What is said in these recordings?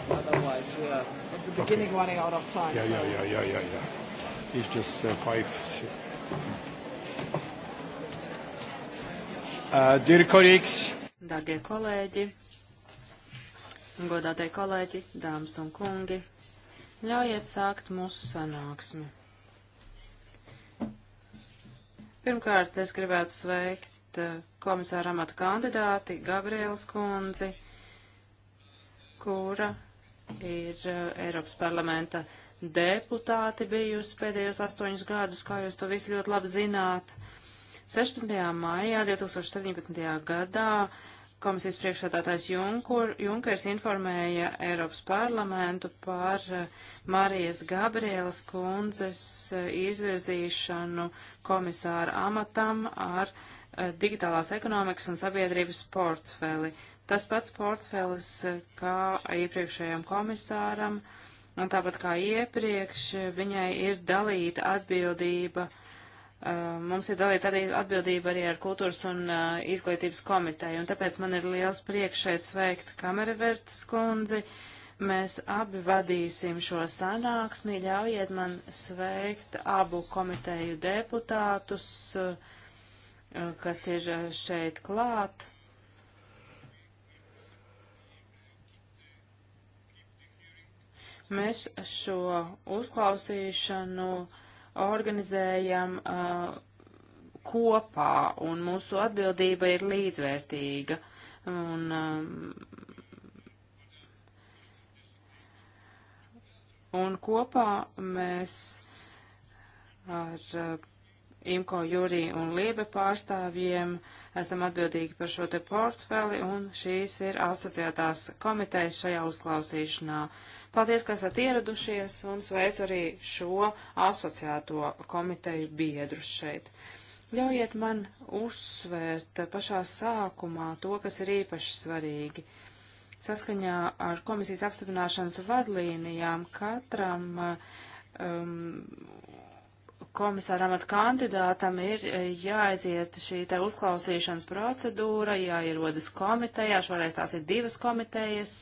us. Otherwise, we are at the beginning okay. running out of time. Yeah, so. yeah, yeah, yeah, yeah, yeah. It's just uh, five. Six. Uh, dear colleagues. Darbie kolēģi, godātie kolēģi, dāmas un kungi, ļaujiet sākt mūsu sanāksmi. Pirmkārt, es gribētu sveikt uh, komisāra amata kandidāti Gabrielas kundzi, kura ir uh, Eiropas parlamenta deputāti bijusi pēdējos astoņus gadus, kā jūs to visi ļoti labi zināt. 16. maijā 2017. gadā komisijas priekšsēdātājs Junkers informēja Eiropas parlamentu par uh, Marijas Gabrielas kundzes uh, izvirzīšanu komisāra amatam ar digitālās ekonomikas un sabiedrības portfeli. Tas pats portfelis eh, kā iepriekšējam komisāram, un tāpat kā iepriekš, viņai ir dalīta atbildība. Eh, mums ir dalīta arī atbildība arī ar kultūras un eh, izglītības komiteju, un tāpēc man ir liels prieks šeit sveikt kameravertas kundzi. Mēs abi vadīsim šo sanāksmi. Ļaujiet man sveikt abu komiteju deputātus, kas ir šeit klāt. Mēs šo uzklausīšanu organizējam uh, kopā, un mūsu atbildība ir līdzvērtīga. Un, um, un kopā mēs ar uh, IMCO, Jurī un Liebe pārstāvjiem esam atbildīgi par šo te portfeli, un šīs ir asociētās komitejas šajā uzklausīšanā. Paldies, ka esat ieradušies, un sveicu arī šo asociēto komiteju biedrus šeit. Ļaujiet man uzsvērt pašā sākumā to, kas ir īpaši svarīgi. Saskaņā ar komisijas apstiprināšanas vadlīnijām katram um, komisāra amata kandidātam ir eh, jāaiziet šī te uzklausīšanas procedūra, jāierodas komitejā, šoreiz tās ir divas komitejas,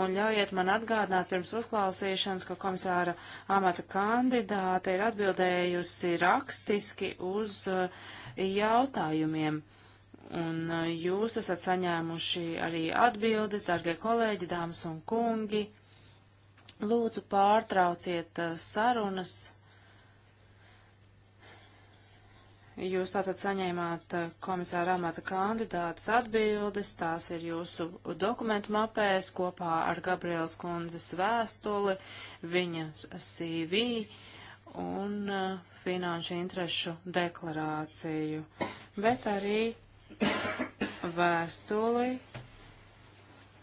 un ļaujiet man atgādināt pirms uzklausīšanas, ka komisāra amata kandidāte ir atbildējusi rakstiski uz eh, jautājumiem. Un eh, jūs esat saņēmuši arī atbildes, dargie kolēģi, dāmas un kungi. Lūdzu, pārtrauciet sarunas Jūs tātad saņēmāt eh, komisāra amata kandidātas atbildes, tās ir jūsu dokumentu mapēs kopā ar Gabrielas kundzes vēstuli, viņas CV un uh, finanšu interešu deklarāciju, bet arī vēstuli,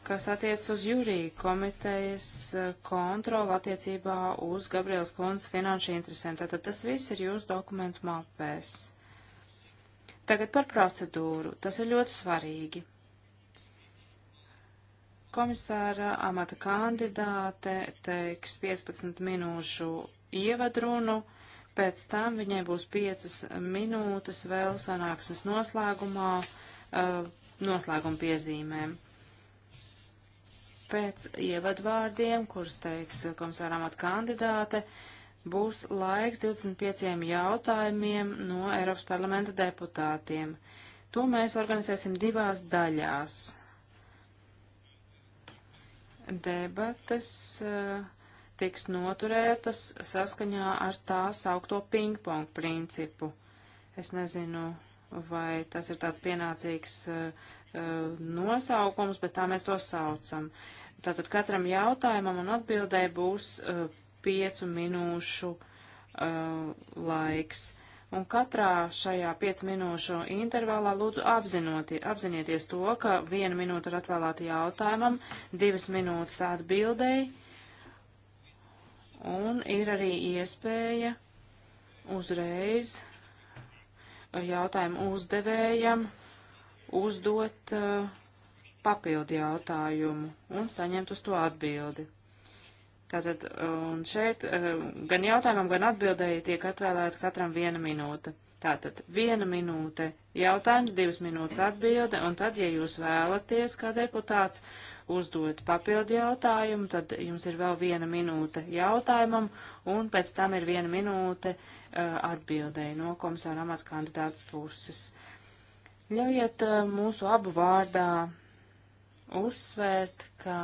kas attiec uz jūrija komitejas eh, kontroli attiecībā uz Gabrielas kundzes finanšu interesēm. Tātad tas viss ir jūsu dokumentu mapēs. Tagad par procedūru. Tas ir ļoti svarīgi. Komisāra amata kandidāte teiks 15 minūšu ievadrunu, pēc tam viņai būs 5 minūtes vēl sanāksmes noslēgumā, uh, noslēguma piezīmēm pēc ievadvārdiem, kurus teiks komisārām at kandidāte, būs laiks 25 jautājumiem no Eiropas parlamenta deputātiem. To mēs organizēsim divās daļās. Debates uh, tiks noturētas saskaņā ar tā saukto ping-pong principu. Es nezinu, vai tas ir tāds pienācīgs uh, nosaukums, bet tā mēs to saucam. Tātad katram jautājumam un atbildēji būs uh, piecu minūšu uh, laiks. Un katrā šajā piecu minūšu intervālā lūdzu apzinoti, apzinieties to, ka viena minūte ir atvēlēta jautājumam, divas minūtes atbildēji, un ir arī iespēja uzreiz jautājumu uzdevējam uzdot uh, papildu jautājumu un saņemt uz to atbildi. Tātad, un šeit eh, gan jautājumam, gan atbildēji tiek atvēlēta katram viena minūte. Tātad, viena minūte jautājums, divas minūtes atbilde, un tad, ja jūs vēlaties, kā deputāts, uzdot papildu jautājumu, tad jums ir vēl viena minūte jautājumam, un pēc tam ir viena minūte eh, atbildēji no komisāra amata kandidātas puses. Ļaujiet eh, mūsu abu vārdā uzsvērt, ka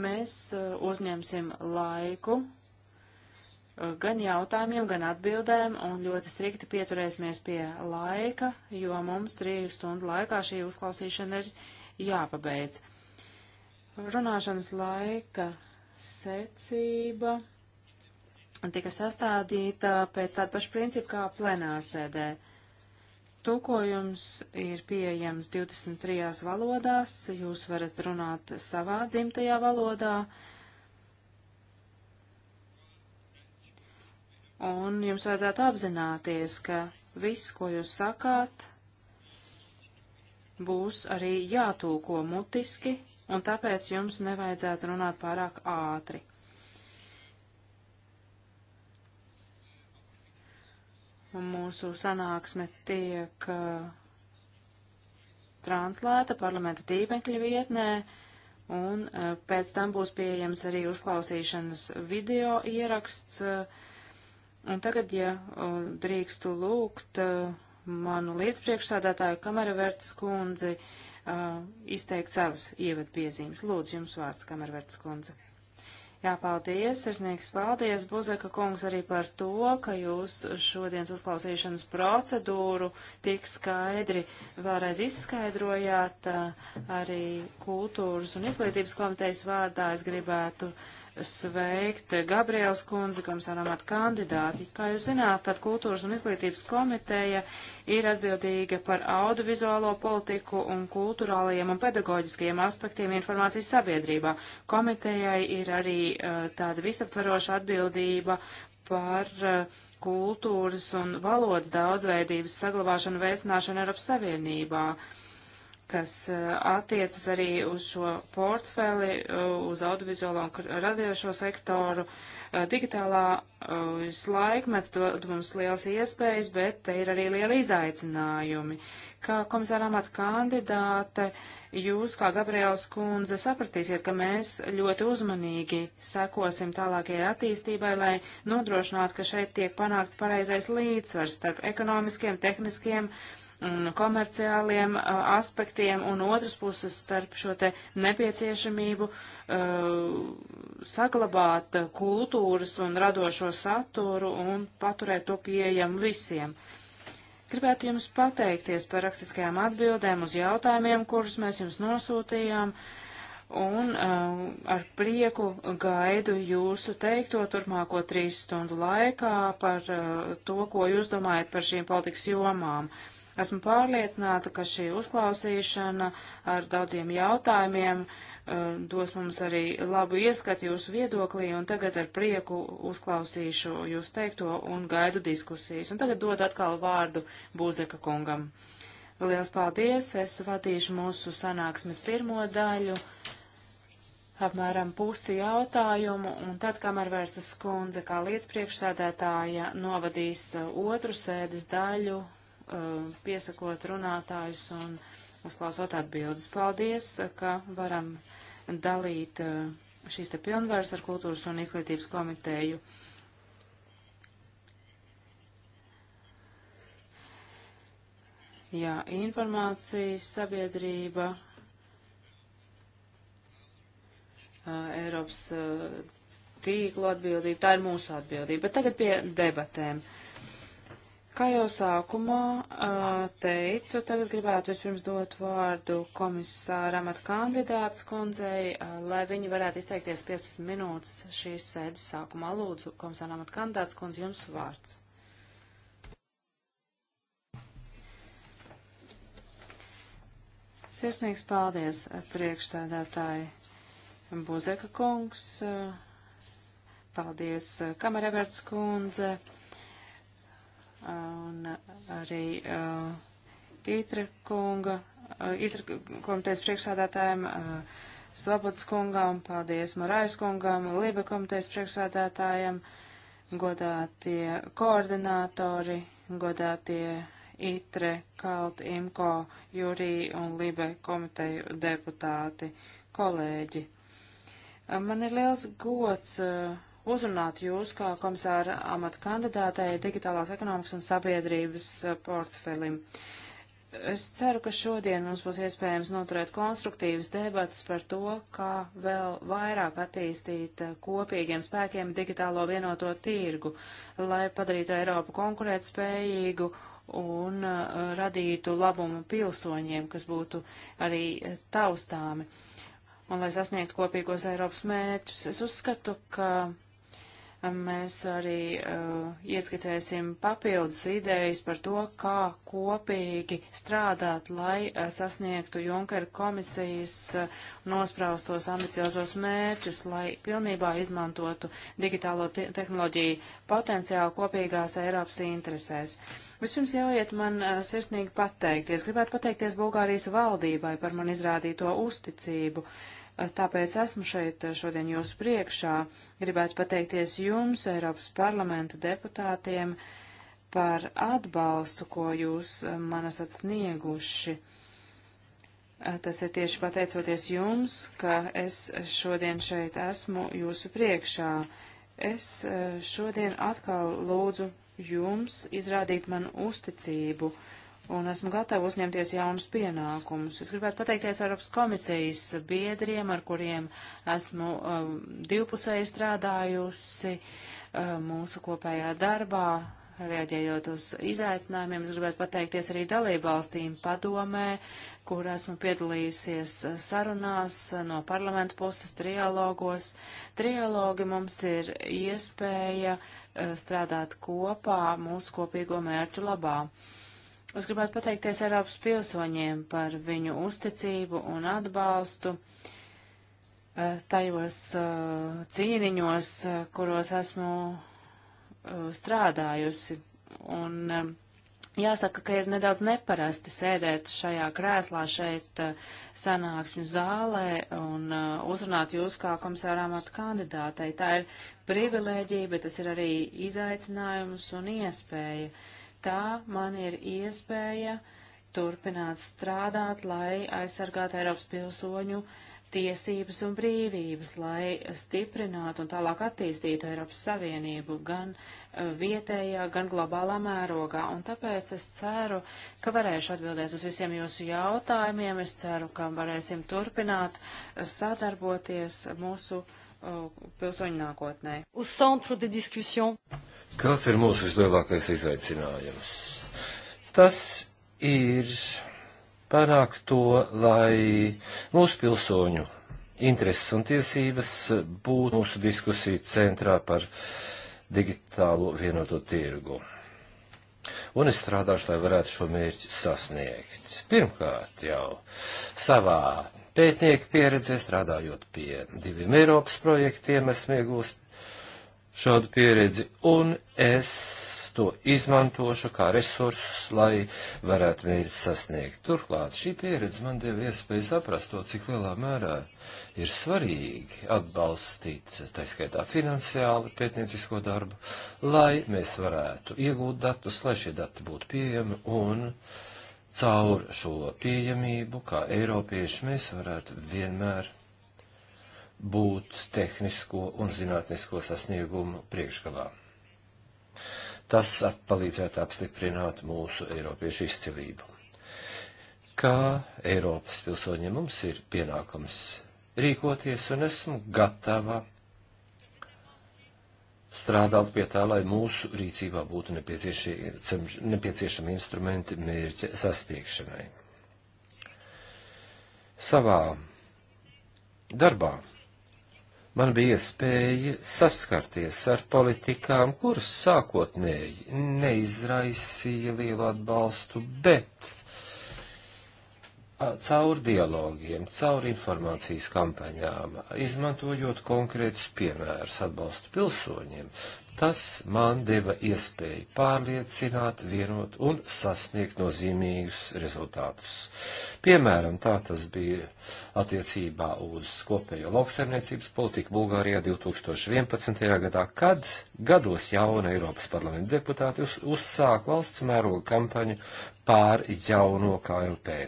mēs eh, uzņemsim laiku eh, gan jautājumiem, gan atbildēm un ļoti strikti pieturēsimies pie laika, jo mums trīs stundu laikā šī uzklausīšana ir jāpabeidz. Runāšanas laika secība tika sastādīta pēc tāda paša principa kā plenārsēdē. Plenārs Tūkojums ir pieejams 23 valodās, jūs varat runāt savā dzimtajā valodā, un jums vajadzētu apzināties, ka viss, ko jūs sakāt, būs arī jātūko mutiski, un tāpēc jums nevajadzētu runāt pārāk ātri. Mūsu sanāksme tiek eh, translēta parlamenta tīmekļa vietnē, un eh, pēc tam būs pieejams arī uzklausīšanas video ieraksts. Eh, un tagad, ja drīkstu lūgt manu līdzpriekšsādātāju Kamervertas kundzi izteikt savas ievadpiezīmes. Lūdzu, jums vārds, Kamervertas kundze. Jā, paldies, sirsnīgs paldies, Buzeka kungs, arī par to, ka jūs šodienas uzklausīšanas procedūru tik skaidri vēlreiz izskaidrojāt arī kultūras un izglītības komitejas vārdā. Es gribētu uh, sveikt Gabriels kundzi, komisāram at kandidāti. Kā jūs zināt, tad kultūras un izglītības komiteja ir atbildīga par audiovizuālo politiku un kultūrālajiem un pedagoģiskajiem aspektiem informācijas sabiedrībā. Komitejai ir arī uh, tāda visaptvaroša atbildība par uh, kultūras un valodas daudzveidības saglabāšanu veicināšanu Eiropas Savienībā. Uh, kas eh, attiecas arī uz šo portfeli, eh, uz audiovizuālo un radiošo sektoru. Eh, digitālā laikmets dod mums liels iespējas, bet te ir arī lieli izaicinājumi. Kā komisārām at kandidāte, jūs, kā Gabriels kundze, sapratīsiet, ka mēs ļoti uzmanīgi sekosim tālākajai attīstībai, lai nodrošinātu, ka šeit tiek panākts pareizais līdzsvars starp ekonomiskiem, tehniskiem, uh, un komerciāliem uh, aspektiem, un otras puses starp šo te nepieciešamību uh, saglabāt kultūras un radošo saturu un paturēt to pieejamu visiem. Gribētu jums pateikties par rakstiskajām atbildēm uz jautājumiem, kurus mēs jums nosūtījām, un uh, ar prieku gaidu jūsu teikto turpmāko trīs stundu laikā par uh, to, ko jūs domājat par šīm politikas jomām. Uh, Esmu pārliecināta, ka šī uzklausīšana ar daudziem jautājumiem uh, dos mums arī labu ieskatu jūsu viedoklī, un tagad ar prieku uzklausīšu jūs teikto un gaidu diskusijas. Un tagad dod atkal vārdu Būzeka kungam. Liels paldies! Es vadīšu mūsu sanāksmes pirmo daļu apmēram pusi jautājumu, un tad, kamēr vērtas kundze kā līdzpriekšsēdētāja novadīs uh, otru sēdes daļu, uh, piesakot runātājus un uzklausot atbildes. Paldies, uh, ka varam dalīt uh, šīs te pilnvaras ar kultūras un izglītības komiteju. Jā, informācijas sabiedrība, uh, Eiropas uh, tīklu atbildība, tā ir mūsu atbildība. Bet tagad pie debatēm. Uh, Kā jau sākumā teicu, tagad gribētu vispirms dot vārdu komisāram at kandidāts kundzei, lai viņi varētu izteikties 15 minūtes šīs sēdes sākumā. Lūdzu, komisāram at kandidāts kundze, jums vārds. Sirsnīgs paldies, priekšsēdētāji Buzeka kungs. Paldies, kameraverts kundze un arī uh, Itra kunga, uh, Itra komitejas priekšsādātājiem, uh, Svabots kungam, paldies Marais kungam, Liba komitejas priekšsādātājiem, godātie koordinātori, godātie Itre, Kalt, Imko, Jurī un Libe komiteju deputāti, kolēģi. Uh, man ir liels gods uh, uzrunāt jūs kā komisāra amata kandidātei digitālās ekonomikas un sabiedrības eh, portfelim. Es ceru, ka šodien mums būs iespējams noturēt konstruktīvas debatas par to, kā vēl vairāk attīstīt eh, kopīgiem spēkiem digitālo vienoto tirgu, lai padarītu Eiropu konkurētspējīgu un uh, radītu labumu pilsoņiem, kas būtu arī taustāmi, un lai sasniegtu kopīgos Eiropas mērķus. Es uzskatu, ka mēs arī uh, ieskicēsim papildus idejas par to, kā kopīgi strādāt, lai uh, sasniegtu Junkera komisijas uh, nospraustos ambiciozos mērķus, lai pilnībā izmantotu digitālo te tehnoloģiju potenciālu kopīgās Eiropas interesēs. Vispirms jāiet man uh, sirsnīgi pateikties. Gribētu pateikties Bulgārijas valdībai par man izrādīto uzticību. Uh, tāpēc esmu šeit eh, šodien jūsu priekšā. Gribētu pateikties jums, Eiropas parlamenta deputātiem, par atbalstu, ko jūs eh, man esat snieguši. Eh, Tas ir tieši pateicoties jums, ka es šodien šeit esmu jūsu priekšā. Es šodien atkal lūdzu jums izrādīt man uzticību un esmu gatava uzņemties jaunus pienākumus. Es gribētu pateikties Eiropas komisijas biedriem, ar kuriem esmu um, divpusēji strādājusi um, mūsu kopējā darbā, reaģējot uz izaicinājumiem. Es gribētu pateikties arī dalību valstīm padomē, kur esmu piedalījusies sarunās no parlamenta puses trialogos. Trialogi mums ir iespēja uh, strādāt kopā mūsu kopīgo mērķu labā. Uh, Es gribētu pateikties Eiropas pilsoņiem par viņu uzticību un atbalstu eh, tajos eh, cīniņos, eh, kuros esmu strādājusi. Un jāsaka, ka ir nedaudz neparasti sēdēt šajā krēslā šeit sanāksmju zālē un uzrunāt jūs kā komisārām at kandidātai. Tā ir privilēģija, bet tas ir arī izaicinājums un iespēja. Uh, Tā man ir iespēja turpināt strādāt, lai aizsargātu Eiropas pilsoņu tiesības un brīvības, lai stiprinātu un tālāk attīstītu Eiropas Savienību gan eh, vietējā, gan globālā mērogā. Un tāpēc es ceru, ka varēšu atbildēt uz visiem jūsu jautājumiem. Es ceru, ka varēsim turpināt eh, sadarboties mūsu Uh, pilsoņu nākotnē. Uz centru de diskusiju. Kāds ir mūsu vislielākais izaicinājums? Tas ir panākt to, lai mūsu pilsoņu intereses un tiesības būtu mūsu diskusiju centrā par digitālo vienoto tirgu. Un es strādāšu, lai varētu šo mērķi sasniegt. Pirmkārt jau savā pētnieku pieredze strādājot pie diviem Eiropas projektiem, esmu iegūst šādu pieredzi, un es to izmantošu kā resursus, lai varētu mērķi sasniegt. Turklāt šī pieredze man deva iespēju saprast to, cik lielā mērā ir svarīgi atbalstīt, taiskaitā finansiāli, pētniecisko darbu, lai mēs varētu iegūt datus, lai šie dati būtu pieejami un uh, caur šo pieejamību, kā eiropieši, mēs varētu vienmēr būt tehnisko un zinātnisko sasniegumu priekšgalā. Tas palīdzētu apstiprināt mūsu eiropiešu izcilību. Kā Eiropas pilsoņiem mums ir pienākums rīkoties, un esmu gatava strādāt pie tā, lai mūsu rīcībā būtu nepieciešami instrumenti mērķa sastiekšanai. Savā darbā man bija iespēja saskarties ar politikām, kuras sākotnēji neizraisīja lielu atbalstu, bet caur dialogiem, caur informācijas kampaņām, izmantojot konkrētus piemērus atbalstu pilsoņiem, tas man deva iespēju pārliecināt, vienot un sasniegt nozīmīgus rezultātus. Piemēram, tā tas bija attiecībā uz kopējo lauksaimniecības politiku Bulgārijā 2011. gadā, kad gados jauna Eiropas parlamenta deputāti uzsāka valsts mēroga kampaņu pār jauno KLP.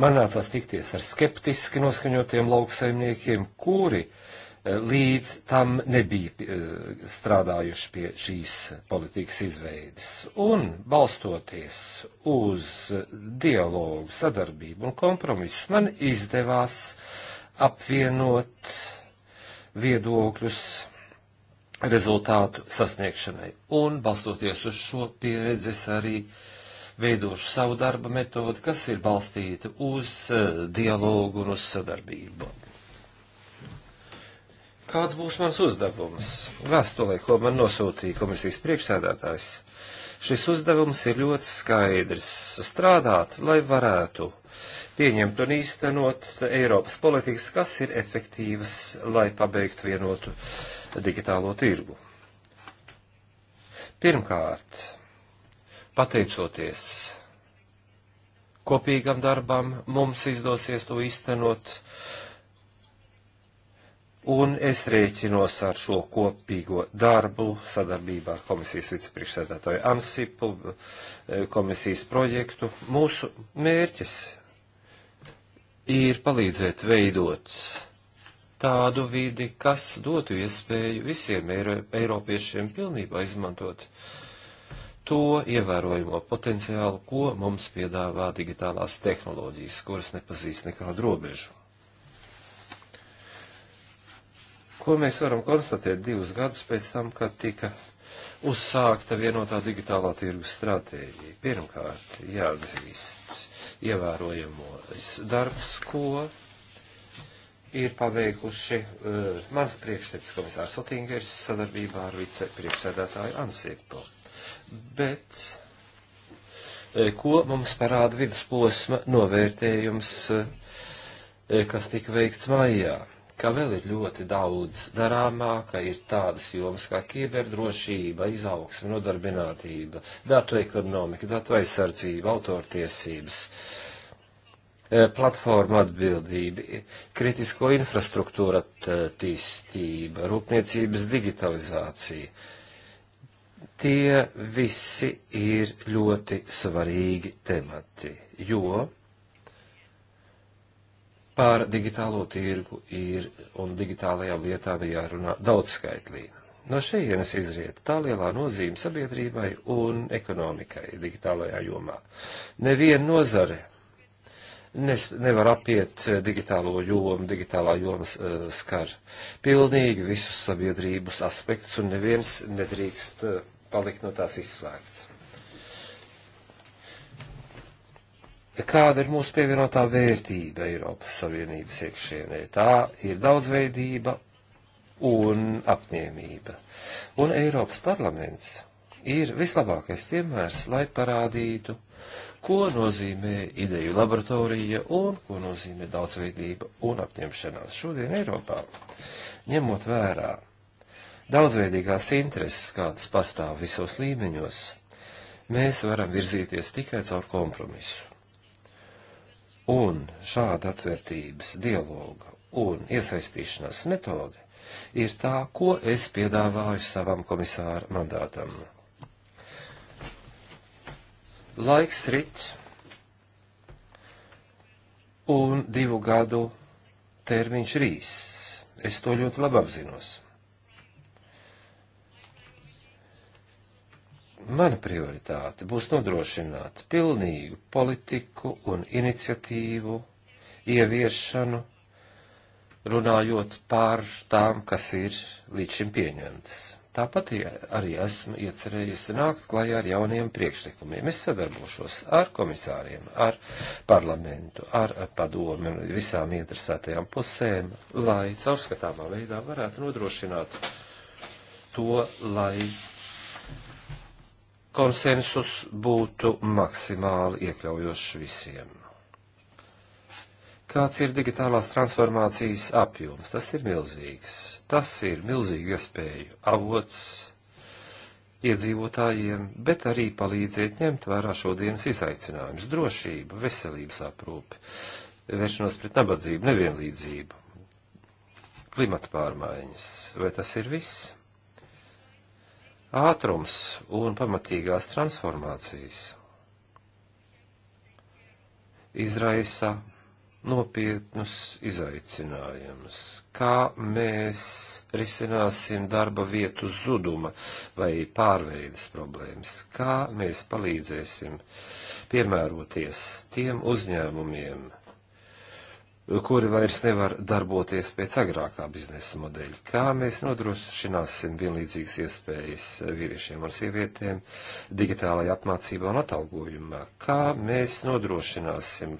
Man nācās tikties ar skeptiski noskaņotiem lauksaimniekiem, kuri eh, līdz tam nebija eh, strādājuši pie šīs politikas izveides. Un balstoties uz dialogu, sadarbību un kompromisu, man izdevās apvienot viedokļus rezultātu sasniegšanai. Un balstoties uz šo pieredzi, es arī uh, veidošu savu darba metodi, kas ir balstīta uz eh, dialogu un uz sadarbību. Kāds būs mans uzdevums? Vēstulē, ko man nosūtīja komisijas priekšsēdētājs, šis uzdevums ir ļoti skaidrs - strādāt, lai varētu pieņemt un īstenot Eiropas politikas, kas ir efektīvas, lai pabeigtu vienotu digitālo tirgu. Pirmkārt, Pateicoties kopīgam darbam, mums izdosies to iztenot, un es rēķinos ar šo kopīgo darbu sadarbībā ar komisijas vicepriekšsēdētāju Ansipu, eh, komisijas projektu. Mūsu mērķis ir palīdzēt veidot tādu vidi, kas dotu iespēju visiem eiro, eiropiešiem pilnībā izmantot uh, to ievērojamo potenciālu, ko mums piedāvā digitālās tehnoloģijas, kuras nepazīst nekādu robežu. Ko mēs varam konstatēt divus gadus pēc tam, kad tika uzsākta vienotā digitālā tirgus stratēģija? Pirmkārt, jāatzīst ievērojamos darbs, ko ir paveikuši uh, mans priekšsēdis komisārs Otingers sadarbībā ar vicepriekšsēdētāju Ansipu bet e, ko mums parāda vidusposma novērtējums, e, e, kas tika veikts maijā, ka vēl ir ļoti daudz darāmā, ka ir tādas jomas kā kiberdrošība, izaugsme, nodarbinātība, datu ekonomika, datu aizsardzība, autortiesības platforma atbildība, kritisko infrastruktūra attīstība, rūpniecības digitalizācija, Tie visi ir ļoti svarīgi temati, jo par digitālo tirgu ir un digitālajām lietām jārunā daudzskaitlīgi. No šejienes izriet tā lielā nozīme sabiedrībai un ekonomikai digitālajā jomā. Neviena nozare nes, nevar apiet eh, digitālo jomu, digitālā joma eh, skar pilnīgi visus sabiedrības aspektus, un neviens nedrīkst uh, palikt no tās izslēgts. Kāda ir mūsu pievienotā vērtība Eiropas Savienības iekšienē? Tā ir daudzveidība un apņēmība. Un Eiropas parlaments ir vislabākais piemērs, lai parādītu, ko nozīmē ideju laboratorija un ko nozīmē daudzveidība un apņemšanās šodien Eiropā. Ņemot vērā daudzveidīgās intereses, kādas pastāv visos līmeņos, mēs varam virzīties tikai caur kompromisu. Un šāda atvērtības dialoga un iesaistīšanās metode ir tā, ko es piedāvāju savam komisāra mandātam. Laiks rit un divu gadu termiņš rīs. Es to ļoti labi apzinos. Mana prioritāte būs nodrošināt pilnīgu politiku un iniciatīvu ieviešanu, runājot pār tām, kas ir līdz šim pieņemtas. Tāpat arī esmu iecerējusi nākt klajā ar jauniem priekšlikumiem. Es sadarbošos ar komisāriem, ar parlamentu, ar padomi un visām interesētajām pusēm, lai caurskatāmā veidā varētu nodrošināt to, lai konsensus būtu maksimāli iekļaujošs visiem. Kāds ir digitālās transformācijas apjoms? Tas ir milzīgs. Tas ir milzīgi iespēju avots iedzīvotājiem, bet arī palīdziet ņemt vērā šodienas izaicinājumus - drošību, veselības aprūpi, vēršanos pret nabadzību, nevienlīdzību, klimata pārmaiņas. Vai tas ir viss? ātrums un pamatīgās transformācijas izraisa nopietnus izaicinājumus. Kā mēs risināsim darba vietu zuduma vai pārveidas problēmas? Kā mēs palīdzēsim piemēroties tiem uzņēmumiem, kuri vairs nevar darboties pēc agrākā biznesa modeļa. Kā mēs nodrošināsim vienlīdzīgas iespējas vīriešiem un sievietēm digitālajā apmācībā un atalgojumā? Kā mēs nodrošināsim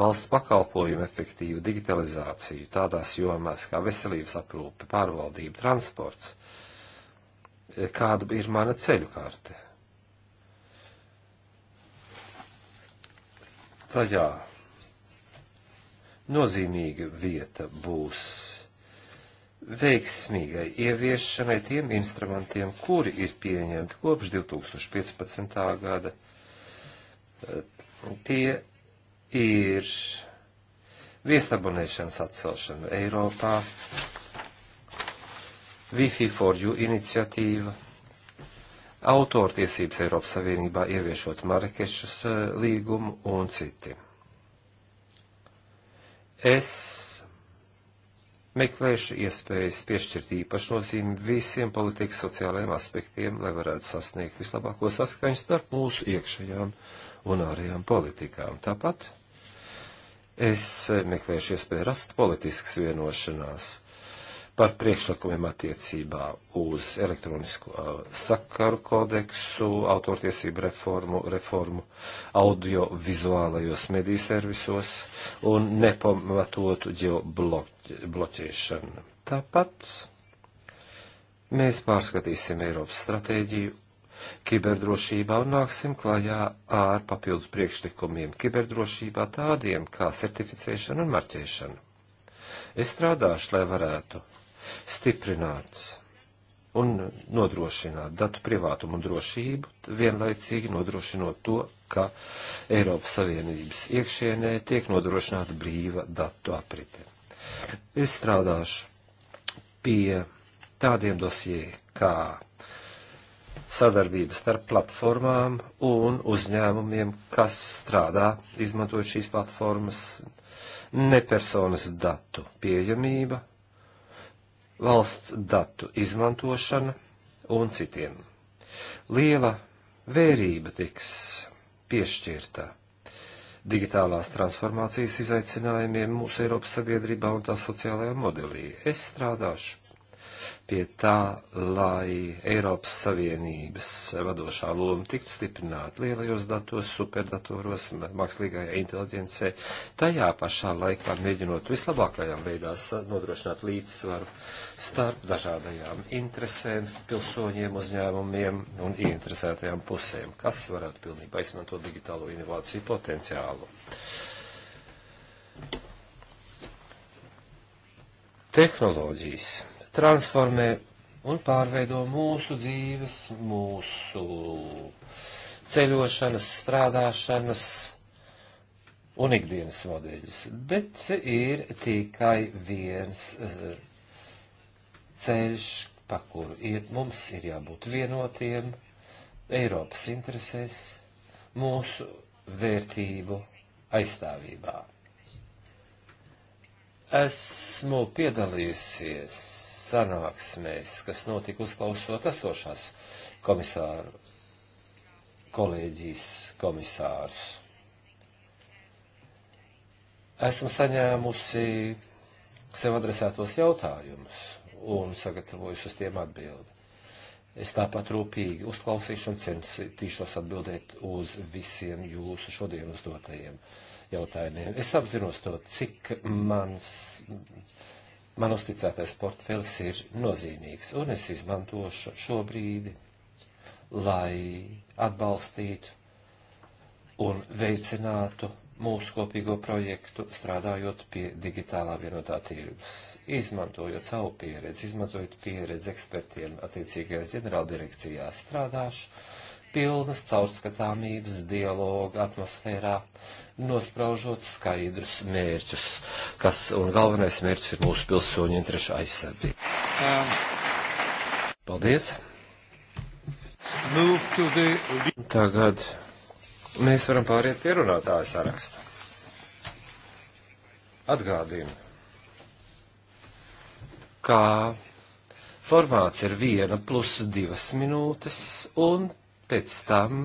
valsts pakalpojumu efektīvu digitalizāciju tādās jomās kā veselības aprūpe, pārvaldība, transports? Kāda ir mana ceļu kārte? Tajā nozīmīga vieta būs veiksmīgai ieviešanai tiem instrumentiem, kuri ir pieņemti kopš 2015. gada. Tie ir viesabonēšanas atcelšana Eiropā, Wi-Fi for You iniciatīva, autortiesības Eiropas Savienībā ieviešot Marekešas eh, līgumu un citi. Es meklēšu iespējas piešķirt īpašu nozīmi visiem politikas sociālajiem aspektiem, lai varētu sasniegt vislabāko saskaņu starp mūsu iekšējām un ārējām politikām. Tāpat es meklēšu iespēju rast politiskas vienošanās par priekšlikumiem attiecībā uz elektronisko uh, sakaru kodeksu, autortiesību reformu, reformu audio-vizuālajos mediju servisos un nepamatotu ģeobloķēšanu. Tāpat mēs pārskatīsim Eiropas stratēģiju kiberdrošībā un nāksim klajā ar papildus priekšlikumiem kiberdrošībā tādiem kā certificēšana un marķēšana. Es strādāšu, lai varētu stiprināts un nodrošināt datu privātumu un drošību, vienlaicīgi nodrošinot to, ka Eiropas Savienības iekšienē tiek nodrošināta brīva datu aprite. Es strādāšu pie tādiem dosijiem, kā sadarbība starp platformām un uzņēmumiem, kas strādā, izmantojot šīs platformas, nepersonas datu pieejamība, valsts datu izmantošana un citiem. Liela vērība tiks piešķirta digitālās transformācijas izaicinājumiem mūsu Eiropas sabiedrībā un tās sociālajā modelī. Es strādāšu pie tā, lai Eiropas Savienības vadošā loma tiktu stiprināta lielajos datos, superdatoros, mākslīgajā inteliģencē, tajā pašā laikā mēģinot vislabākajām veidās nodrošināt līdzsvaru starp dažādajām interesēm, pilsoņiem, uzņēmumiem un ieinteresētajām pusēm, kas varētu pilnībā izmantot digitālo inovāciju potenciālu. Tehnoloģijas transformē un pārveido mūsu dzīves, mūsu ceļošanas, strādāšanas un ikdienas modeļus. Bet ir tikai viens eh, ceļš, pa kuru iet mums ir jābūt vienotiem Eiropas interesēs, mūsu vērtību aizstāvībā. Esmu piedalījusies sanāksmēs, kas notika uzklausot esošās komisāru kolēģijas komisārus. Esmu saņēmusi sev adresētos jautājumus un sagatavojuši uz tiem atbildi. Es tāpat rūpīgi uzklausīšu un centīšos atbildēt uz visiem jūsu šodien uzdotajiem jautājumiem. Es apzinos to, cik mans man uzticētais portfels ir nozīmīgs, un es izmantošu šo brīdi, lai atbalstītu un veicinātu mūsu kopīgo projektu, strādājot pie digitālā vienotā tirgus, izmantojot savu pieredzi, izmantojot pieredzi ekspertiem attiecīgajās ģenerāldirekcijās strādāšu pilnas caurskatāmības dialoga atmosfērā, nospraužot skaidrus mērķus, kas un galvenais mērķis ir mūsu pilsoņu interešu aizsardzība. Paldies! Tagad mēs varam pāriet pie runātāja saraksta. Atgādinu, kā formāts ir viena plus divas minūtes, un Pēc tam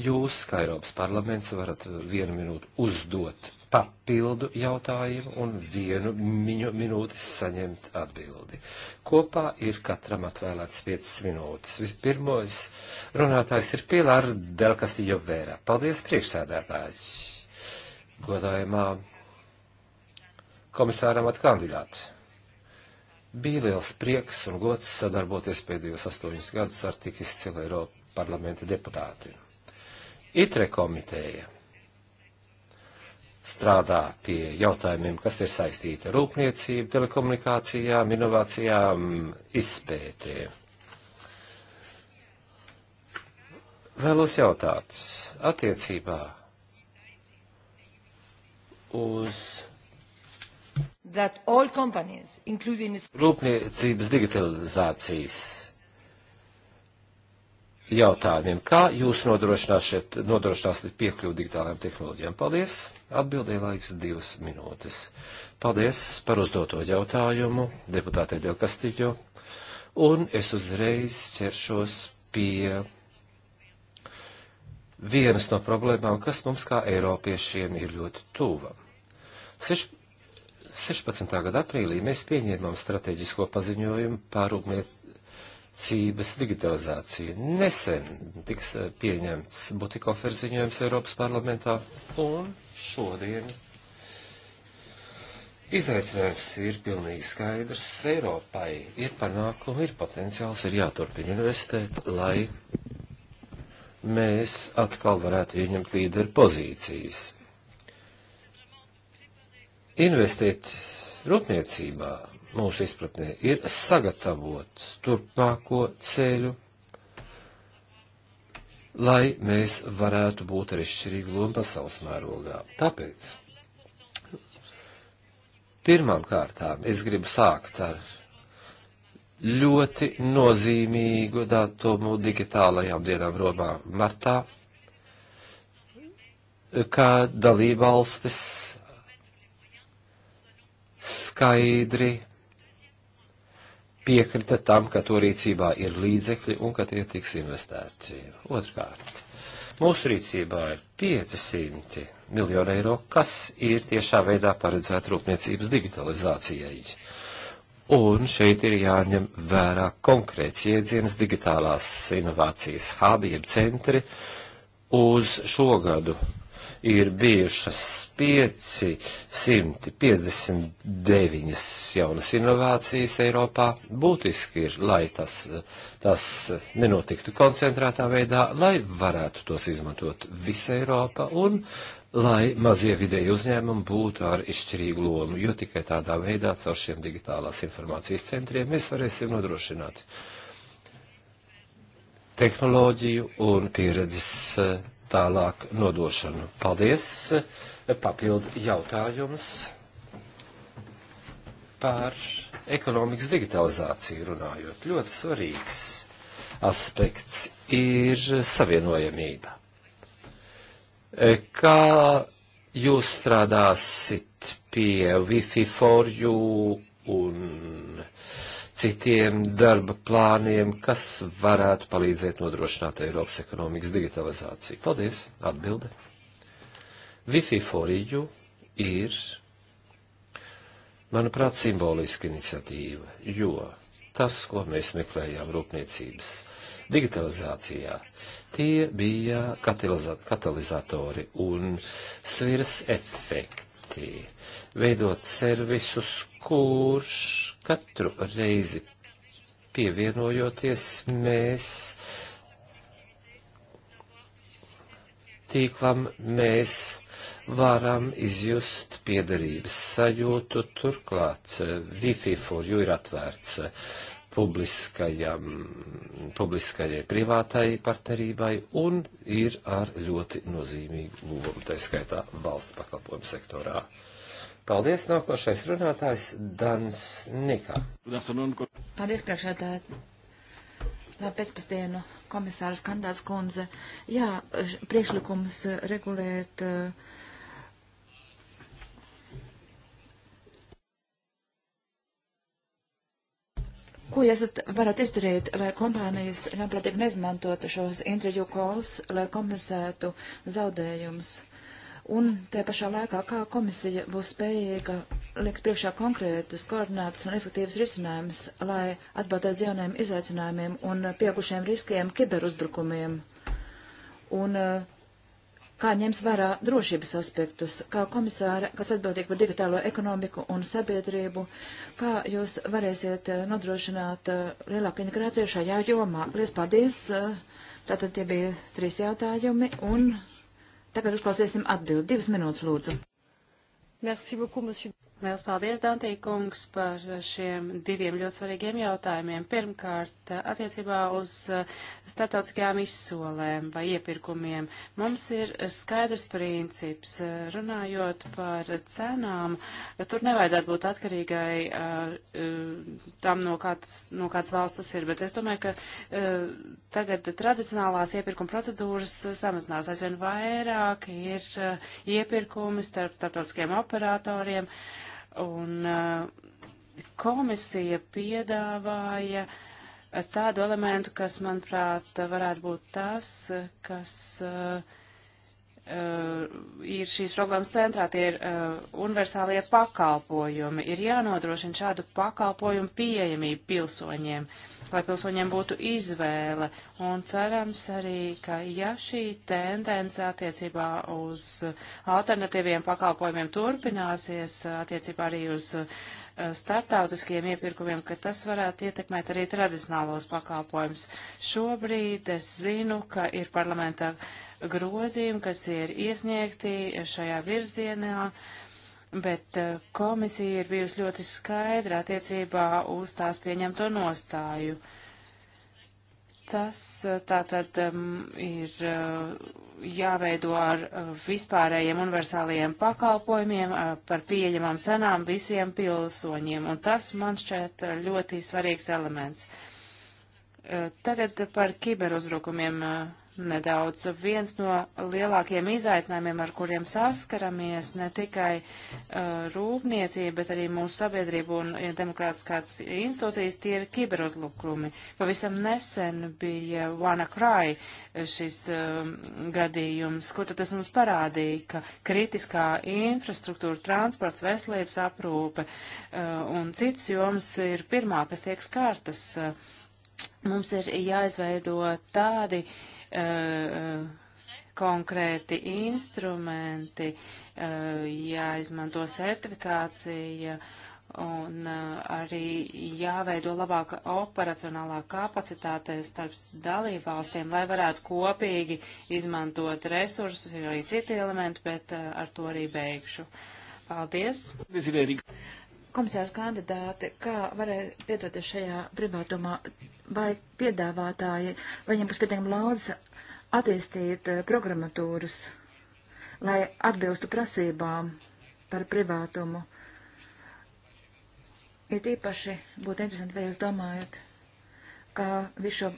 jūs, kā Eiropas parlaments, varat vienu minūtu uzdot papildu jautājumu un vienu miņu, minūti saņemt atbildi. Kopā ir katram atvēlēts 5 minūtes. Vispirmais runātājs ir Pilāra Delkastījo Vērā. Paldies, priekšsēdētājs! Godājumā komisāram atkandidāts. Bija liels prieks un gods sadarboties pēdējos astoņus gadus ar tik izcilu Eiropu parlamenta deputāti. ITRE komiteja strādā pie jautājumiem, kas ir saistīti ar rūpniecību, telekomunikācijām, inovācijām, izpētē. Vēlos jautāt attiecībā uz rūpniecības digitalizācijas jautājumiem. Kā jūs nodrošināsiet, nodrošināsiet piekļuvu digitālajām tehnoloģijām? Paldies! Atbildēja laiks divas minūtes. Paldies par uzdoto jautājumu deputātei Del Castillo. Un es uzreiz ķeršos pie vienas no problēmām, kas mums kā Eiropiešiem ir ļoti tuva. Seš, 16. gada aprīlī mēs pieņēmām strateģisko paziņojumu par ugniet tirzniecības digitalizāciju. Nesen tiks eh, pieņemts Butikofer ziņojums Eiropas parlamentā un šodien izaicinājums ir pilnīgi skaidrs. Eiropai ir panākumi, ir potenciāls, ir jāturpina investēt, lai mēs atkal varētu ieņemt līderu pozīcijas. Investēt rūpniecībā mūsu izpratnē ir sagatavot turpmāko ceļu, lai mēs varētu būt arī šķirīgi loma pasaules mērogā. Tāpēc pirmām kārtām es gribu sākt ar ļoti nozīmīgu datumu digitālajām dienām Romā martā, kā dalībvalstis skaidri piekrita tam, ka to rīcībā ir līdzekļi un ka tie tiks investēti. Otrkārt, mūsu rīcībā ir 500 miljoni eiro, kas ir tiešā veidā paredzēta rūpniecības digitalizācijai. Un šeit ir jāņem vērā konkrēts jēdziens digitālās inovācijas hābiem centri uz šo gadu ir bijušas 559 jaunas inovācijas Eiropā. Būtiski ir, lai tas, tas nenotiktu koncentrētā veidā, lai varētu tos izmantot visa Eiropa un lai mazie vidēji uzņēmumi būtu ar izšķirīgu lomu, jo tikai tādā veidā caur šiem digitālās informācijas centriem mēs varēsim nodrošināt tehnoloģiju un pieredzes eh, tālāk nodošanu. Paldies! Papildu jautājums par ekonomikas digitalizāciju runājot. Ļoti svarīgs aspekts ir savienojamība. Kā jūs strādāsit pie Wi-Fi for you un citiem darba plāniem, kas varētu palīdzēt nodrošināt Eiropas ekonomikas digitalizāciju? Paldies, atbilde. Wi-Fi forīju e ir, manuprāt, simboliska iniciatīva, jo tas, ko mēs meklējām rūpniecības digitalizācijā, tie bija katalizatori un sviras efekti valstī, veidot servisus, kurš katru reizi pievienojoties mēs tīklam, mēs varam izjust piederības sajūtu, turklāt eh, Wi-Fi for you ir atvērts publiskajai privātai partnerībai un ir ar ļoti nozīmīgu lomu, tā skaitā valsts pakalpojumu sektorā. Paldies, nākošais runātājs Dans Nikā. Paldies, priekšētāji. Labi, pēcpusdienu komisārs Kandāts kundze. Jā, priekšlikums regulēt uh, Ko jūs varat izdarīt, lai kompānijas ļaunprātīgi neizmantotu šos intervju calls, lai kompensētu zaudējumus? Un te pašā laikā, kā komisija būs spējīga likt priekšā konkrētas, koordinētas un efektīvas risinājumus, lai atbildētu jauniem izaicinājumiem un pieaugušiem riskiem kiberuzbrukumiem? Un uh, kā ņems vērā drošības aspektus, kā komisāra, kas atbildīga par digitālo ekonomiku un sabiedrību, kā jūs varēsiet eh, nodrošināt eh, lielāku integrāciju šajā jomā. Lies paldies! Eh, tātad tie bija trīs jautājumi, un tagad uzklausīsim atbildi. Divas minūtes, lūdzu. Merci beaucoup, monsieur. Liels paldies, Dantī kungs, par šiem diviem ļoti svarīgiem jautājumiem. Pirmkārt, attiecībā uz eh, starptautiskajām izsolēm vai iepirkumiem. Mums ir skaidrs princips, eh, runājot par cenām, tur nevajadzētu būt atkarīgai eh, tam, no kādas, no kādas valsts tas ir, bet es domāju, ka tagad tradicionālās iepirkuma procedūras samazinās aizvien vairāk, ir iepirkumi starp starptautiskajiem operatoriem. Uh, Un uh, komisija piedāvāja tādu elementu, kas, manuprāt, varētu būt tas, kas uh, Uh, ir šīs problēmas centrā, tie ir uh, universālie pakalpojumi. Ir jānodrošina šādu pakalpojumu pieejamību pilsoņiem, lai pilsoņiem būtu izvēle. Un cerams arī, ka ja šī tendence attiecībā uz alternatīviem pakalpojumiem turpināsies, attiecībā arī uz uh, Eh, startautiskiem iepirkumiem, ka tas varētu ietekmēt arī tradicionālos pakalpojumus. Šobrīd es zinu, ka ir parlamentā grozījumi, kas ir iesniegti šajā virzienā, bet eh, komisija ir bijusi ļoti skaidra attiecībā uz tās pieņemto nostāju. Uh, Tas eh, tātad um, ir eh, jāveido ar eh, vispārējiem universālajiem pakalpojumiem par pieejamām cenām visiem pilsoņiem, un tas man šķiet ļoti svarīgs elements. Tagad par kiberuzbrukumiem nedaudz. Viens no lielākiem izaicinājumiem, ar kuriem saskaramies, ne tikai uh, rūpniecība, bet arī mūsu sabiedrība un ja demokrātiskās institūcijas, tie ir kiberuzlukumi. Pavisam nesen bija WannaCry uh, šis uh, gadījums, ko tad tas mums parādīja, ka kritiskā infrastruktūra, transports, veselības aprūpe uh, un citas jomas ir pirmā, kas tiek skārtas. Uh, mums ir jāizveido tādi uh, Eh, konkrēti instrumenti, eh, jāizmanto sertifikācija un eh, arī jāveido labāka operacionālā kapacitāte starp dalībvalstiem, lai varētu kopīgi izmantot resursus, ir arī citi elementi, bet ar to arī beigšu. Paldies! komisārs kandidāti, kā varēja piedoties šajā privātumā, vai piedāvātāji, vai viņiem būs pietiekami daudz attīstīt eh, programmatūras, lai atbilstu prasībām par privātumu. Ir ja īpaši būtu interesanti, vai jūs domājat, ka visu šo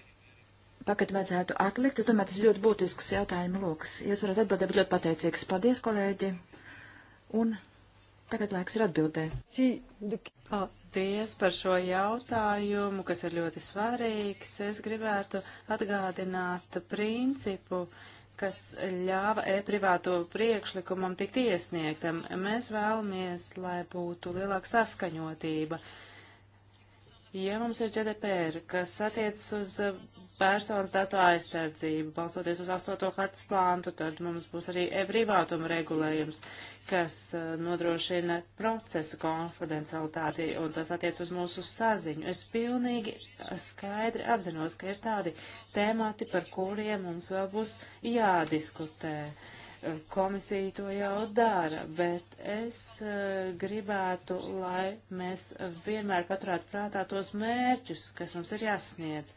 paketi vajadzētu atlikt. Es domāju, tas ir ļoti būtisks jautājuma lokus. Jūs varat atbildēt, bet ļoti pateicīgs. Paldies, kolēģi! Un Tagad laiks ir atbildē. Paldies par šo jautājumu, kas ir ļoti svarīgs. Es gribētu atgādināt principu, kas ļāva e-privāto priekšlikumam tikt iesniegtam. Mēs vēlamies, lai būtu lielāka saskaņotība. Uh, Ja mums ir GDPR, kas attiecas uz personas datu aizsardzību, balstoties uz 8. hartas plāntu, tad mums būs arī e-privātuma regulējums, kas eh, nodrošina procesa konfidencialitāti, un tas attiec uz mūsu saziņu. Es pilnīgi skaidri apzinos, ka ir tādi tēmāti, par kuriem mums vēl būs jādiskutē. Uh, Komisija to jau dara, bet es eh, gribētu, lai mēs vienmēr paturētu prātā tos mērķus, kas mums ir jāsasniedz.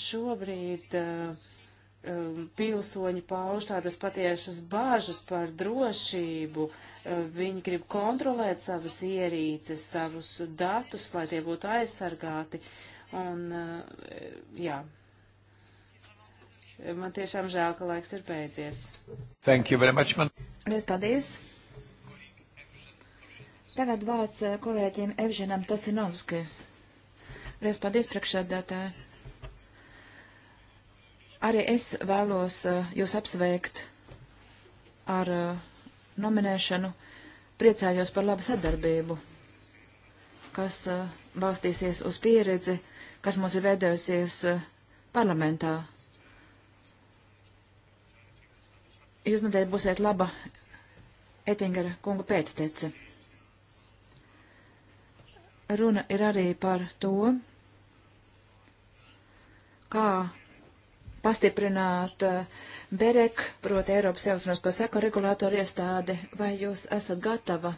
Šobrīd uh, pilsoņi pauž tādas patiešas bāžas par drošību. Eh, viņi grib kontrolēt savas ierīces, savus datus, lai tie būtu aizsargāti. Un, jā, Man tiešām žēl, ka laiks ir beidzies. Thank you very much, man. Lies paldies. Tagad vārds eh, kolēģiem Evženam Tosinovskis. Lies paldies, priekšsēdētāji. Arī es vēlos eh, jūs apsveikt ar eh, nominēšanu. Priecājos par labu sadarbību, kas balstīsies uz pieredzi, kas mums ir veidojusies parlamentā Jūs noteikti būsiet laba Ettingera kunga pēctece. Runa ir arī par to, kā pastiprināt eh, BEREK, proti Eiropas elektronisko seku regulātoru iestādi, vai jūs esat gatava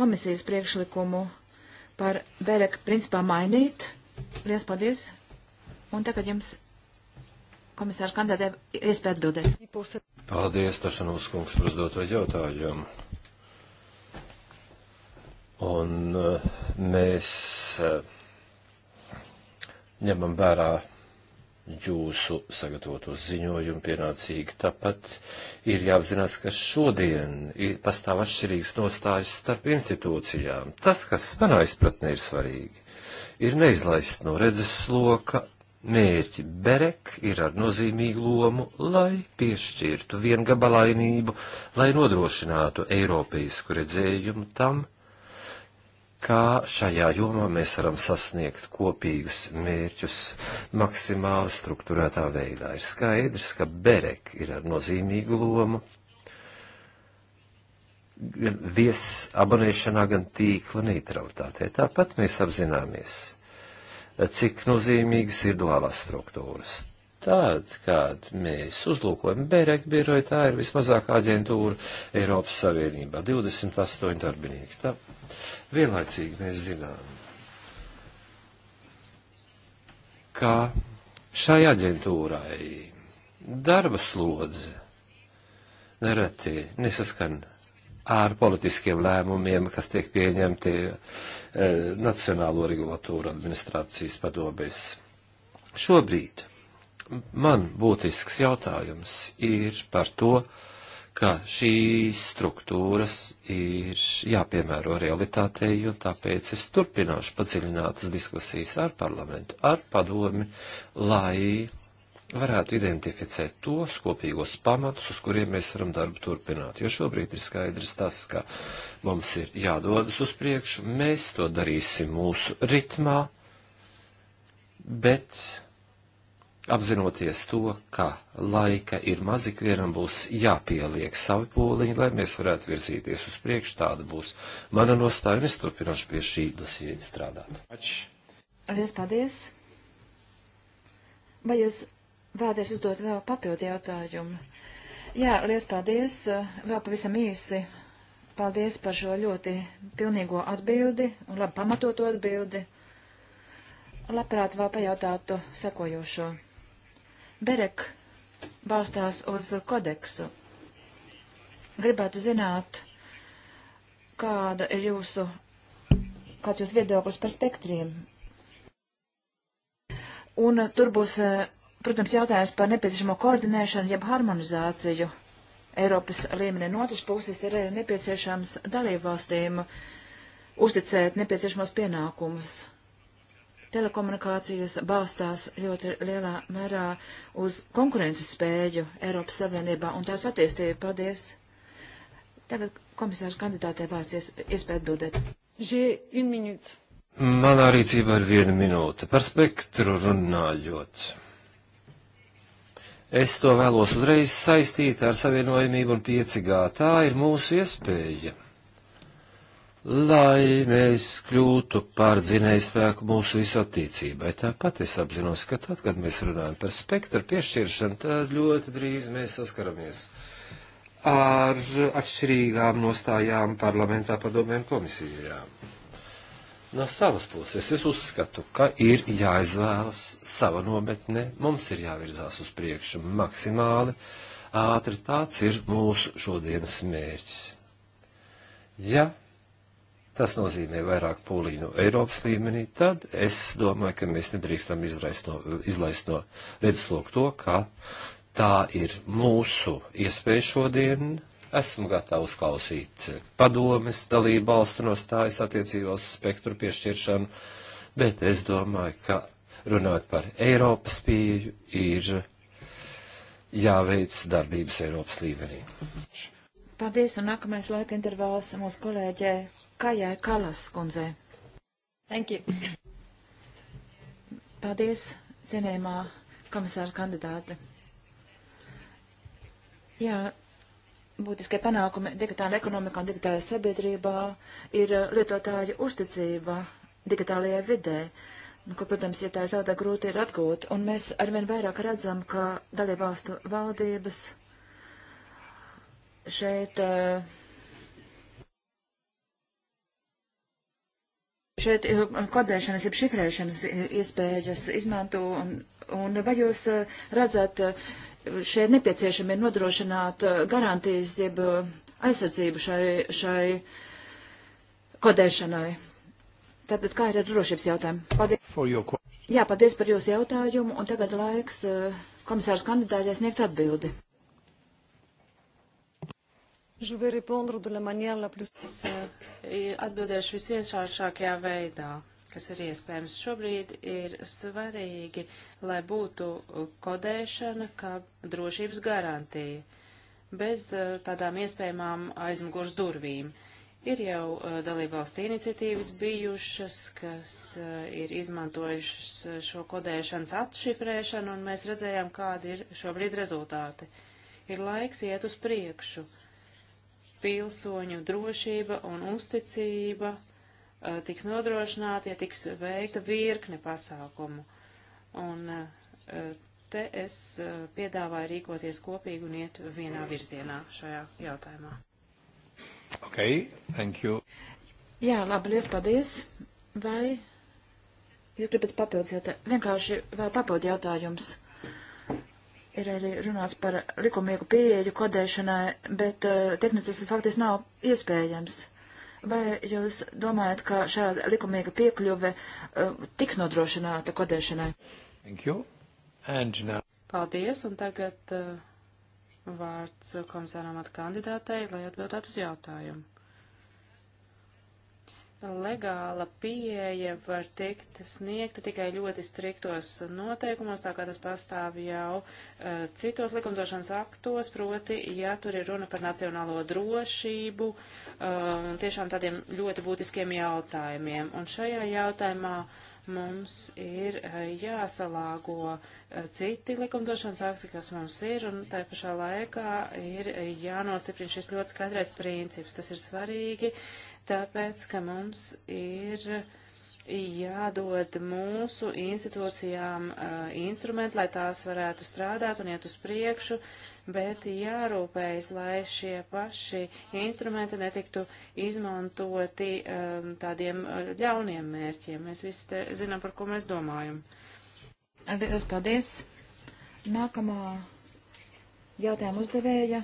komisijas priekšlikumu par BEREK principā mainīt. Lies paldies! Un tagad jums komisārs kandidātē iespēja atbildēt. Paldies, Tašanovs kungs, par uzdoto jautājumu. Un eh, mēs eh, ņemam vērā jūsu sagatavotos ziņojumu pienācīgi. Tāpat ir jāapzinās, ka šodien pastāv atšķirīgs nostājas starp institūcijām. Tas, kas manā izpratnē ir svarīgi, ir neizlaist no redzes sloka mērķi. Berek ir ar nozīmīgu lomu, lai piešķirtu viengabalainību, lai nodrošinātu Eiropeisku redzējumu tam, kā šajā jomā mēs varam sasniegt kopīgus mērķus maksimāli struktūrētā veidā. Ir skaidrs, ka Berek ir ar nozīmīgu lomu viesabonēšanā, gan tīkla neutralitātē. Tāpat mēs apzināmies, cik nozīmīgas ir duālās struktūras. Tad, kad mēs uzlūkojam Berek biroju, tā ir vismazākā aģentūra Eiropas Savienībā - 28 darbinieki. Tā vienlaicīgi mēs zinām, ka šai aģentūrai darba slodze nereti nesaskan ar politiskiem lēmumiem, kas tiek pieņemti e, Nacionālo regulatūru administrācijas padomēs. Šobrīd man būtisks jautājums ir par to, ka šīs struktūras ir jāpiemēro realitātei, jo tāpēc es turpināšu padziļinātas diskusijas ar parlamentu, ar padomi, lai varētu identificēt tos kopīgos pamatus, uz kuriem mēs varam darbu turpināt. Jo šobrīd ir skaidrs tas, ka mums ir jādodas uz priekšu, mēs to darīsim mūsu ritmā, bet apzinoties to, ka laika ir maz, ikvienam būs jāpieliek savi pūliņi, lai mēs varētu virzīties uz priekšu. Tāda būs mana nostāja, un es turpināšu pie šī dosieņa strādāt. Paldies, paldies! Vai jūs vēlties uzdot vēl papildu jautājumu. Jā, liels paldies. Vēl pavisam īsi. Paldies par šo ļoti pilnīgo atbildi un labi pamatotu atbildi. Labprāt vēl pajautātu sekojošo. Berek balstās uz kodeksu. Gribētu zināt, kāda ir jūsu, kāds jūs viedoklis par spektriem. Un tur būs eh, Protams, jautājums par nepieciešamo koordinēšanu, jeb harmonizāciju Eiropas līmenī. No otras puses ir arī nepieciešams dalībvalstīm uzticēt nepieciešamos pienākumus. Telekomunikācijas balstās ļoti lielā mērā uz konkurences spēju Eiropas Savienībā un tās attīstību. Paldies! Tagad komisārs kandidātē vārds iespēja atbildēt. Manā rīcībā ir viena minūte par spektru runājot. Es to vēlos uzreiz saistīt ar savienojumību un 5G. Tā ir mūsu iespēja, lai mēs kļūtu par dzinējspēku mūsu visu attīcībai. Tāpat es apzinos, ka tad, kad mēs runājam par spektru piešķiršanu, tad ļoti drīz mēs saskaramies ar atšķirīgām nostājām parlamentā padomēm komisijām. No savas puses es uzskatu, ka ir jāizvēlas sava nometne, mums ir jāvirzās uz priekšu maksimāli ātri, tāds ir mūsu šodienas mērķis. Ja tas nozīmē vairāk pūliņu Eiropas līmenī, tad es domāju, ka mēs nedrīkstam izlaist no, izlaist no redzesloka to, ka tā ir mūsu iespēja šodien Esmu gatava uzklausīt padomes, dalību valstu nostājas attiecībos spektru piešķiršanu, bet es domāju, ka runāt par Eiropas pieju ir jāveic darbības Eiropas līmenī. Paldies, un nākamais laika intervāls mūsu kolēģē Kajai Kalas kundzē. Thank you. Paldies, cienējumā komisāra kandidāte. Jā, būtiskie panākumi digitāla ekonomikā un digitālajā sabiedrībā ir eh, lietotāja uzticība digitālajai vidē, nu, ko, protams, ja tā zaudē, grūti ir atgūt. Un mēs arvien vairāk redzam, ka dalībvalstu valdības šeit. Eh, šeit eh, kodēšanas, jeb šifrēšanas iespējas izmanto, un, un vai jūs redzat šeit nepieciešami ir nodrošināt eh, garantijas jeb eh, aizsardzību šai, šai kodēšanai. Tātad kā ir ar drošības jautājumu? Paldies. Jā, paldies par jūsu jautājumu, un tagad laiks eh, komisārs kandidātē sniegt atbildi. Es atbildēšu visvienkāršākajā veidā kas ir iespējams. Šobrīd ir svarīgi, lai būtu kodēšana kā drošības garantija, bez eh, tādām iespējamām aizmugurs durvīm. Ir jau eh, dalībvalstu iniciatīvas bijušas, kas eh, ir izmantojušas šo kodēšanas atšifrēšanu, un mēs redzējām, kādi ir šobrīd rezultāti. Ir laiks iet uz priekšu. Pilsoņu drošība un uzticība Uh, tiks nodrošināti, ja tiks veikta virkne pasākumu. Un uh, te es uh, piedāvāju rīkoties kopīgi un iet vienā virzienā šajā jautājumā. Ok, thank you. Jā, labi, liels paldies. Vai jūs gribat papildus jautājumu? Vienkārši vēl papildu jautājums. Ir arī runāts par likumīgu pieeju kodēšanai, bet uh, tehnicis faktiski nav iespējams. Vai jūs domājat, ka šāda likumīga piekļuve uh, tiks nodrošināta kodēšanai? Now... Paldies, un tagad uh, vārds komisāram atkandidātei, lai atbildētu uz jautājumu legāla pieeja var tikt sniegta tikai ļoti striktos noteikumos, tā kā tas pastāv jau uh, citos likumdošanas aktos, proti, ja tur ir runa par nacionālo drošību un e, uh, tiešām tādiem ļoti būtiskiem jautājumiem. Un šajā jautājumā uh, mums ir eh, jāsalāgo eh, citi likumdošanas akti, kas mums ir, un tā pašā laikā ir eh, jānostiprina šis ļoti skaidrais princips. Tas ir svarīgi, tāpēc, ka mums ir uh, jādod mūsu institūcijām uh, eh, instrumenti, lai tās varētu strādāt un iet uz priekšu, bet jārūpējas, lai šie paši instrumenti netiktu izmantoti um, tādiem eh, ļauniem mērķiem. Mēs visi te zinām, par ko mēs domājam. Lielas paldies. Nākamā jautājuma uzdevēja,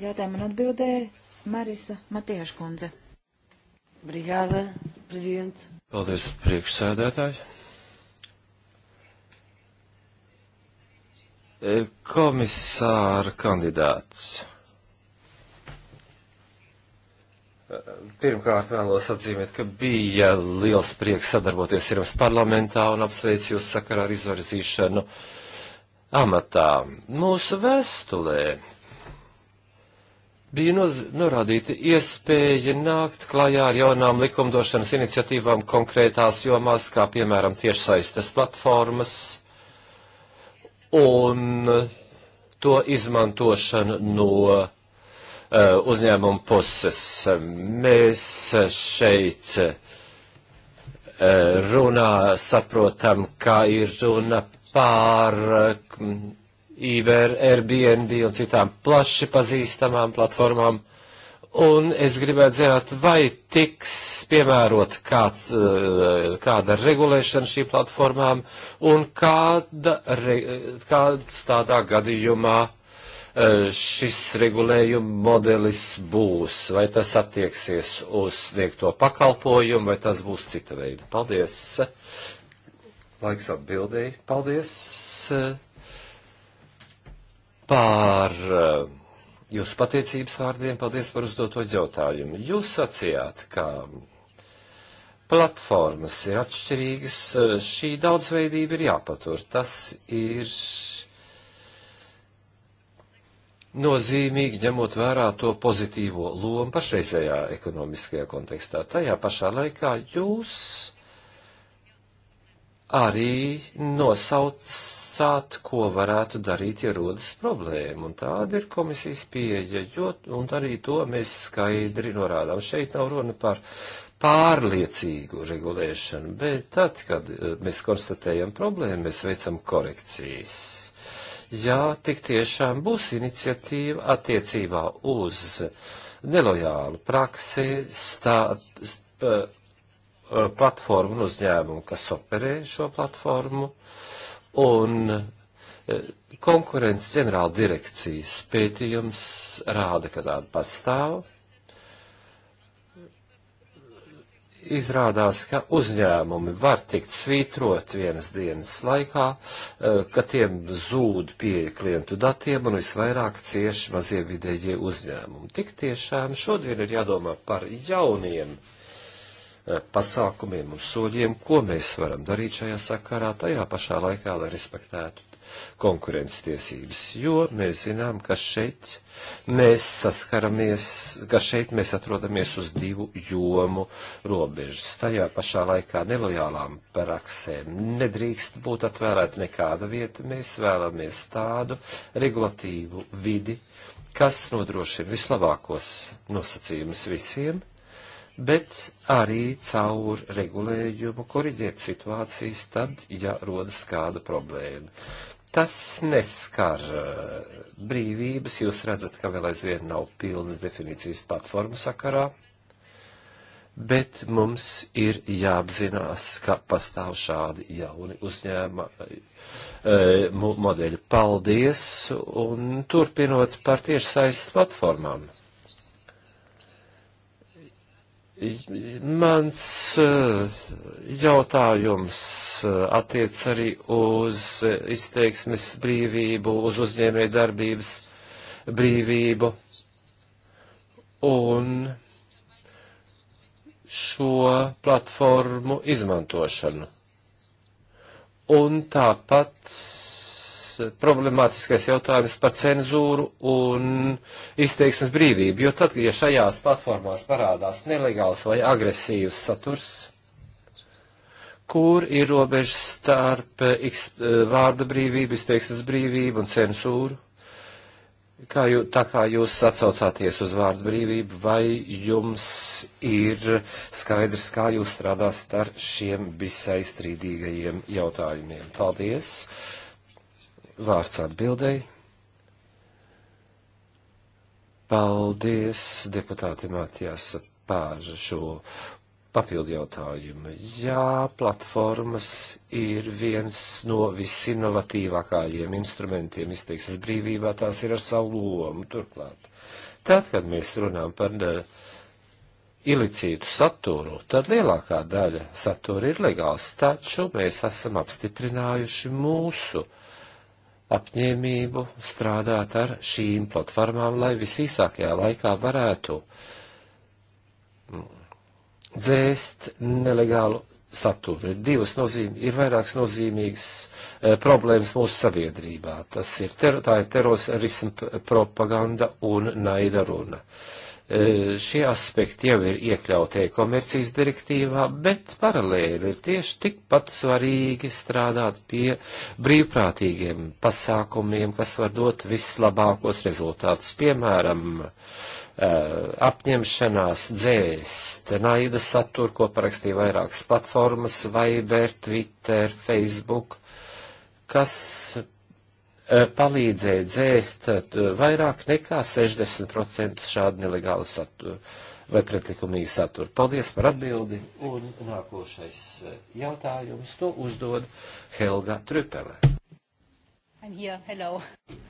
jautājuma un atbildēja Marisa Matieškundze. Brigāda prezidente. Paldies, priekšsēdētāji. E, komisāra kandidāts. E, pirmkārt vēlos atzīmēt, ka bija liels prieks sadarboties ar jums parlamentā un apsveicu jūs sakarā ar izvarzīšanu amatā. Mūsu vēstulē bija noz, norādīta iespēja nākt klajā ar jaunām likumdošanas iniciatīvām konkrētās jomās, kā piemēram tiešsaistes platformas un to izmantošanu no uh, uzņēmuma puses. Mēs šeit uh, runā saprotam, kā ir runa pār uh, mm, Uber, Airbnb un citām plaši pazīstamām platformām. Un es gribētu zināt, vai tiks piemērot kāds, eh, kāda regulēšana šīm platformām un kāda, kāds tādā gadījumā eh, šis regulējuma modelis būs, vai tas attieksies uz sniegto pakalpojumu, vai tas būs cita veida. Paldies! Laiks atbildēji. Paldies! Eh, par eh, jūsu pateicības vārdiem. Paldies par uzdoto jautājumu. Jūs sacījāt, ka platformas ir atšķirīgas, eh, šī daudzveidība ir jāpatur. Tas ir nozīmīgi, ņemot vērā to pozitīvo lomu pašreizējā ekonomiskajā kontekstā. Tajā pašā laikā jūs arī nosauc vaicāt, ko varētu darīt, ja rodas problēma, un tāda ir komisijas pieeja, jo, un arī to mēs skaidri norādām. Šeit nav runa par pārliecīgu regulēšanu, bet tad, kad eh, mēs konstatējam problēmu, mēs veicam korekcijas. Jā, tik tiešām būs iniciatīva attiecībā uz nelojālu praksi, stāt, st, eh, platformu un uzņēmumu, kas operē šo platformu. Uh, Un e, konkurences ģenerāla direkcijas pētījums rāda, ka tāda pastāv. Izrādās, ka uzņēmumi var tikt svītrot vienas dienas laikā, e, ka tiem zūd pieeja klientu datiem un visvairāk cieši mazie vidējie uzņēmumi. Tik tiešām šodien ir jādomā par jauniem uh, Eh, pasākumiem un soļiem, ko mēs varam darīt šajā sakarā, tajā pašā laikā, lai respektētu konkurences tiesības, jo mēs zinām, ka šeit mēs saskaramies, ka šeit mēs atrodamies uz divu jomu robežas. Tajā pašā laikā nelojālām praksēm nedrīkst būt atvērēta nekāda vieta. Mēs vēlamies tādu regulatīvu vidi, kas nodrošina vislabākos nosacījumus visiem bet arī caur regulējumu koriģēt situācijas tad, ja rodas kāda problēma. Tas neskar eh, brīvības, jūs redzat, ka vēl aizvien nav pilnas definīcijas platformu sakarā, bet mums ir jāapzinās, ka pastāv šādi jauni uzņēma eh, modeļi. Paldies, un turpinot par tiešsaistes platformām. Mans eh, jautājums eh, attiec arī uz izteiksmes brīvību, uz uzņēmē darbības brīvību un šo platformu izmantošanu. Un tāpat problemātiskais jautājums par cenzūru un izteiksmes brīvību, jo tad, ja šajās platformās parādās nelegāls vai agresīvs saturs, kur ir robeža starp eh, eh, vārda brīvību, izteiksmes brīvību un cenzūru, kā jū, tā kā jūs atsaucāties uz vārdu brīvību, vai jums ir skaidrs, kā jūs strādāsiet ar šiem visai strīdīgajiem jautājumiem? Paldies! Vārds atbildēji. Paldies deputāti Mātijās par šo papildu jautājumu. Jā, platformas ir viens no visinovatīvākajiem instrumentiem izteiksmes brīvībā, tās ir ar savu lomu turklāt. Tad, kad mēs runājam par ilicītu saturu, tad lielākā daļa satura ir legāls, taču mēs esam apstiprinājuši mūsu uh, apņēmību strādāt ar šīm platformām, lai visīsākajā laikā varētu dzēst nelegālu saturu. Ir divas nozīm, ir vairākas nozīmīgas e, problēmas mūsu sabiedrībā. Tas ir, ter, tā ir terorisma propaganda un naida runa. E, E, šie aspekti jau ir iekļauti e-komercijas direktīvā, bet paralēli ir tieši tikpat svarīgi strādāt pie brīvprātīgiem pasākumiem, kas var dot vislabākos rezultātus. Piemēram, e, apņemšanās dzēst naida saturu, ko parakstīja vairākas platformas, Viber, Twitter, Facebook, kas Eh, palīdzēja dzēst eh, vairāk nekā 60% šādu nelegālu saturu vai pretlikumīgu saturu. Paldies par atbildi. Un nākošais eh, jautājums to uzdod Helga Trüpele.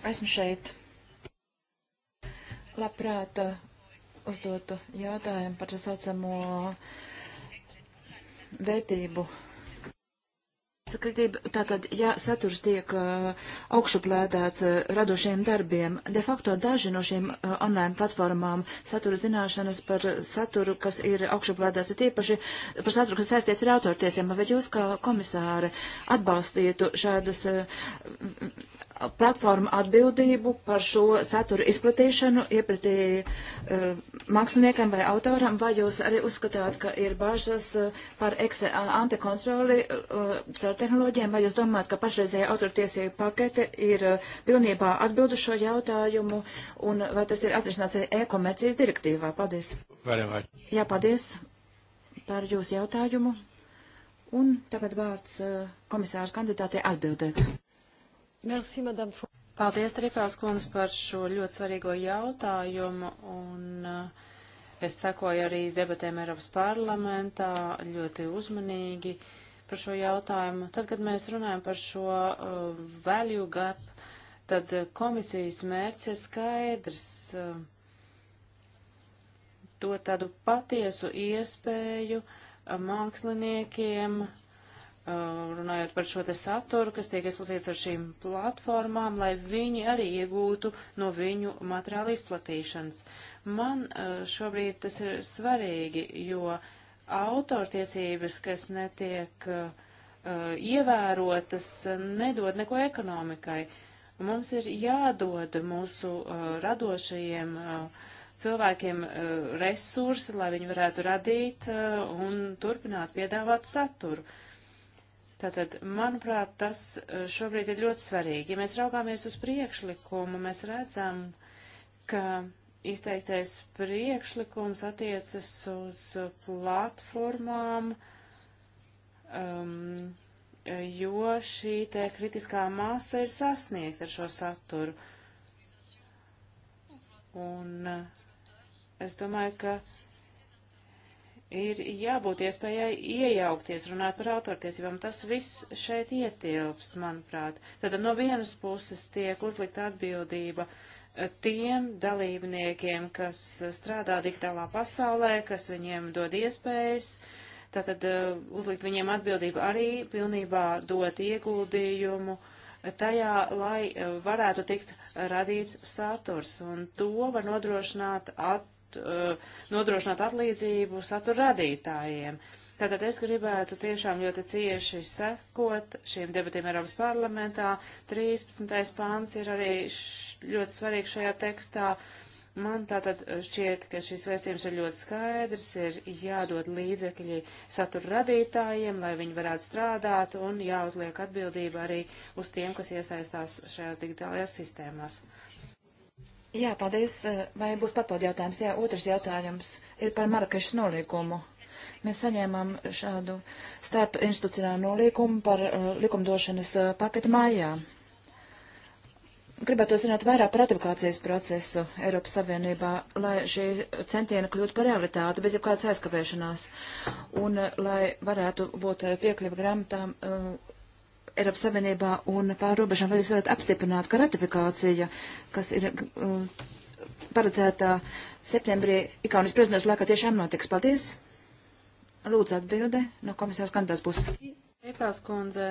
Esmu šeit. Labprāt uzdotu jautājumu par tā saucamo vērtību nesakritība, tātad, ja saturs tiek uh, augšuplētēts uh, radošiem darbiem, de facto daži no šiem uh, online platformām satura zināšanas par saturu, kas ir augšuplētēts, ir tiepaši par saturu, kas saistīts ar autortiesiem, bet jūs kā komisāri atbalstītu šādas platformu atbildību par šo saturu izplatīšanu iepratī uh, māksliniekam vai autoram, vai jūs arī uzskatāt, ka ir bažas uh, par ekse, antikontroli uh, e, caur tehnoloģiem, vai jūs domājat, ka pašreizējā autortiesība pakete ir pilnībā atbildu šo jautājumu, un vai tas ir atrisināts arī e-komercijas direktīvā? Paldies. Varam, var. Jā, paldies par jūsu jautājumu. Un tagad vārds komisārs kandidātei atbildēt. Merci, madame. Paldies, Tripels kundze, par šo ļoti svarīgo jautājumu. Un eh, es sekoju arī debatēm Eiropas parlamentā ļoti uzmanīgi par šo jautājumu. Tad, kad mēs runājam par šo uh, value gap, tad eh, komisijas mērķis ir skaidrs uh, dot tādu patiesu iespēju uh, māksliniekiem Uh, runājot par šo te saturu, kas tiek izplatīts ar šīm platformām, lai viņi arī iegūtu no viņu materiāla izplatīšanas. Man uh, šobrīd tas ir svarīgi, jo autortiesības, kas netiek uh, ievērotas, nedod neko ekonomikai. Mums ir jādod mūsu radošajiem cilvēkiem resursi, lai viņi varētu radīt un turpināt piedāvāt saturu. Uh, Tātad, manuprāt, tas eh, šobrīd ir ļoti svarīgi. Ja mēs raugāmies uz priekšlikumu, mēs redzam, ka izteiktais priekšlikums attiecas uz platformām, um, jo šī te kritiskā māsa ir sasniegta ar šo saturu. Un eh, es domāju, ka ir jābūt iespējai iejaukties, runāt par autortiesībām. Tas viss šeit ietilps, manuprāt. Tātad no vienas puses tiek uzlikta atbildība eh, tiem dalībniekiem, kas eh, strādā digitālā pasaulē, kas viņiem dod iespējas, tātad eh, uzlikt viņiem atbildību arī pilnībā dot ieguldījumu tajā, lai varētu tikt radīts saturs, un to var nodrošināt at nodot, eh, nodrošināt atlīdzību satura radītājiem. Tātad es gribētu tiešām ļoti cieši sekot šiem debatiem Eiropas parlamentā. 13. pāns ir arī ļoti svarīgs šajā tekstā. Man tātad šķiet, ka šis vēstījums ir ļoti skaidrs, ir jādod līdzekļi satura radītājiem, lai viņi varētu strādāt un jāuzliek atbildība arī uz tiem, kas iesaistās šajās digitālajās sistēmās. Uh, Jā, paldies. Eh, vai būs papildu jautājums? Jā, otrs jautājums ir par Marakešas nolīgumu. Mēs saņēmām šādu starp institucionālu nolīgumu par uh, likumdošanas uh, eh, paketu mājā. Gribētu zināt vairāk par ratifikācijas procesu Eiropas Savienībā, lai šī centiena kļūtu par realitāti bez jebkādas aizkavēšanās un uh, lai varētu būt piekļuva grāmatām Eiropas Savienībā un pār robežām, vai jūs varat apstiprināt, ka ratifikācija, kas ir uh, paredzēta septembrī Igaunijas prezidents laikā, tiešām notiks? Paldies! Lūdzu atbildi no komisāras kandidāts puses. Eipās kundze,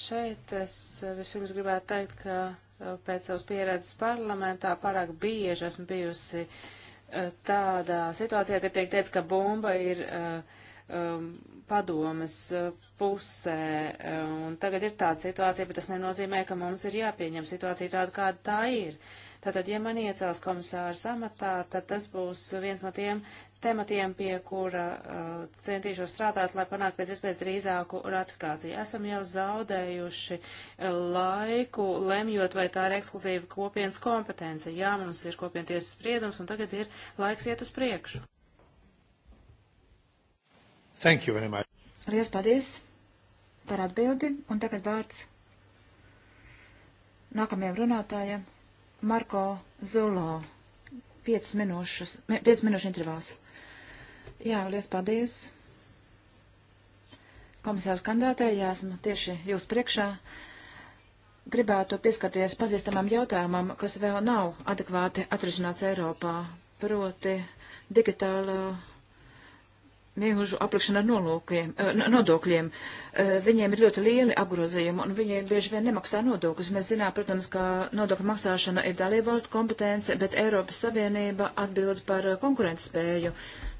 šeit es vispirms gribētu teikt, ka uh, pēc savas pieredzes parlamentā pārāk bieži esmu bijusi uh, tādā situācijā, ka tiek teikt, ka bomba ir uh, um, padomes uh, pusē. Uh, un tagad ir tāda situācija, bet tas nenozīmē, ka mums ir jāpieņem situācija tāda, kāda tā ir. Tātad, ja man iecels komisāra samatā, tad tas būs viens no tiem tematiem, pie kura uh, centīšos strādāt, lai panāktu pēc iespējas drīzāku ratifikāciju. Esam jau zaudējuši uh, laiku, lemjot, vai tā ir ekskluzīva kopienas kompetence. Jā, mums ir kopienas tiesas spriedums, un tagad ir laiks iet uz priekšu. Thank you very much. Lielas paldies par atbildi, un tagad vārds nākamajam runātājam Marko Zulo. 5 minūšu, 5 minūšu intervāls. Jā, liels paldies. Komisārs kandidātē, jā, esmu tieši jūs priekšā. Gribētu pieskarties pazīstamam jautājumam, kas vēl nav adekvāti atrisināts Eiropā, proti digitāla vienkārši aplikšana ar nolūkiem, eh, nodokļiem. Eh, viņiem ir ļoti lieli apgrozījumi, un viņi bieži vien nemaksā nodokļus. Mēs zinām, protams, ka nodokļu maksāšana ir dalībvalstu kompetence, bet Eiropas Savienība atbild par eh, konkurences spēju.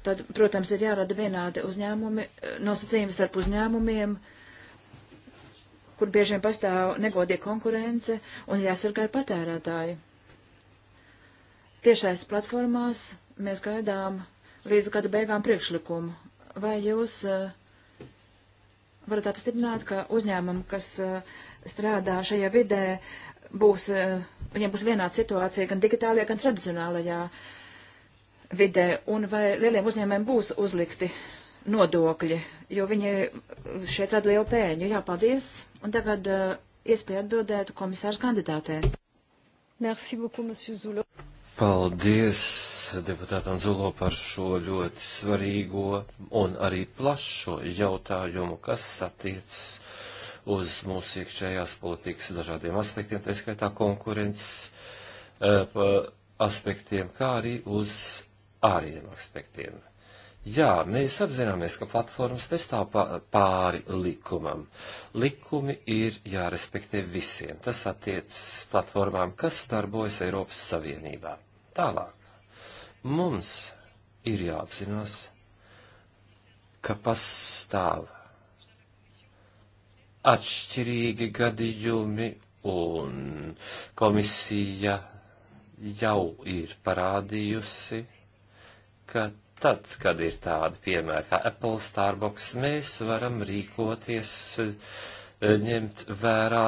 Tad, protams, ir jārada vienādi uzņēmumi, nosacījumi starp uzņēmumiem, kur bieži vien pastāv negodīga konkurence, un jāsargā ir patērētāji. Tiešais platformās mēs gaidām līdz gada beigām priekšlikumu. Vai jūs eh, varat apstiprināt, ka uzņēmumi, kas eh, strādā šajā vidē, būs, eh, viņiem būs vienāda situācija gan digitālajā, gan tradicionālajā vidē, un vai lieliem uzņēmēm būs uzlikti nodokļi, jo viņi šeit rada lielu pēļņu. Jā, paldies. Un tagad uh, iespēja atbildēt komisārs kandidātē. Merci beaucoup, monsieur Zulo. Paldies deputātam Zulo par šo ļoti svarīgo un arī plašo jautājumu, kas attiecas uz mūsu iekšējās politikas dažādiem aspektiem, tā skaitā konkurences eh, aspektiem, kā arī uz āriem aspektiem. Jā, mēs apzināmies, ka platformas nestāv pāri likumam. Likumi ir jārespektē visiem. Tas attiecas platformām, kas darbojas Eiropas Savienībā. Tālāk. Mums ir jāapzinās, ka pastāv atšķirīgi gadījumi un komisija jau ir parādījusi, ka tad, kad ir tādi piemēri kā Apple, Starbucks, mēs varam rīkoties, e, ņemt vērā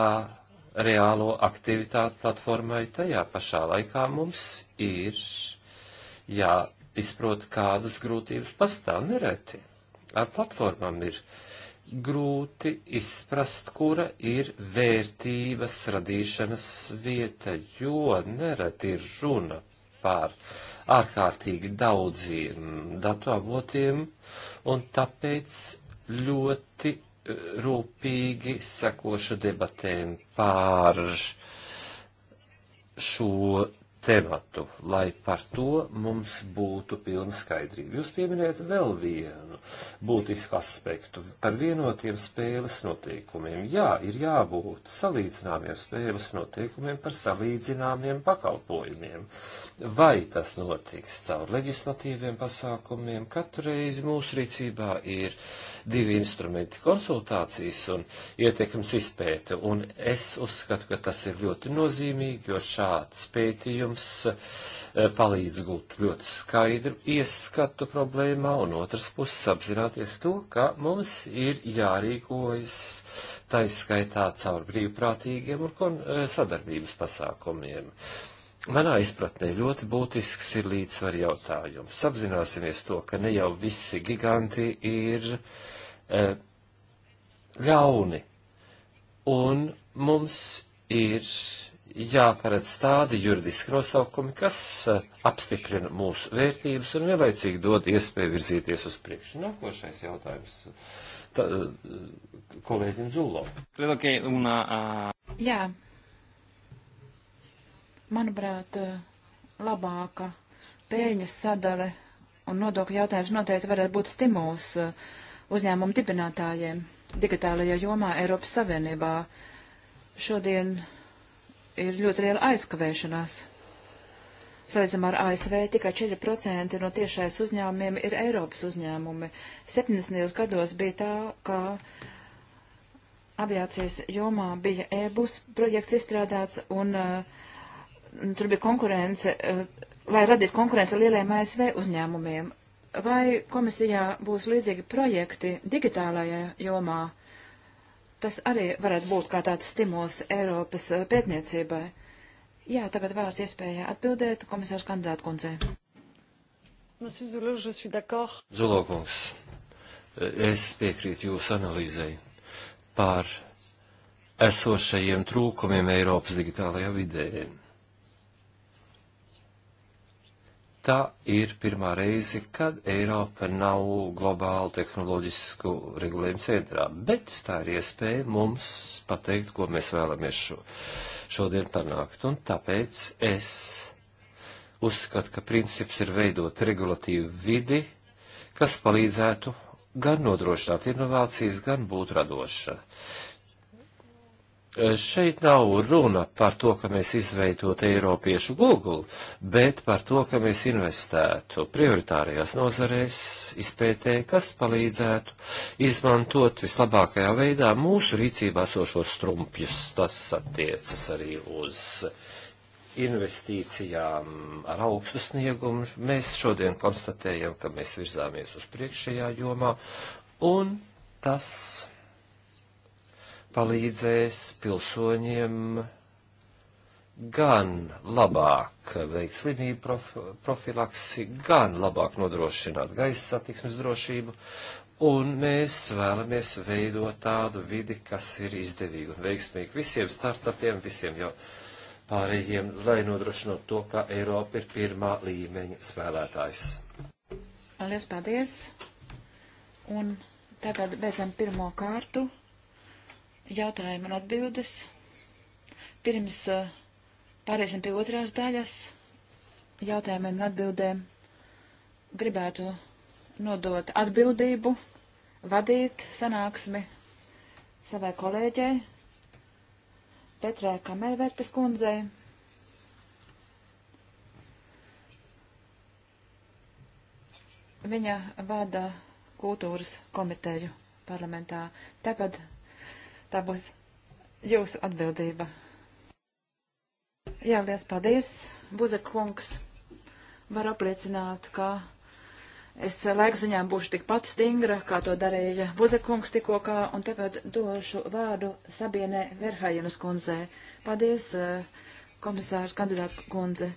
reālo aktivitāti platformai. Tajā pašā laikā mums ir jāizprot, kādas grūtības pastāv nereti. Ar platformām ir grūti izprast, kura ir vērtības radīšanas vieta, jo nereti ir runa par ārkārtīgi daudziem datu avotiem, un tāpēc ļoti e, rūpīgi sekošu debatēm pār šo tematu, lai par to mums būtu pilna skaidrība. Jūs pieminējat vēl vienu būtisku aspektu par vienotiem spēles noteikumiem. Jā, ir jābūt salīdzināmiem spēles noteikumiem par salīdzināmiem pakalpojumiem. Vai tas notiks caur leģislatīviem pasākumiem? Katru reizi mūsu rīcībā ir uh, divi instrumenti - konsultācijas un ietekmes izpēte. Un es uzskatu, ka tas ir ļoti nozīmīgi, jo šāds pētījums eh, palīdz gūt ļoti skaidru ieskatu problēmā un otrs puses apzināties to, ka mums ir jārīkojas taiskaitā caur brīvprātīgiem un kon, eh, sadarbības pasākumiem. Manā izpratnē ļoti būtisks ir līdzsvar jautājums. Apzināsimies to, ka ne jau visi giganti ir uh, E, ļauni. Un mums ir jāparedz tādi juridiski nosaukumi, kas e, apstiprina mūsu vērtības un vienlaicīgi dod iespēju virzīties uz priekšu. Nākošais jautājums tā, e, kolēģim Zulo. Jā. Manuprāt, labāka pēļņas sadale un nodokļu jautājums noteikti varētu būt stimuls uh, uzņēmumu dibinātājiem digitālajā jomā Eiropas Savienībā. Šodien ir ļoti liela aizkavēšanās. Salīdzinām ar ASV tikai 4% no tiešais uzņēmumiem ir Eiropas uzņēmumi. 70. gados bija tā, ka aviācijas jomā bija e-bus projekts izstrādāts un uh, tur bija konkurence, uh, lai radītu konkurence lielajiem ASV uzņēmumiem. Vai komisijā būs līdzīgi projekti digitālajā jomā? Tas arī varētu būt kā tāds stimuls Eiropas eh, pētniecībai. Jā, tagad vārds iespēja atbildēt komisārs kandidātu kundzei. Zulokungs, es piekrītu jūsu analīzei par esošajiem trūkumiem Eiropas digitālajā vidē. Tā ir pirmā reize, kad Eiropa nav globāla tehnoloģisku regulējumu centrā, bet tā ir iespēja mums pateikt, ko mēs vēlamies šo, šodien panākt. Un tāpēc es uzskatu, ka princips ir veidot regulatīvu vidi, kas palīdzētu gan nodrošināt inovācijas, gan būt radoša. Eh, šeit nav runa par to, ka mēs izveidotu Eiropiešu Google, bet par to, ka mēs investētu prioritārajās nozarēs izpētē, kas palīdzētu izmantot vislabākajā veidā mūsu rīcībā sošos strumpjus. Tas attiecas arī uz investīcijām ar augstu sniegumu. Mēs šodien konstatējam, ka mēs virzāmies uz priekšējā jomā, un tas palīdzēs pilsoņiem gan labāk veikt slimību prof profilaksi, gan labāk nodrošināt gaisa satiksmes drošību, un mēs vēlamies veidot tādu vidi, kas ir izdevīga un veiksmīga visiem startupiem, visiem jau pārējiem, lai nodrošinot to, ka Eiropa ir pirmā līmeņa spēlētājs. Liels paldies! Un tagad beidzam pirmo kārtu jautājumi un atbildes. Pirms uh, pāriesim pie otrās daļas jautājumiem un atbildēm, gribētu nodot atbildību, vadīt sanāksmi savai kolēģei, Petrai Kamervertes kundzei. Viņa vada kultūras komiteju parlamentā. Tāpat Tā būs jūsu atbildība. Jā, liels paldies, Buzek kungs. Var apliecināt, ka es laika ziņā būšu tikpat stingra, kā to darīja Buzek kungs tikko, kā, un tagad došu vārdu Sabienē Verhajenas kundzē. Paldies, eh, komisārs kandidātu kundze.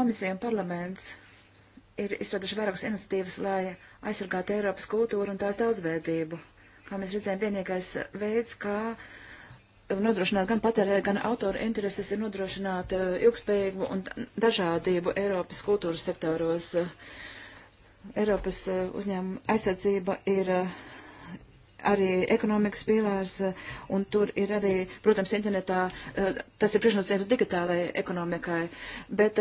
Komisija un parlaments ir izstrādājuši vairākas iniciatīvas, lai aizsargātu Eiropas kultūru un tās daudzveidību kā mēs redzējām, vienīgais veids, kā nodrošināt gan patērēju, gan autoru intereses, ir nodrošināt uh, ilgspējīgu un dažādību Eiropas kultūras sektoros. Eiropas uh, uzņēmuma aizsardzība ir uh, arī ekonomikas pīlārs, un tur ir arī, protams, internetā, tas ir priekšnosacījums digitālajai ekonomikai, bet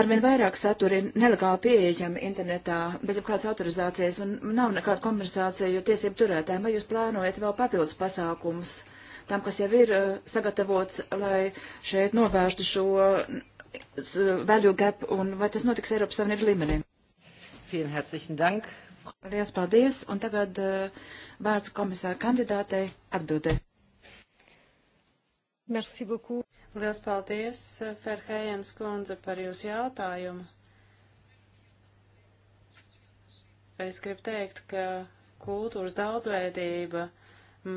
arvien vairāk satura ir nelegāli pieejami internetā, bez jebkādas autorizācijas, un nav nekāda kompensācija tiesību turētājiem. Vai jūs plānojat vēl papildus pasākumus tam, kas jau ir uh, sagatavots, lai šeit novērstu šo value gap, un vai tas notiks Eiropas Savienības līmenī? Vielen herzlichen Dank. Lielas paldies, un tagad uh, vārds komisāra kandidātei atbildē. Merci beaucoup. Liels paldies, eh, Ferhējens kundze, par jūsu jautājumu. Es gribu teikt, ka kultūras daudzveidība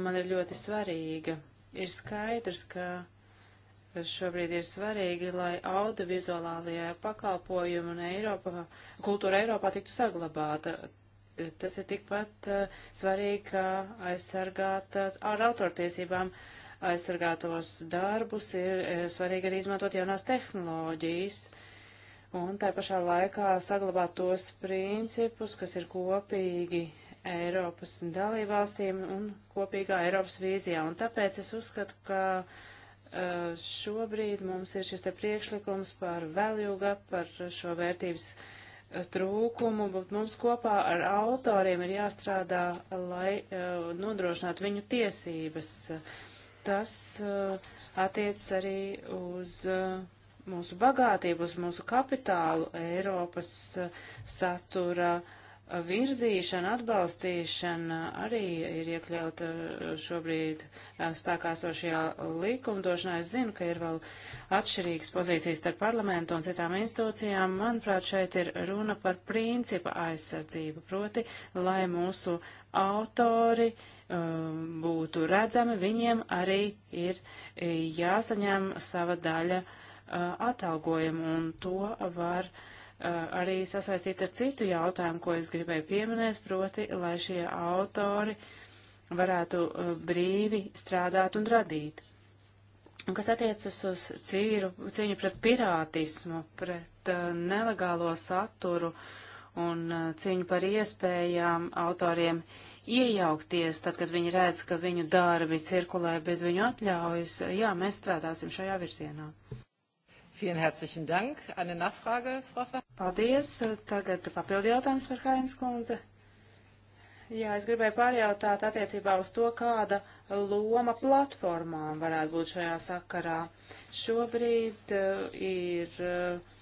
man ir ļoti svarīga. Ir skaidrs, ka šobrīd ir svarīgi, lai audiovizuālajā pakalpojuma un Eiropā, kultūra Eiropā tiktu saglabāta tas ir tikpat uh, svarīgi, kā aizsargāt uh, ar autortiesībām aizsargātos darbus, ir e, svarīgi arī izmantot jaunās tehnoloģijas un tā pašā laikā saglabāt tos principus, kas ir kopīgi Eiropas dalībvalstīm un kopīgā Eiropas vīzijā. Un tāpēc es uzskatu, ka e, šobrīd mums ir šis te priekšlikums par value gap, par šo vērtības e, trūkumu, bet mums kopā ar autoriem ir jāstrādā, lai nodrošinātu viņu tiesības. Uh, tas uh, attiec arī uz uh, mūsu bagātību, uz mūsu kapitālu, Eiropas uh, satura uh, virzīšana, atbalstīšana arī ir iekļauta uh, šobrīd uh, spēkā sošajā likumdošanā. Es zinu, ka ir vēl atšķirīgas pozīcijas starp parlamentu un citām institūcijām. Manuprāt, šeit ir runa par principa aizsardzību, proti, lai mūsu autori uh, um, būtu redzami, viņiem arī ir e, jāsaņem sava daļa uh, atalgojuma, un to var uh, arī sasaistīt ar citu jautājumu, ko es gribēju pieminēt, proti, lai šie autori varētu uh, brīvi strādāt un radīt. Un kas attiecas uz cīru, cīņu pret pirātismu, pret uh, nelegālo saturu, uh, un uh, cīņu par iespējām autoriem iejaukties, tad, kad viņi redz, ka viņu darbi cirkulē bez viņu atļaujas. Jā, mēs strādāsim šajā virzienā. Vielen herzlichen Dank. Eine Nachfrage, Frau Ver Paldies. Tagad papildi jautājums par Hainas kundze. Jā, es gribēju pārjautāt attiecībā uz to, kāda loma platformām varētu būt šajā sakarā. Šobrīd uh, ir uh,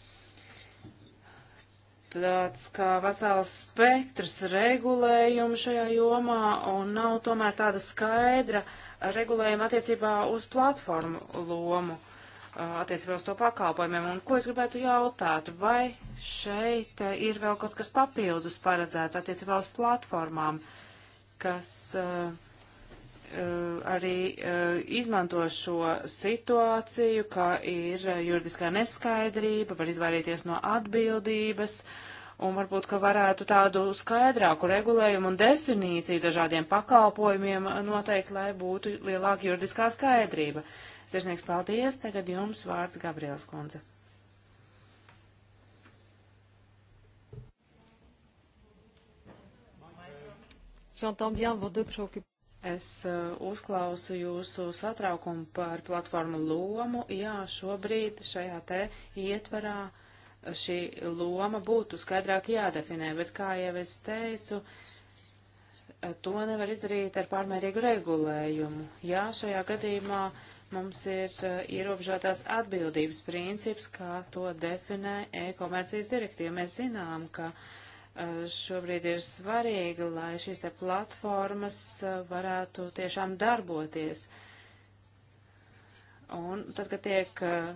tāds kā vesels spektrs regulējumu šajā jomā un nav tomēr tāda skaidra regulējuma attiecībā uz platformu lomu, attiecībā uz to pakalpojumiem. Un ko es gribētu jautāt, vai šeit ir vēl kaut kas papildus paredzēts attiecībā uz platformām, kas uh, Eh, arī eh, izmanto šo situāciju, ka ir eh, juridiskā neskaidrība, var izvairīties no atbildības, un varbūt, ka varētu tādu skaidrāku regulējumu un definīciju dažādiem pakalpojumiem noteikt, lai būtu lielāka juridiskā skaidrība. Sirsnieks, paldies! Tagad jums vārds Gabriels Kunze. J'entends bien vos deux préoccupations. Es uh, uzklausu jūsu satraukumu par platformu lomu. Jā, šobrīd šajā te ietvarā šī loma būtu skaidrāk jādefinē, bet kā jau es teicu, uh, to nevar izdarīt ar pārmērīgu regulējumu. Jā, šajā gadījumā mums ir uh, ierobežotās atbildības princips, kā to definē e-komercijas direktīva. Mēs zinām, ka uh, šobrīd ir svarīgi, lai šīs te platformas uh, varētu tiešām darboties. Un tad, kad tiek uh,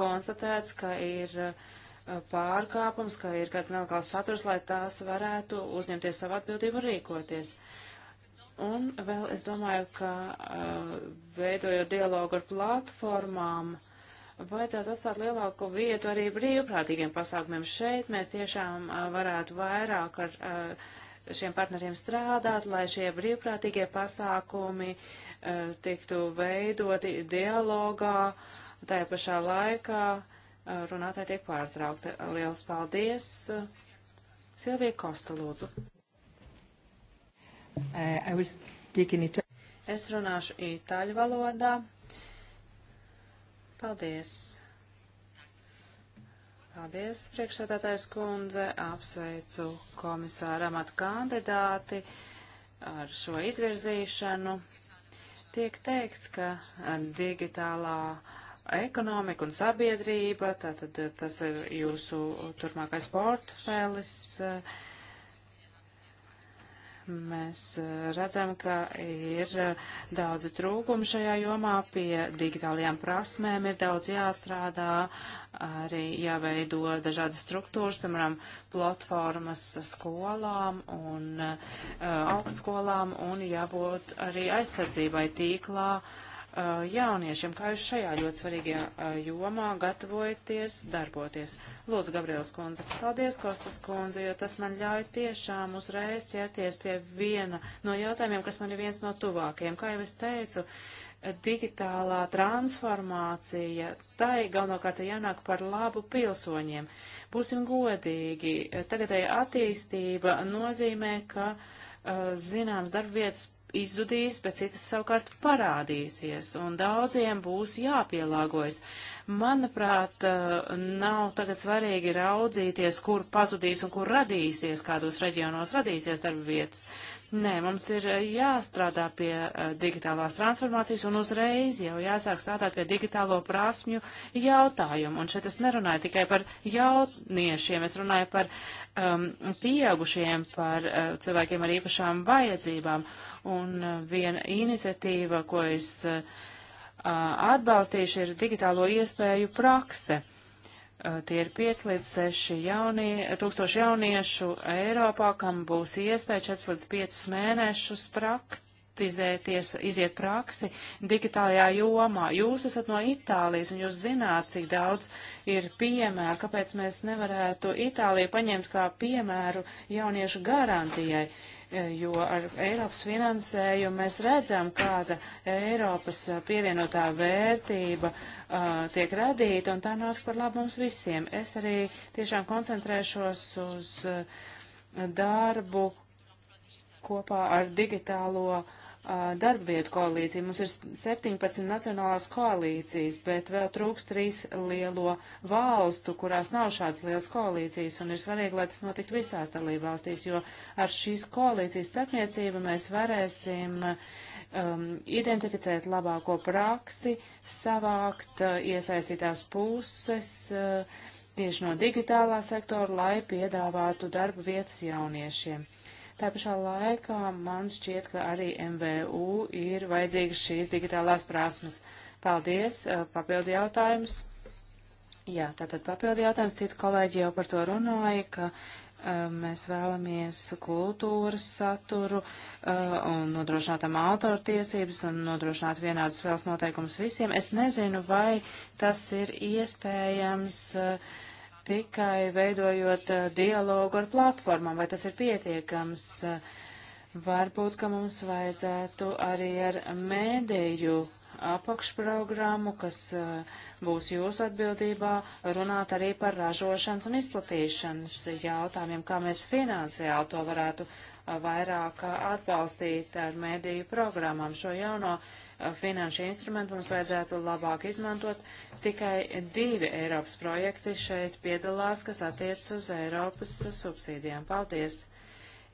konstatēts, ka ir uh, pārkāpums, ka ir kāds nelegāls saturs, lai tās varētu uzņemties savu atbildību un rīkoties. Un vēl es domāju, ka veidojot dialogu ar platformām, uh, vajadzētu atstāt lielāku vietu arī brīvprātīgiem pasākumiem. Šeit mēs tiešām varētu vairāk ar šiem partneriem strādāt, lai šie brīvprātīgie pasākumi tiktu veidoti dialogā, tajā pašā laikā runātāji tiek pārtraukta. Lielas paldies! Silvija Kosta, lūdzu. Uh, es runāšu itāļu valodā. Paldies! Paldies, priekšsēdētājs kundze, apsveicu komisāra amata kandidāti ar šo izvirzīšanu. Tiek teikts, ka eh, digitālā ekonomika un sabiedrība, tātad eh, tas ir jūsu turpmākais portfēlis. Uh, eh, Mēs eh, redzam, ka ir eh, daudzi trūkumi šajā jomā, pie digitālajām prasmēm ir daudz jāstrādā, arī jāveido dažādas struktūras, piemēram, platformas skolām un uh, augstskolām, un jābūt arī aizsardzībai tīklā. Uh, Uh, jauniešiem, kā jūs šajā ļoti svarīgajā uh, jomā gatavojaties darboties. Lūdzu, Gabriels kundze, paldies, Kostas kundze, jo tas man ļauj tiešām uzreiz ķerties pie viena no jautājumiem, kas man ir viens no tuvākajiem. Kā jau es teicu, digitālā transformācija, tai galvenokārt jānāk par labu pilsoņiem. Būsim godīgi, eh, tagadēja attīstība nozīmē, ka uh, zināms darbvietas izzudīs, bet citas savukārt parādīsies, un daudziem būs jāpielāgojas. Manuprāt, eh, nav tagad svarīgi raudzīties, kur pazudīs un kur radīsies, kādos reģionos radīsies darba vietas. Nē, mums ir eh, jāstrādā pie eh, digitālās transformācijas un uzreiz jau jāsāk strādāt pie digitālo prasmju jautājumu. Un šeit es nerunāju tikai par jauniešiem, es runāju par um, pieaugušiem, par uh, cilvēkiem ar īpašām vajadzībām. Un uh, viena iniciatīva, ko es uh, atbalstīšu, ir digitālo iespēju prakse. Uh, Uh, tie ir 5 līdz 6 jaunie, tūkstoši jauniešu Eiropā, kam būs iespēja 4 līdz 5 mēnešus praktizēties, iziet praksi digitālajā jomā. Jūs esat no Itālijas un jūs zināt, cik daudz ir piemēru, kāpēc mēs nevarētu Itāliju paņemt kā piemēru jauniešu garantijai. Uh, E, jo ar Eiropas finansējumu mēs redzam, kāda Eiropas e, pievienotā vērtība uh, tiek radīta, un tā nāks par labu mums visiem. Es arī tiešām koncentrēšos uz darbu kopā ar digitālo uh, darba vietu koalīcija. Mums ir 17 nacionālās koalīcijas, bet vēl trūkst trīs lielo valstu, kurās nav šādas lielas koalīcijas, un ir svarīgi, lai tas notiktu visās dalība valstīs, jo ar šīs koalīcijas starpniecību mēs varēsim um, identificēt labāko praksi, savākt uh, iesaistītās puses. Uh, tieši no digitālā sektora, lai piedāvātu darba vietas jauniešiem. Tā pašā laikā man šķiet, ka arī MVU ir vajadzīgas šīs digitālās prasmes. Paldies, eh, papildi jautājums. Jā, tātad papildi jautājums, citu kolēģi jau par to runāja, ka eh, mēs vēlamies kultūras saturu uh, un nodrošinātam autortiesības un nodrošināt vienādus spēles noteikumus visiem. Es nezinu, vai tas ir iespējams uh, tikai veidojot eh, dialogu ar platformām, vai tas ir pietiekams. Varbūt, ka mums vajadzētu arī ar mēdēju apakšprogrammu, kas eh, būs jūsu atbildībā, runāt arī par ražošanas un izplatīšanas jautājumiem, kā mēs finansiāli to varētu eh, vairāk atbalstīt ar mēdīju programmām šo jauno finanšu instrumentu mums vajadzētu labāk izmantot. Tikai divi Eiropas projekti šeit piedalās, kas attiec uz Eiropas subsīdijām. Paldies!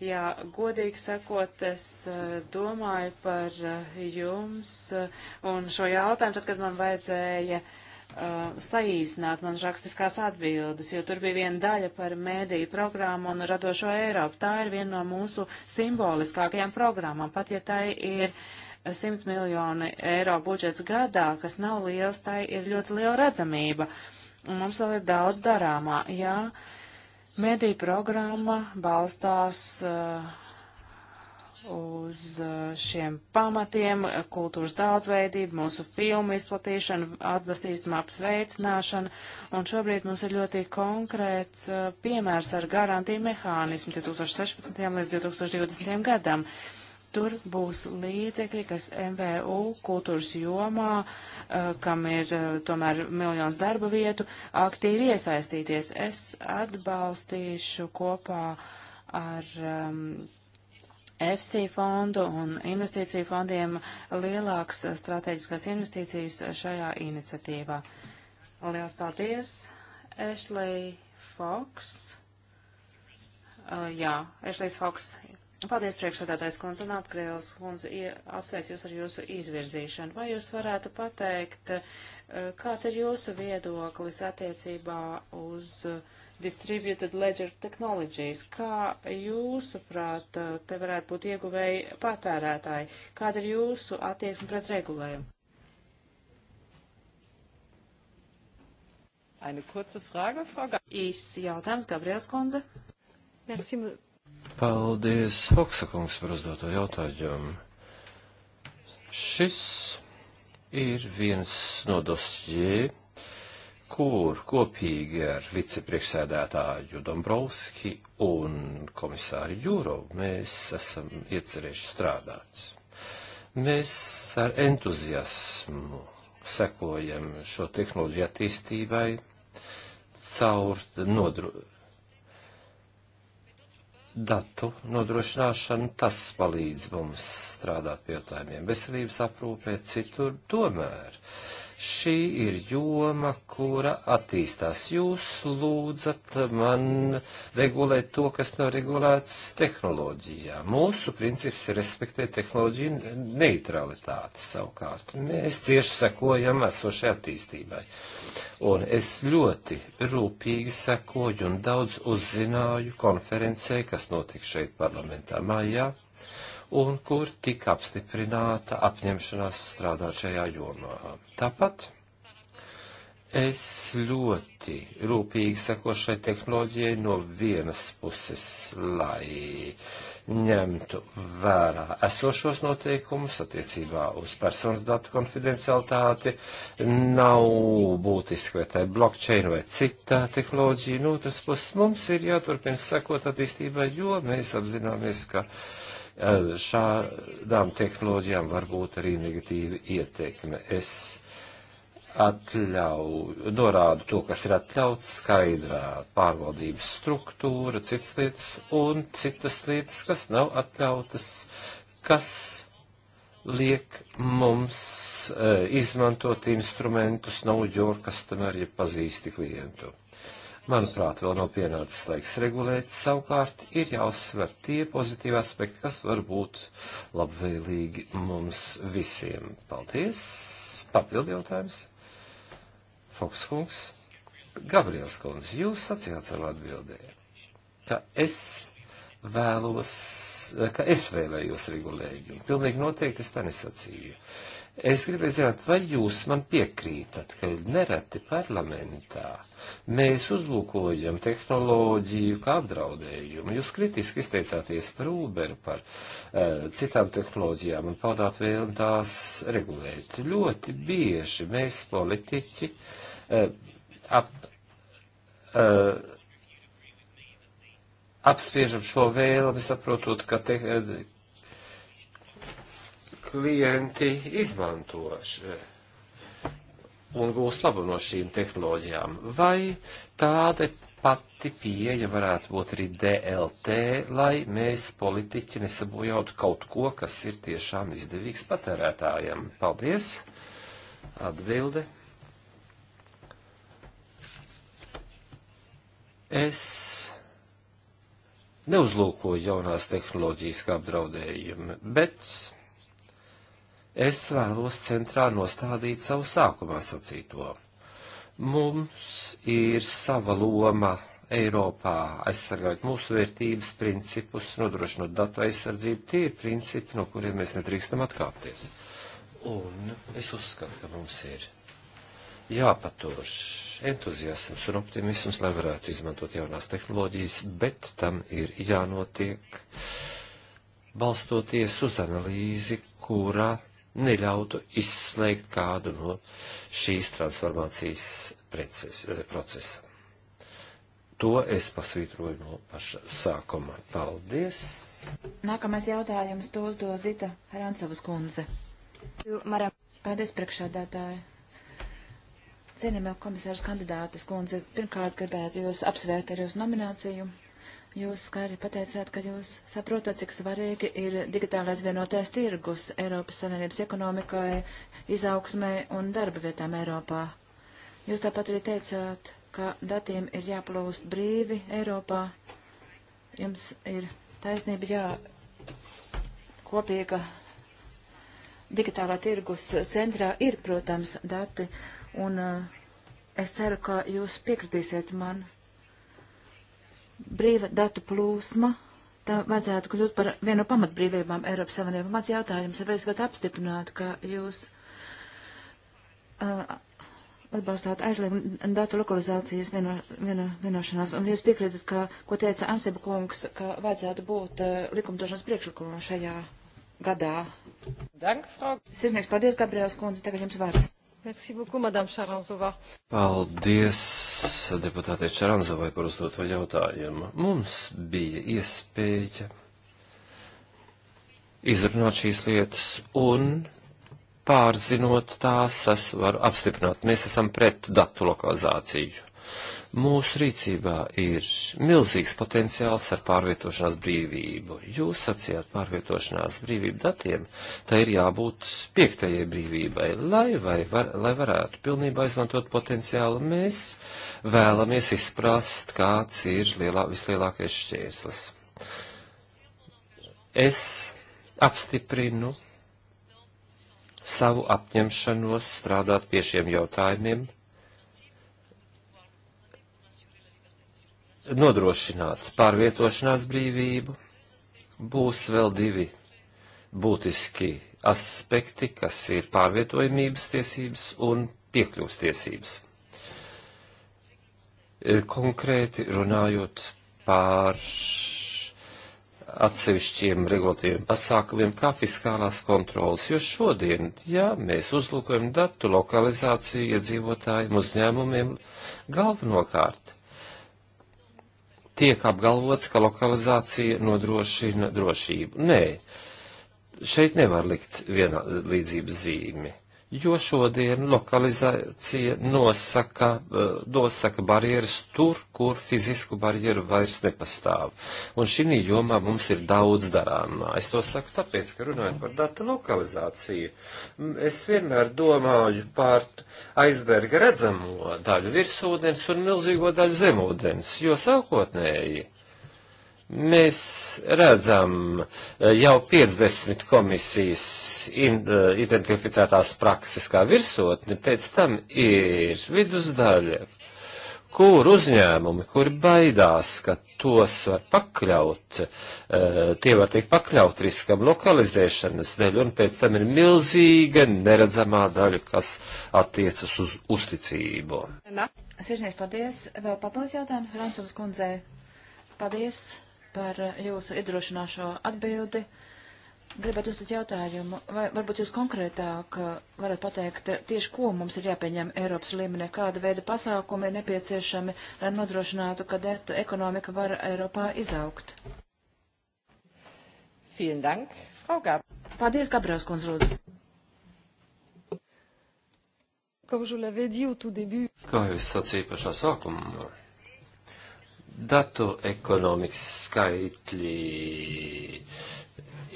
Jā, godīgi sakot, es eh, domāju par eh, jums eh, un šo jautājumu, tad, kad man vajadzēja uh, saīsināt manas rakstiskās atbildes, jo tur bija viena daļa par mēdīju programmu un radošo Eiropu. Tā ir viena no mūsu simboliskākajām programmām, pat ja tai ir uh, 100 miljoni eiro budžets gadā, kas nav liels, tai ir ļoti liela redzamība. Un mums vēl ir daudz darāmā. Jā, mediju programma balstās uh, uz uh, šiem pamatiem - kultūras daudzveidība, mūsu filmu izplatīšana, atbalstīstamāps veicināšana, un šobrīd mums ir ļoti konkrēts uh, piemērs ar garantiju mehānismu 2016. līdz 2020. gadam. Tur būs līdzekļi, kas MVU kultūras jomā, eh, kam ir eh, tomēr miljons darba vietu, aktīvi iesaistīties. Es atbalstīšu kopā ar um, ehm, EFSI fondu un investīciju fondiem lielāks strateģiskās investīcijas šajā iniciatīvā. Liels paldies, Ešlī Foks. Uh, jā, Ešlijs Foks Paldies, priekšsādātais kundze un apgrēls kundze, apsveic jūs ar jūsu izvirzīšanu. Vai jūs varētu pateikt, eh, kāds ir jūsu viedoklis attiecībā uz eh, Distributed Ledger Technologies? Kā jūsuprāt, eh, te varētu būt ieguvēji patērētāji? Kāda ir jūsu attieksme pret regulējumu? Eine kurze Frage, Frau Gabriels. Īs jautājums, Gabriels kundze. Merci, Paldies, Foksa kungs, par uzdoto jautājumu. Šis ir viens no dosjē, kur kopīgi ar vicepriekšsēdētāju Dombrovski un komisāru Jūrovu mēs esam iecerējuši strādāt. Mēs ar entuziasmu sekojam šo tehnoloģiju attīstībai caur nodru, datu nodrošināšanu, tas palīdz mums strādāt pie jautājumiem veselības aprūpē, citur tomēr. Uh, Šī ir joma, kura attīstās. Jūs lūdzat man regulēt to, kas nav regulēts tehnoloģijā. Mūsu princips ir respektēt tehnoloģiju neutralitāti savukārt. Mēs cieši sekojam esošai attīstībai. Un es ļoti rūpīgi sekoju un daudz uzzināju konferencē, kas notika šeit parlamentā mājā un kur tika apstiprināta apņemšanās strādāt šajā jomā. Tāpat es ļoti rūpīgi sekošu šai tehnoloģijai no vienas puses, lai ņemtu vērā esošos noteikumus attiecībā uz personas datu konfidencialitāti, nav būtiski vai tā ir blockchain vai cita tehnoloģija. No otras puses mums ir jāturpina sekot attīstībai, jo mēs apzināmies, ka uh, šādām tehnoloģijām var būt arī negatīva ietekme. Es atļauju, norādu to, kas ir atļauts, skaidrā pārvaldības struktūra, citas lietas un citas lietas, kas nav atļautas, kas liek mums e, izmantot instrumentus no Jorkas, tomēr, ja pazīsti klientu manuprāt, vēl nav pienācis laiks regulēt. Savukārt ir jāuzsver tie pozitīvi aspekti, kas var būt labvēlīgi mums visiem. Paldies! Papildi jautājums. Foks kungs. Gabriels kundze, jūs sacījāt savu atbildēju, ka es vēlos, ka es vēlējos regulējumu. Pilnīgi noteikti es tā nesacīju. Uh, Es gribu zināt, vai jūs man piekrītat, ka nereti parlamentā mēs uzlūkojam tehnoloģiju kā apdraudējumu. Jūs kritiski izteicāties par Uber, par uh, citām tehnoloģijām un paudāt vēlmi tās regulēt. Ļoti bieži mēs politiķi uh, ap. Uh, apspiežam šo vēlmi, saprotot, ka, te, klienti izmanto un gūs labu no šīm tehnoloģijām, vai tāda pati pieeja varētu būt arī DLT, lai mēs politiķi nesabojātu kaut ko, kas ir tiešām izdevīgs patērētājiem. Paldies! Atbilde. Es neuzlūkoju jaunās tehnoloģijas kā apdraudējumu, bet es vēlos centrā nostādīt savu sākumā sacīto. Mums ir sava loma Eiropā aizsargāt mūsu vērtības principus, nodrošinot datu aizsardzību, tie ir principi, no kuriem mēs nedrīkstam atkāpties. Un es uzskatu, ka mums ir jāpatur entuziasms un optimisms, lai varētu izmantot jaunās tehnoloģijas, bet tam ir jānotiek balstoties uz analīzi, kura neļautu izslēgt kādu no šīs transformācijas preces, eh, procesa. To es pasvītroju no paša sākuma. Paldies! Nākamais jautājums to uzdos Dita Harancovas kundze. Marā. Paldies, priekšādātāji. Cienījamā komisārs kandidātes kundze, pirmkārt gribētu jūs apsvērt ar jūsu nomināciju. Jūs skaidri pateicāt, ka jūs saprotat, cik svarīgi ir digitālais vienotais tirgus Eiropas Savienības ekonomikai, izaugsmē un darba vietām Eiropā. Jūs tāpat arī teicāt, ka datiem ir jāplūst brīvi Eiropā. Jums ir taisnība, jā, kopīga digitālā tirgus centrā ir, protams, dati, un uh, es ceru, ka jūs piekritīsiet man brīva datu plūsma, tā vajadzētu kļūt par vienu no pamatbrīvībām Eiropas Savienībā. Mans jautājums ir, vai es varu apstiprināt, ka jūs uh, atbalstāt aizliegumu datu lokalizācijas vieno, vieno, vienošanās, un jūs piekrītat, ka, ko teica Ansiba kungs, ka vajadzētu būt uh, likumdošanas priekšlikumam šajā gadā. Dank, Frau. Sirsnieks, paldies, Gabriels kundze, tagad jums vārds. Paldies deputātei Čaranzovai par uzdoto jautājumu. Mums bija iespēja izrunāt šīs lietas un pārzinot tās, es varu apstiprināt, mēs esam pret datu lokalizāciju. Mūsu rīcībā ir milzīgs potenciāls ar pārvietošanās brīvību. Jūs sacījāt pārvietošanās brīvību datiem, tai ir jābūt piektajai brīvībai, lai, vai, var, lai varētu pilnībā izmantot potenciālu. Mēs vēlamies izprast, kāds ir lielā, vislielākais šķērslis. Es apstiprinu savu apņemšanos strādāt pie šiem jautājumiem nodrošināts pārvietošanās brīvību. Būs vēl divi būtiski aspekti, kas ir pārvietojamības tiesības un piekļuvs tiesības. Eh, konkrēti runājot par atsevišķiem regulatīviem pasākumiem, kā fiskālās kontrolas, jo šodien, ja mēs uzlūkojam datu lokalizāciju iedzīvotājiem uzņēmumiem, galvenokārt tiek apgalvots, ka lokalizācija nodrošina drošību. Nē, šeit nevar likt vienā līdzības zīmi jo šodien lokalizācija nosaka, eh, nosaka barjeras tur, kur fizisku barjeru vairs nepastāv. Un šī jomā mums ir daudz darāmā. Es to saku tāpēc, ka runājot par datu lokalizāciju, es vienmēr domāju par aizberga redzamo daļu virsūdens un milzīgo daļu zemūdens, jo sākotnēji Mēs redzam e, jau 50 komisijas e, identificētās prakses kā virsotni, pēc tam ir vidusdaļa, kur uzņēmumi, kuri baidās, ka tos var pakļaut, e, tie var teikt pakļaut riskam lokalizēšanas dēļ, un pēc tam ir milzīga neredzamā daļa, kas attiecas uz uzticību. Sirsnieks, paldies. Vēl papildus jautājums Francūzes kundzei. Paldies par eh, jūsu iedrošināšo atbildi. Gribētu uzdot jautājumu, vai varbūt jūs konkrētāk eh, varat pateikt, eh, tieši ko mums ir jāpieņem Eiropas līmenī, kāda veida pasākumi ir nepieciešami, lai nodrošinātu, ka ekonomika var Eiropā izaugt. Vielen Dank, Frau Gab. Paldies, Gabriels Kunz, lūdzu. Kā jau es sacīju pašā sākumā, datu ekonomikas skaitļi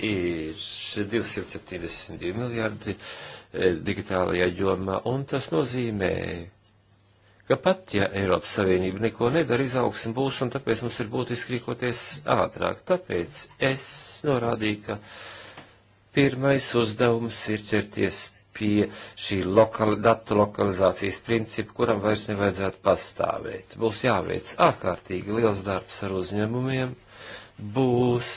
ir 272 miljardi e, digitālajā jomā, un tas nozīmē, ka pat, ja Eiropas Savienība neko nedara, izaugsme būs, un tāpēc mums ir būtiski rīkoties ātrāk. Tāpēc es norādīju, ka pirmais uzdevums ir ķerties pie šī lokali, datu lokalizācijas principa, kuram vairs nevajadzētu pastāvēt. Būs jāveic ārkārtīgi liels darbs ar uzņēmumiem, būs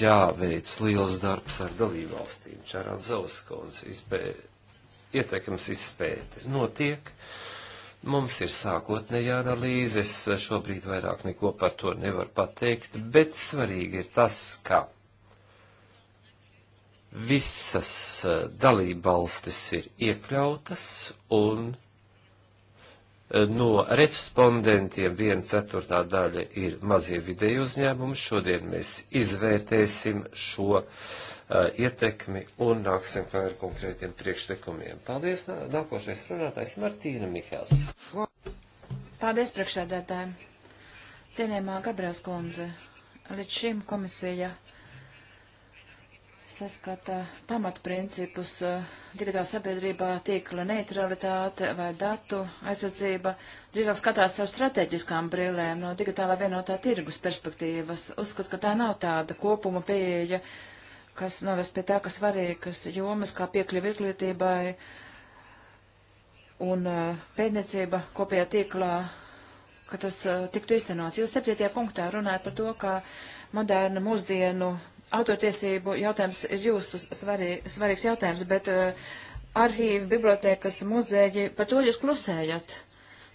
jāveic liels darbs ar dalībvalstīm. Čārāna Zauskons izpē... ietekmes izpēte notiek. Mums ir sākotnējā analīze, es šobrīd vairāk neko par to nevaru pateikt, bet svarīgi ir tas, ka visas eh, dalībvalstis ir iekļautas un eh, no respondentiem viena ceturtā daļa ir mazie vidēji uzņēmumi. Šodien mēs izvērtēsim šo uh, ietekmi un nāksim klāt ar konkrētiem priekšlikumiem. Paldies, nā, nākošais runātājs Martīna Mihēls. Paldies, priekšsēdētāji. Cienījumā Gabriels Kunze, līdz šim komisija saskata pamatprincipus eh, digitālā sabiedrībā tīkla neutralitāte vai datu aizsardzība, drīzāk skatās ar strateģiskām brīlēm no digitālā vienotā tirgus perspektīvas. Uzskat, ka tā nav tāda kopuma pieeja, kas novest pie tā, ka svarīgas jomas kā piekļuva izglītībai un eh, pētniecība kopējā tīklā, ka tas eh, tiktu īstenots. Jūs septītajā punktā runājat par to, ka moderna mūsdienu Autortiesību jautājums ir jūsu svarī, svarīgs jautājums, bet uh, arhīvi, bibliotekas, muzeji, par to jūs klusējat.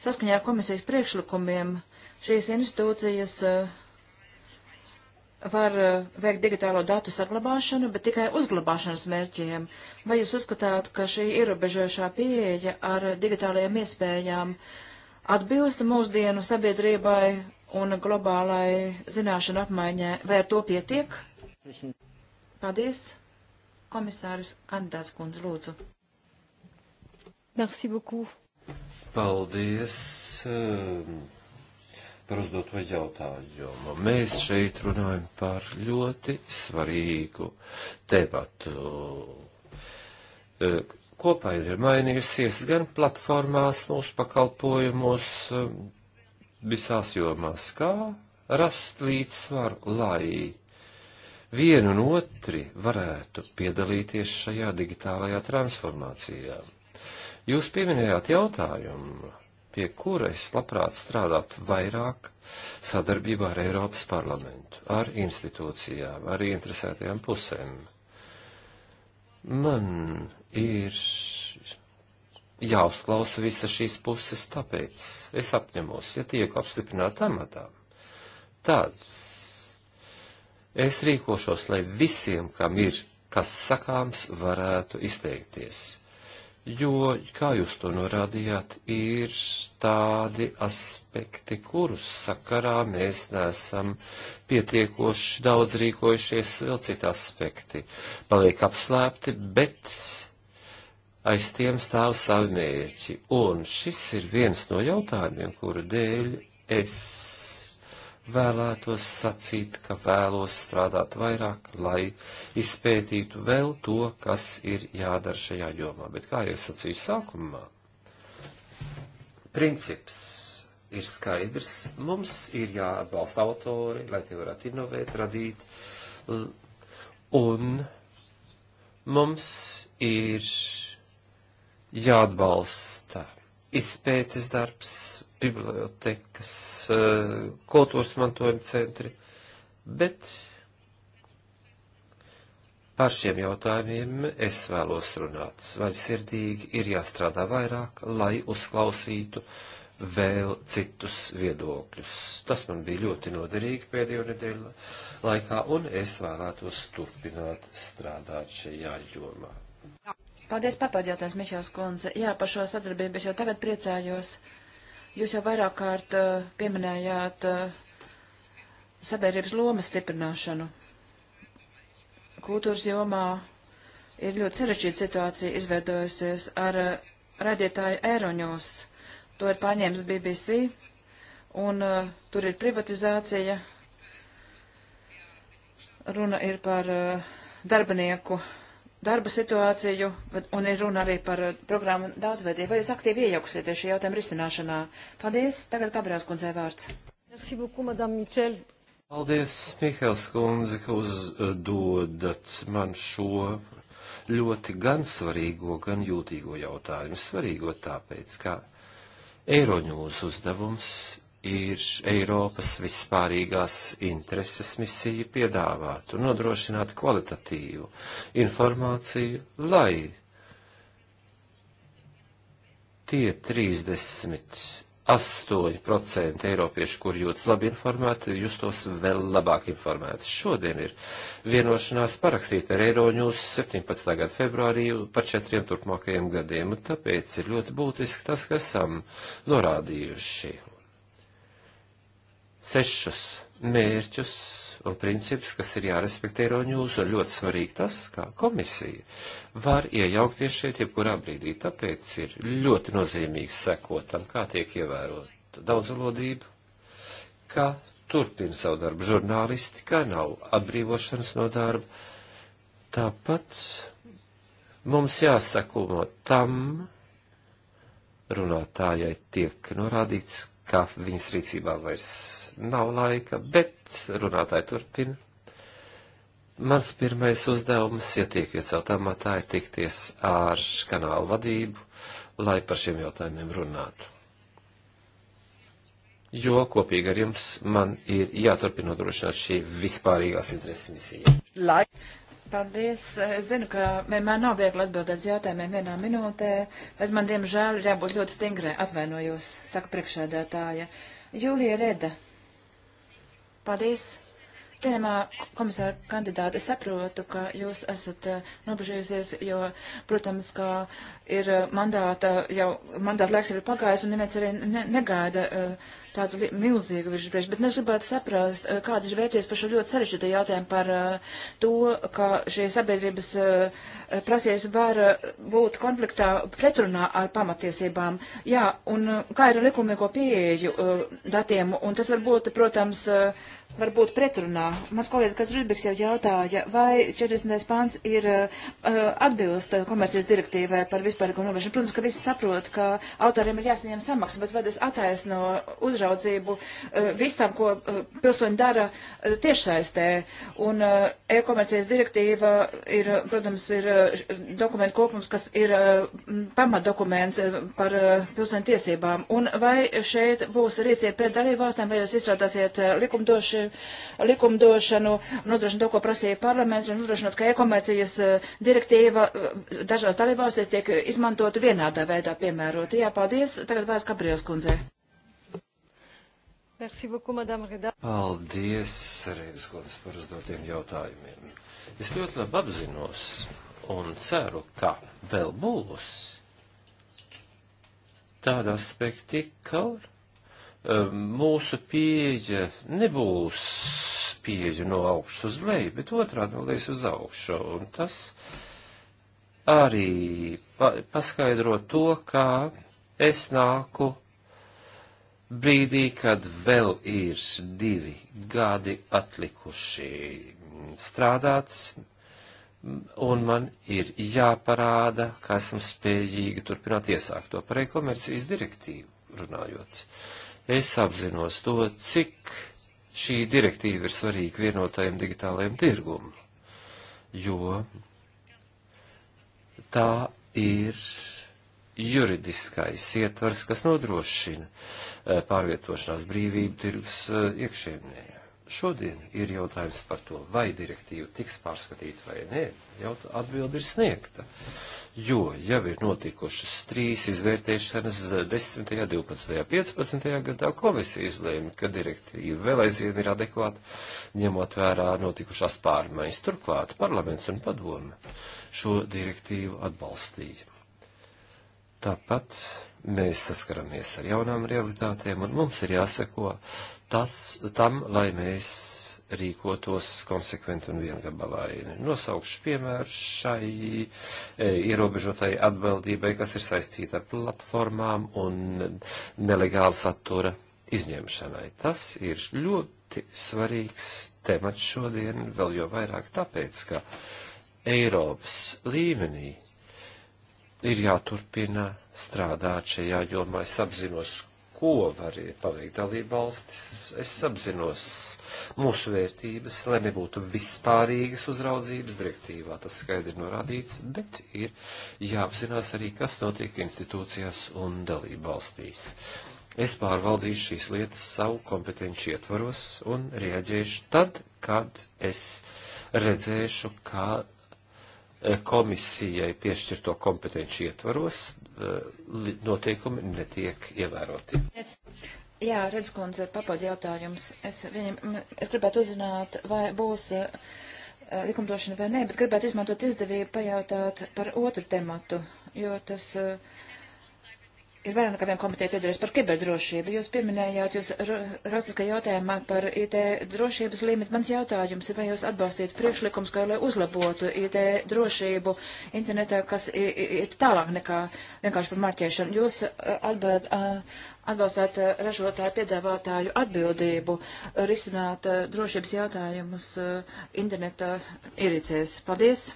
Saskaņā ar komisijas priekšlikumiem šīs institūcijas uh, var uh, veikt digitālo datu saglabāšanu, bet tikai uzglabāšanas mērķiem. Vai jūs uzskatāt, ka šī ierobežošā pieeja ar digitālajām iespējām atbilst mūsdienu sabiedrībai un globālai zināšanu apmaiņai, vai ar to pietiek? Paldies. Komisārs kandidāts kundze, lūdzu. Merci beaucoup. Paldies um, par uzdoto jautājumu. Mēs šeit runājam par ļoti svarīgu debatu. Uh, kopā ir mainījusies gan platformās, mūsu pakalpojumos, um, visās jomās, kā rast līdzsvaru, lai vienu un otri varētu piedalīties šajā digitālajā transformācijā. Jūs pieminējāt jautājumu, pie kura es labprāt strādātu vairāk sadarbībā ar Eiropas parlamentu, ar institūcijām, ar interesētajām pusēm. Man ir jāuzklausa visa šīs puses, tāpēc es apņemos, ja tieku apstiprināt amatā, tāds Es rīkošos, lai visiem, kam ir kas sakāms, varētu izteikties. Jo, kā jūs to norādījāt, ir tādi aspekti, kurus sakarā mēs neesam pietiekoši daudz rīkojušies, vēl citi aspekti paliek apslēpti, bet aiz tiem stāv savi mērķi. Un šis ir viens no jautājumiem, kuru dēļ es vēlētos sacīt, ka vēlos strādāt vairāk, lai izpētītu vēl to, kas ir jādara šajā jomā. Bet kā jau sacīju sākumā, princips ir skaidrs. Mums ir jāatbalsta autori, lai tie varētu inovēt, radīt. Un mums ir jāatbalsta izpētes darbs, bibliotekas, eh, kultūras mantojuma centri, bet par šiem jautājumiem es vēlos runāt. Vai sirdīgi ir jāstrādā vairāk, lai uzklausītu vēl citus viedokļus? Tas man bija ļoti noderīgi pēdējo nedēļu laikā, un es vēlētos turpināt strādāt šajā jomā. Paldies papildinātājs Mišels Kunze. Jā, par šo sadarbību es jau tagad priecājos. Jūs jau vairāk kārt uh, pieminējāt uh, sabiedrības lomas stiprināšanu. Kultūras jomā ir ļoti sarežģīta situācija izveidojusies ar uh, radītāju Eiroņos. To ir paņēmis BBC, un uh, tur ir privatizācija. Runa ir par uh, darbinieku darba situāciju, un ir runa arī par eh, programmu daudzveidību. Vai jūs aktīvi iejauksieties šī jautājuma risināšanā? Paldies. Tagad Gabriels kundzē vārds. Merci beaucoup, Madame Michel. Paldies, Mihēls kundze, ka uzdodat man šo ļoti gan svarīgo, gan jūtīgo jautājumu. Svarīgo tāpēc, ka Eiroņūs uzdevums ir Eiropas vispārīgās intereses misija piedāvāt un nodrošināt kvalitatīvu informāciju, lai tie 38% eiropiešu, kur jūtas labi informēti, justos vēl labāk informēti. Šodien ir vienošanās parakstīt ar Eiroņus 17. gada februārī par četriem turpmākajiem gadiem, un tāpēc ir ļoti būtiski tas, kas esam norādījuši sešus mērķus un principus, kas ir jārespektē Eiroņūs, un ļoti svarīgi tas, kā komisija var iejaukties šeit jebkurā brīdī. Tāpēc ir ļoti nozīmīgi sekot tam, kā tiek ievērot daudzvalodība, kā turpina savu darbu žurnālisti, kā nav atbrīvošanas no darba. Tāpat mums jāsako no tam, runātājai tiek norādīts, ka viņas rīcībā vairs nav laika, bet runātāji turpina. Mans pirmais uzdevums, ja tiek iecelt amatā, ir tikties ar kanālu vadību, lai par šiem jautājumiem runātu jo kopīgi ar jums man ir jāturpina nodrošināt šī vispārīgās intereses misija. Lai. Paldies. Es zinu, ka vienmēr nav viegli atbildēt uz jautājumiem vienā minūtē, bet man, diemžēl, ir jābūt ļoti stingrai. Atvainojos, saka priekšēdētāja. Jūlija Reda. Paldies. Cienamā komisāra kandidāte, es saprotu, ka jūs esat eh, nobežījusies, jo, protams, ka ir eh, mandāta, jau mandāta laiks ir pagājis un neviens arī ne, negaida eh, tādu milzīgu virsbriežu, bet mēs gribētu saprast, kāda ir vērties par šo ļoti sarežģītu jautājumu par to, ka šie sabiedrības prasies var būt konfliktā pretrunā ar pamatiesībām. Jā, un kā ir likumīgo pieeju datiem, un tas var būt, protams, uh, var būt pretrunā. Mans kolēģis Kazrubiks jau jautāja, vai 40. pāns ir uh, atbilst komercijas direktīvai par vispārīgo novēršanu. Protams, ka visi saprot, ka autoriem ir jāsaņem samaksa, bet vai tas attaisno uzraudzību uh, visam, ko uh, pilsoņi dara uh, tiešsaistē. Un uh, e-komercijas direktīva ir, uh, protams, ir uh, dokumentu kopums, kas ir uh, pamatdokuments uh, par uh, pilsoņu tiesībām. Un vai šeit būs rīcība pret darību valstīm, vai jūs izstrādāsiet uh, likumdošanu? Eh, likumdošanu, nodrošināt to, ko prasīja parlaments, un nodrošināt, ka e-komercijas eh, direktīva eh, dažās dalībvalstīs tiek izmantota vienādā veidā piemērot. Jā, paldies. Tagad vairs Gabriels kundzei. Paldies, Rēdis Kundze, par uzdotiem jautājumiem. Es ļoti labi apzinos un ceru, ka vēl būs tāda aspekti, ka Ehm, mūsu pieeja nebūs pieeja no augšas uz leju, bet otrādi no lejas uz augšu. Un tas arī pa, paskaidro to, kā es nāku brīdī, kad vēl ir divi gadi atlikuši strādāts, un man ir jāparāda, ka esam spējīgi turpināt iesākt to par e-komercijas direktīvu runājot. Uh, Es apzinos to, cik šī direktīva ir svarīga vienotajam digitālajam tirgumam, jo tā ir juridiskais ietvars, kas nodrošina eh, pārvietošanās brīvību tirgus eh, iekšēmnē. Šodien ir jautājums par to, vai direktīva tiks pārskatīta vai nē. Jaut atbildi ir sniegta. Uh, jo jau ir notikušas trīs izvērtēšanas 10., 12., 15. gadā komisija izlēma, ka direktīva vēl aizvien ir adekvāta, ņemot vērā notikušās pārmaiņas. Turklāt parlaments un padome šo direktīvu atbalstīja. Tāpat mēs saskaramies ar jaunām realitātēm, un mums ir jāseko tas, tam, lai mēs rīkotos konsekventi un viengabalaini. Nosaukšu piemēru šai e, ierobežotai atbildībai, kas ir saistīta ar platformām un nelegāla satura izņemšanai. Tas ir ļoti svarīgs temats šodien, vēl jo vairāk tāpēc, ka Eiropas līmenī ir jāturpina strādāt šajā jomā. Es apzinos, ko var paveikt dalībvalstis. Es apzinos mūsu vērtības, lai nebūtu vispārīgas uzraudzības direktīvā. Tas skaidri norādīts, bet ir jāapzinās arī, kas notiek institūcijās un dalību valstīs. Es pārvaldīšu šīs lietas savu kompetenci ietvaros un rieģēšu tad, kad es redzēšu, kā eh, komisijai piešķirto kompetenci ietvaros eh, noteikumi netiek ievēroti. Jā, redz, kundze, papildu jautājums. Es, viņam, es gribētu uzzināt, vai būs uh, likumdošana vai nē, bet gribētu izmantot izdevību pajautāt par otru tematu, jo tas uh, ir vairāk nekā viena komiteja piedarīs par kiberdrošību. Jūs pieminējāt, jūs rakstiskā jautājumā par IT drošības līmeni. Mans jautājums ir, vai jūs atbalstīt priekšlikums, kā lai uzlabotu IT drošību internetā, kas ir tālāk nekā vienkārši par marķēšanu. Jūs atbald, atbalstāt ražotāju piedāvātāju atbildību, risināt drošības jautājumus interneta ierīcēs. Paldies!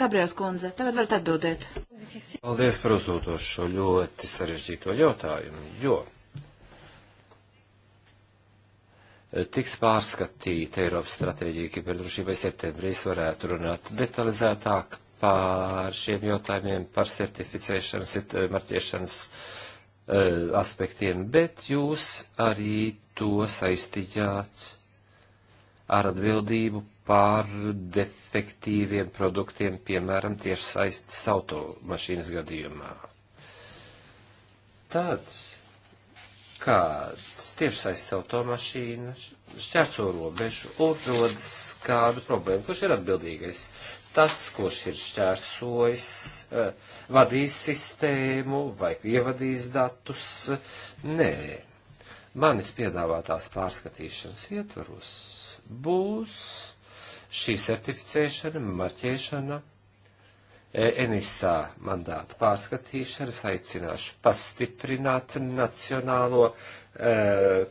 Gabriels kundze, tagad varat atbildēt. Paldies par uzdotos šo ļoti sarežģīto jautājumu, jo tiks pārskatīta Eiropas stratēģija kiberdrošībai septembrī. Es varētu runāt detalizētāk par šiem jautājumiem, par certificēšanas, eh, marķiešanas eh, aspektiem, bet jūs arī to saistījāt ar atbildību par defektīviem produktiem, piemēram, tieši saistas automašīnas gadījumā. Tāds, kā tieši saistas automašīna šķērso robežu un rodas kādu problēmu, kurš ir atbildīgais. Tas, kurš ir šķērsojis, eh, vadīs sistēmu vai ievadīs datus, nē. Manis piedāvātās pārskatīšanas ietvaros būs šī certificēšana, marķēšana, e, Enisā mandāta pārskatīšana, aicināšu pastiprināt nacionālo eh,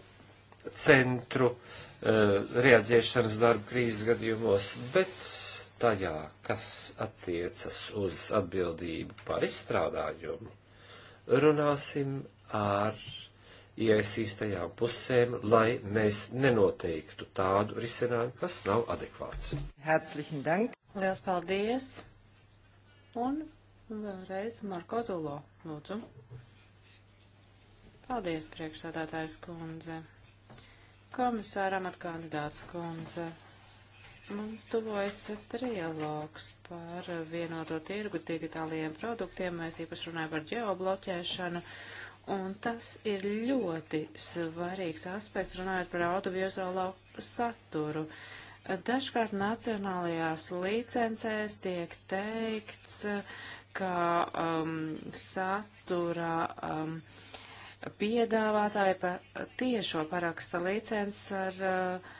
centru eh, reaģēšanas darbu krīzes gadījumos, bet tajā, kas attiecas uz atbildību par izstrādājumu, runāsim ar iesaistītajām pusēm, lai mēs nenoteiktu tādu risinājumu, kas nav adekvāts. Herzlichen Dank! Liels paldies! Un vēlreiz Marko Zulo, lūdzu. Paldies, priekšsādātājs kundze. Komisāram atkandidāts kundze. Mums tuvojas trialogs par vienoto tirgu digitālajiem produktiem. Mēs īpaši runājam par ģeobloķēšanu. Uh, Un tas ir ļoti svarīgs aspekts, runājot par audiovizuālo saturu. Dažkārt nacionālajās licencēs tiek teikts, ka um, satura um, piedāvātāji pa tiešo paraksta licences ar uh,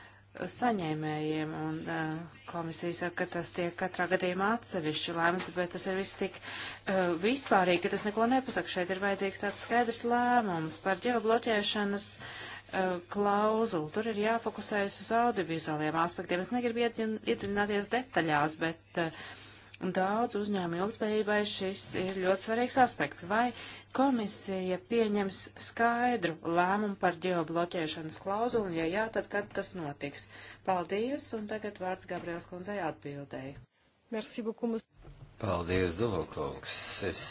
saņēmējiem, un uh, komisija saka, ka tas tiek katrā gadījumā atsevišķi lēmts, bet tas ir viss tik uh, vispārīgi, ka tas neko nepasaka. Šeit ir vajadzīgs tāds skaidrs lēmums par ģeobloķēšanas uh, klauzulu. Tur ir jāfokusējas uz audiovizuāliem aspektiem. Es negribu iedziļināties detaļās, bet uh, Daudz uzņēmu ilgspējībai šis ir ļoti svarīgs aspekts. Vai komisija pieņems skaidru lēmumu par ģeobloķēšanas klauzulu, ja jā, tad kad tas notiks? Paldies, un tagad vārds Gabriels kundzei atbildēja. Merci beaucoup. Paldies, Davokungs. Es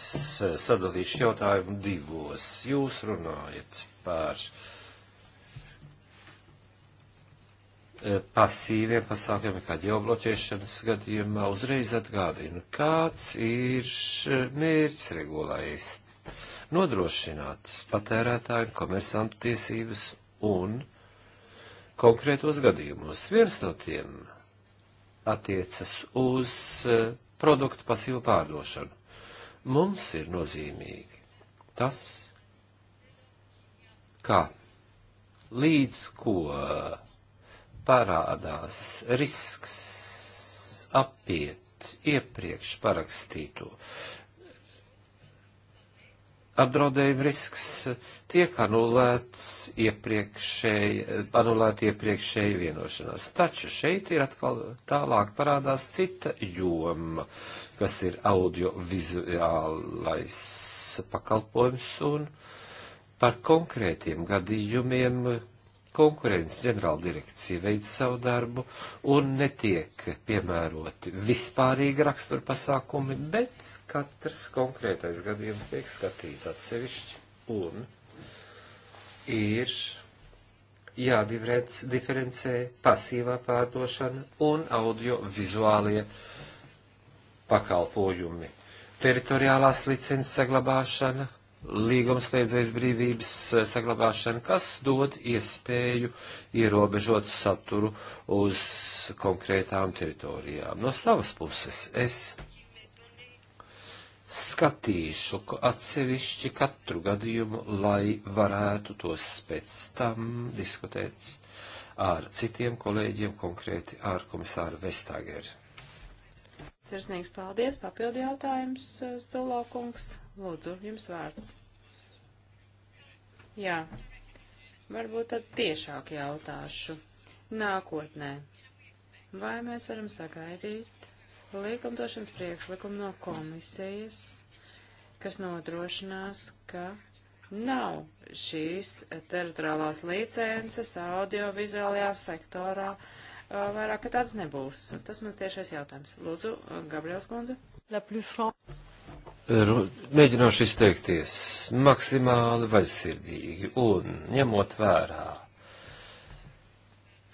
sadalīšu jautājumu divos. Jūs runājat par E, pasīviem pasākumiem, kā ģeobloķēšanas gadījumā, uzreiz atgādinu, kāds ir mērķis regulējis nodrošināt patērētāju un komersantu tiesības un konkrētos gadījumos. Viens no tiem attiecas uz e, produktu pasīvu pārdošanu. Mums ir nozīmīgi tas, kā līdz ko parādās risks apiet iepriekš parakstīto apdraudējuma risks tiek anulēts iepriekšēji, anulēta iepriekšēja vienošanās. Taču šeit ir atkal tālāk parādās cita joma, kas ir audiovizuālais pakalpojums un par konkrētiem gadījumiem, konkurences ģenerāla direkcija veic savu darbu un netiek piemēroti vispārīgi rakstura pasākumi, bet katrs konkrētais gadījums tiek skatīts atsevišķi un ir jādiferencē pasīvā pārdošana un audio-vizuālie pakalpojumi, teritoriālās licences saglabāšana līgumslēdzējas brīvības eh, saglabāšana, kas dod iespēju ierobežot saturu uz konkrētām teritorijām. No savas puses es skatīšu atsevišķi katru gadījumu, lai varētu tos pēc tam diskutēt ar citiem kolēģiem, konkrēti ar komisāru Vestāgeru. Sirsnīgs paldies, papildu jautājums, eh, Zulokungs. Lūdzu, jums vārds. Jā, varbūt tad tiešāk jautāšu. Nākotnē, vai mēs varam sagaidīt likumdošanas priekšlikumu no komisijas, kas nodrošinās, ka nav šīs teritoriālās licences audiovizuālajā sektorā, vairāk, ka tāds nebūs. Tas mans tiešais jautājums. Lūdzu, Gabriels Kundze mēģināšu izteikties maksimāli vaļsirdīgi un ņemot vērā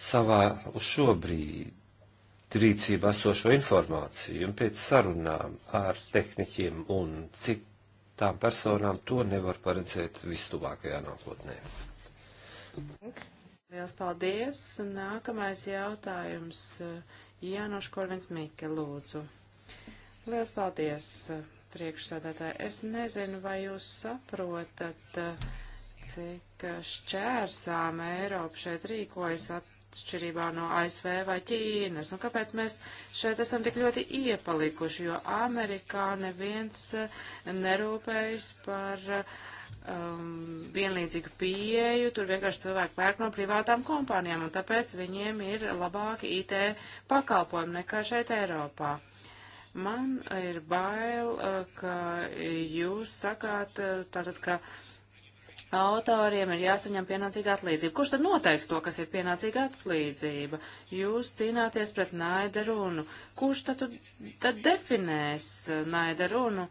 savā uz šobrīd rīcībā esošo informāciju un pēc sarunām ar tehniķiem un citām personām to nevar paredzēt vistuvākajā nākotnē. Liels paldies! Nākamais jautājums Jānoš Korvins Mike, lūdzu. Liels paldies! priekšsādātāji. Es nezinu, vai jūs saprotat, eh, cik šķērsām Eiropa šeit rīkojas atšķirībā no ASV vai Ķīnas. Un nu, kāpēc mēs šeit esam tik ļoti iepalikuši, jo Amerikā neviens eh, nerūpējas par um, vienlīdzīgu pieeju, tur vienkārši cilvēki pērk no privātām kompānijām, un tāpēc viņiem ir labāki IT pakalpojumi nekā šeit Eiropā. Man ir bail, uh, ka jūs sakāt uh, tātad, ka autoriem ir jāsaņem pienācīga atlīdzība. Kurš tad noteiks to, kas ir pienācīga atlīdzība? Jūs cīnāties pret naida runu. Kurš tad, tad definēs uh, naida runu?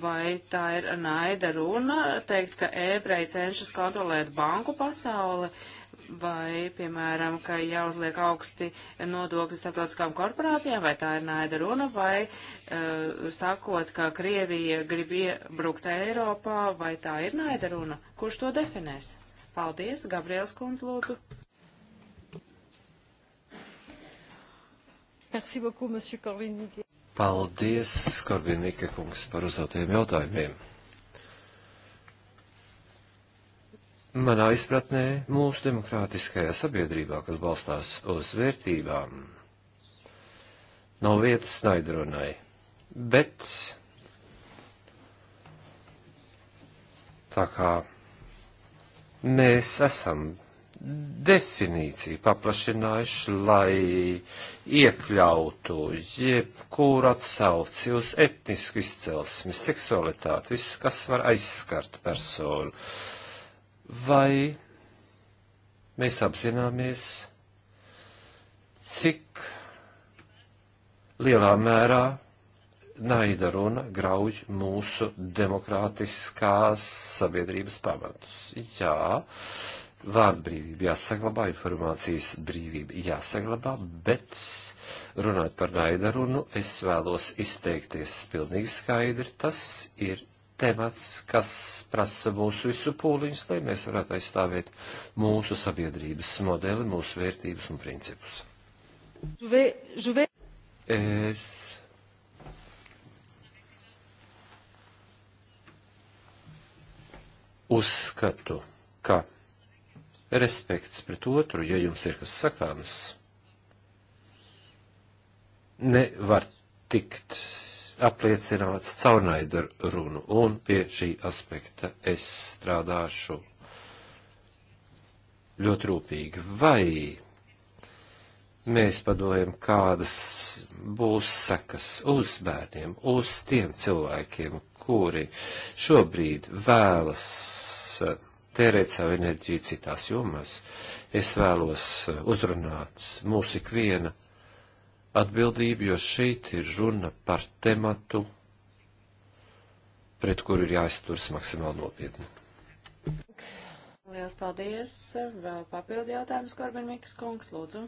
Vai tā ir naida runa teikt, ka ebreji cenšas kontrolēt banku pasauli, Vai, piemēram, ka jāuzliek augsti nodokļi starptautiskām korporācijām, vai tā ir naida runa, vai uh, sakot, ka Krievija grib iebrukt Eiropā, vai tā ir naida runa? Kurš to definēs? Paldies, Gabriels Kunz, lūdzu. Merci beaucoup, monsieur Korvinīgi. Paldies, Korvinīgi kungs, par uzdotajiem jautājumiem. Mm. Manā izpratnē mūsu demokrātiskajā sabiedrībā, kas balstās uz vērtībām, nav vietas snaidronai, bet tā kā mēs esam definīciju paplašinājuši, lai iekļautu jebkuru atsauci uz etnisku izcelsmi, seksualitāti, visu, kas var aizskart personu. Uh, vai mēs apzināmies, cik lielā mērā naida runa grauj mūsu demokrātiskās sabiedrības pamatus. Jā, vārdbrīvība jāsaglabā, informācijas brīvība jāsaglabā, bet runāt par naida runu es vēlos izteikties pilnīgi skaidri. Tas ir temats, kas prasa mūsu visu pūliņus, lai mēs varētu aizstāvēt mūsu sabiedrības modeli, mūsu vērtības un principus. Es uzskatu, ka respekts pret otru, ja jums ir kas sakāms, nevar tikt apliecināts caurnaidu runu, un pie šī aspekta es strādāšu ļoti rūpīgi. Vai mēs padomājam, kādas būs sekas uz bērniem, uz tiem cilvēkiem, kuri šobrīd vēlas tērēt savu enerģiju citās jomās. Es vēlos uzrunāt mūsu ikviena atbildību, jo šeit ir runa par tematu, pret kuru ir jāizturas maksimāli nopietni. Liels paldies. Vēl papildu jautājums, Korbin Mikas kungs, lūdzu.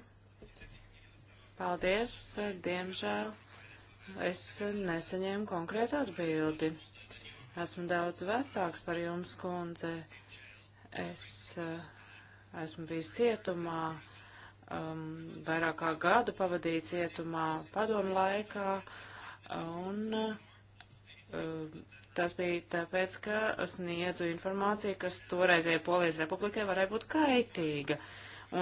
Paldies. Diemžēl es nesaņēmu konkrētu atbildi. Esmu daudz vecāks par jums, kundze. Es eh, esmu bijis cietumā. Uh, um, vairāk kā gadu pavadīja cietumā padomu laikā, un um, tas bija tāpēc, ka sniedzu informāciju, kas toreizējai Polijas republikai varēja būt kaitīga.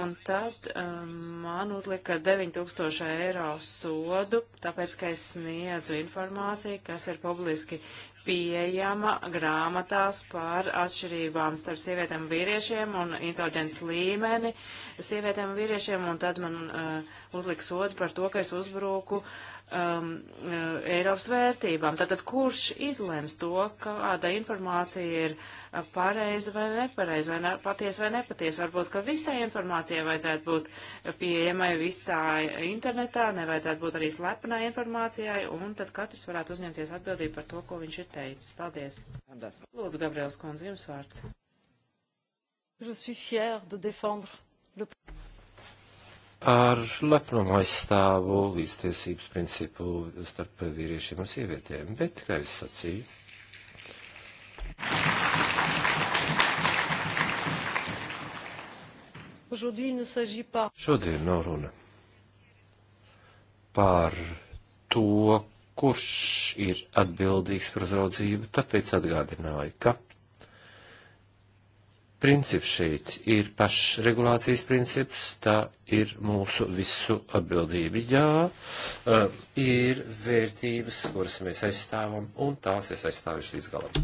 Un tad um, man uzlika 9000 eiro sodu, tāpēc, ka es sniedzu informāciju, kas ir publiski pieejama grāmatās par atšķirībām starp sievietēm un vīriešiem un inteliģents līmeni sievietēm un vīriešiem, un tad man uh, uzliks sodu par to, ka es uzbruku uh, um, uh, Eiropas vērtībām. Tātad kurš izlems to, kāda informācija ir uh, pareiza vai nepareiza, vai ne, patiesa vai nepatiesa? Varbūt, ka visai informācijai vajadzētu būt pieejamai visā internetā, nevajadzētu būt arī slepenai informācijai, un tad katrs varētu uzņemties atbildību par to, ko viņš ir teicis. Paldies. Lūdzu, Gabriels Kunz, jums vārds. Je suis fier de défendre le ar lepnumu aizstāvu līdztiesības principu starp vīriešiem un sievietēm, bet, kā es sacīju, šodien nav runa par to, kurš ir atbildīgs par uzraudzību, tāpēc atgādināju, ka princips šeit ir pašregulācijas princips, tā ir mūsu visu atbildība. Jā, eh, ir vērtības, kuras mēs aizstāvam, un tās es aizstāvušu līdz galam.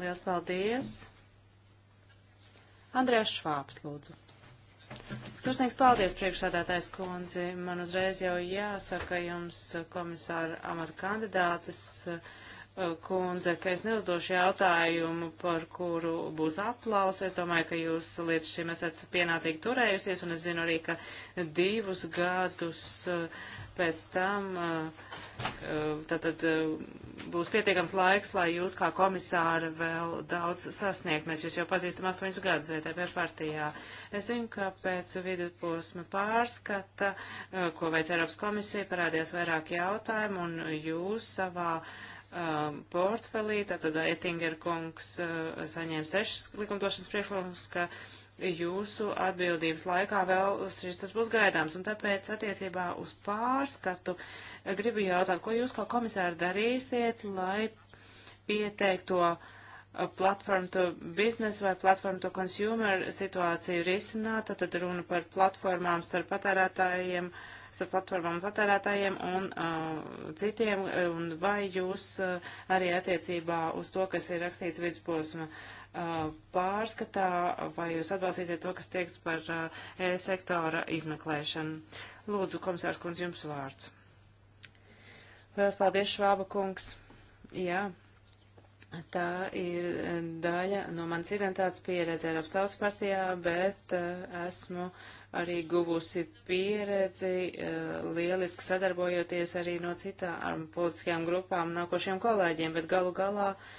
Liels paldies! Andrēs Švāps, lūdzu. Sirsnīgs paldies, priekšsādātājs kundze. Man uzreiz jau jāsaka jums, komisāra amata kandidātes eh, kundze, ka es neuzdošu jautājumu, par kuru būs aplausa. Es domāju, ka jūs līdz šim esat pienācīgi turējusies, un es zinu arī, ka divus gadus uh, pēc tam tātad būs pietiekams laiks, lai jūs kā komisāri vēl daudz sasniegt. Mēs jūs jau pazīstam astoņus gadus VTP e partijā. Es zinu, ka pēc vidusposma pārskata, ko veic Eiropas komisija, parādījās vairāk jautājumu, un jūs savā um, portfelī, tātad Ettinger kungs uh, saņēma sešas likumdošanas priekšlikumus, ka jūsu atbildības laikā vēl šis tas būs gaidāms. Un tāpēc attiecībā uz pārskatu eh, gribu jautāt, ko jūs kā komisāri darīsiet, lai pieteikto eh, platformu to biznesu vai platformu to consumer situāciju risināt, tad runa par platformām starp patērētājiem. Uh, starp platformām patērētājiem un uh, citiem, uh, un vai jūs uh, arī attiecībā uz to, kas ir rakstīts vidusposma uh, pārskatā, vai jūs atbalstīsiet to, kas tiekts par uh, e-sektora izmeklēšanu. Lūdzu, komisārs kundz, jums vārds. Lielas paldies, Švāba kungs. Jā. Tā ir daļa no manas identitātes pieredze Eiropas tautas partijā, bet uh, esmu uh, arī guvusi pieredzi, eh, lieliski sadarbojoties arī no citām politiskajām grupām nākošiem kolēģiem, bet galu galā uh,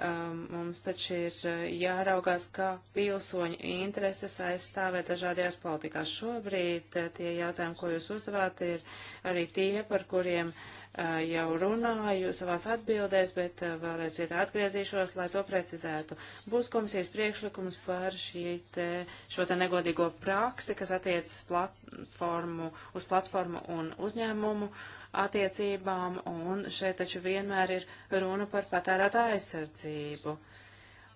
Um, mums taču ir uh, jāraugās, kā pilsoņu intereses aizstāvēt dažādajās politikās. Šobrīd uh, tie jautājumi, ko jūs uzdevāt, ir arī tie, par kuriem uh, jau runāju savās atbildēs, bet vēlreiz pie tā atgriezīšos, lai to precizētu. Būs komisijas priekšlikums par te, šo te negodīgo praksi, kas attiecas platformu, uz platformu un uzņēmumu. Uh, attiecībām, un šeit taču vienmēr ir runa par patērētā aizsardzību.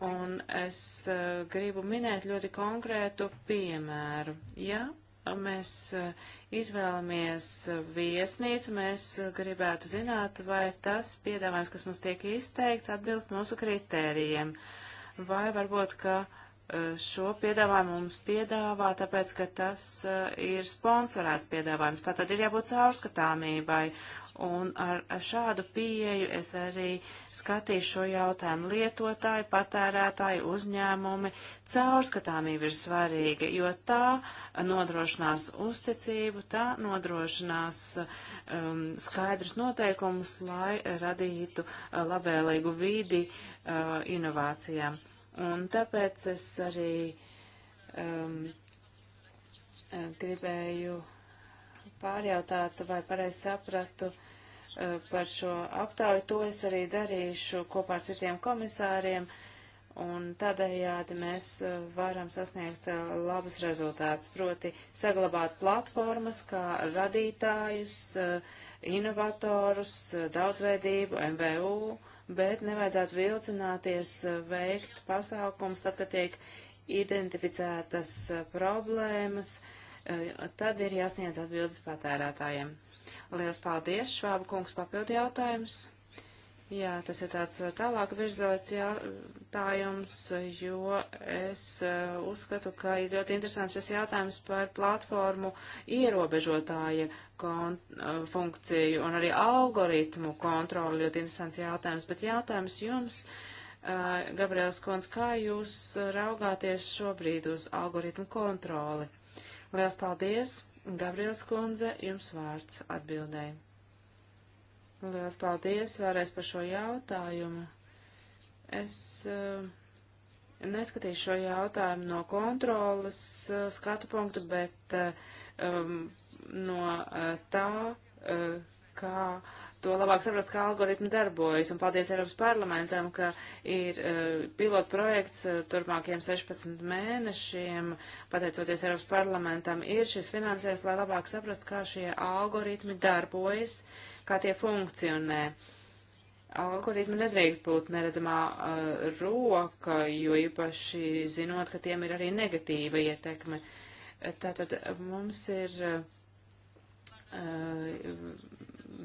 Un es uh, gribu minēt ļoti konkrētu piemēru. Ja mēs uh, izvēlamies viesnīcu, mēs uh, gribētu zināt, vai tas piedāvājums, kas mums tiek izteikts, atbilst mūsu kritērijiem. Vai varbūt, ka uh, Eh, šo piedāvājumu mums piedāvā, tāpēc, ka tas eh, ir sponsorēts piedāvājums. Tātad ir jābūt caurskatāmībai. Un ar šādu pieeju es arī skatīšu šo jautājumu lietotāju, patērētāju, uzņēmumi. Caurskatāmība ir svarīga, jo tā nodrošinās uzticību, tā nodrošinās um, skaidrus noteikumus, lai radītu eh, labvēlīgu vidi uh, inovācijām. Uh, Un tāpēc es arī um, eh, gribēju pārjautāt, vai pareizi sapratu uh, par šo aptauju. To es arī darīšu kopā ar citiem komisāriem, un tādējādi mēs uh, varam sasniegt uh, labus rezultātus, proti saglabāt platformas kā radītājus, inovatorus, daudzveidību, MVU bet nevajadzētu vilcināties eh, veikt pasākums, tad, kad tiek identificētas eh, problēmas, eh, tad ir jāsniedz atbildes patērētājiem. Lielas paldies, Švāba kungs, papildu jautājums. Jā, tas ir tāds tālāk virzots jautājums, jo es uzskatu, ka ir ļoti interesants šis jautājums par platformu ierobežotāja Eh, funkciju un arī algoritmu kontroli ļoti interesants jautājums, bet jautājums jums, uh, Gabriels Kons, kā jūs raugāties šobrīd uz algoritmu kontroli? Liels paldies, Gabriels Kunze, jums vārds atbildēja. Liels paldies vēlreiz par šo jautājumu. Es uh, neskatīšu šo jautājumu no kontrolas uh, skatu punktu, bet uh, um, no uh, tā, uh, kā to labāk saprast, kā algoritmi darbojas. Un paldies Eiropas parlamentam, ka ir uh, pilota projekts uh, turpmākajiem 16 mēnešiem, pateicoties Eiropas parlamentam, ir šis finansējums, lai labāk saprast, kā šie algoritmi darbojas, kā tie funkcionē. Uh, Algoritmi nedrīkst būt neredzamā uh, roka, jo īpaši zinot, ka tiem ir arī negatīva ietekme. Tātad mums ir uh,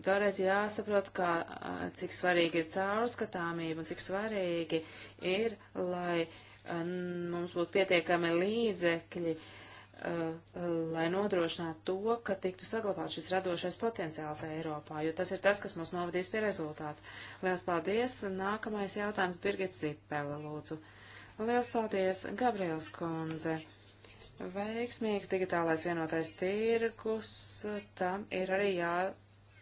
vēlreiz jāsaprot, kā, uh, cik svarīgi ir caurskatāmība un cik svarīgi ir, lai uh, mums būtu pietiekami līdzekļi uh, Uh, uh, lai nodrošinātu to, ka tiktu saglabāts šis radošais potenciāls Eiropā, jo tas ir tas, kas mums novadīs pie rezultātu. Lielas paldies! Nākamais jautājums Birgit Zipele, lūdzu. Lielas paldies, Gabriels Konze! Veiksmīgs digitālais vienotais tirgus, tam ir arī jā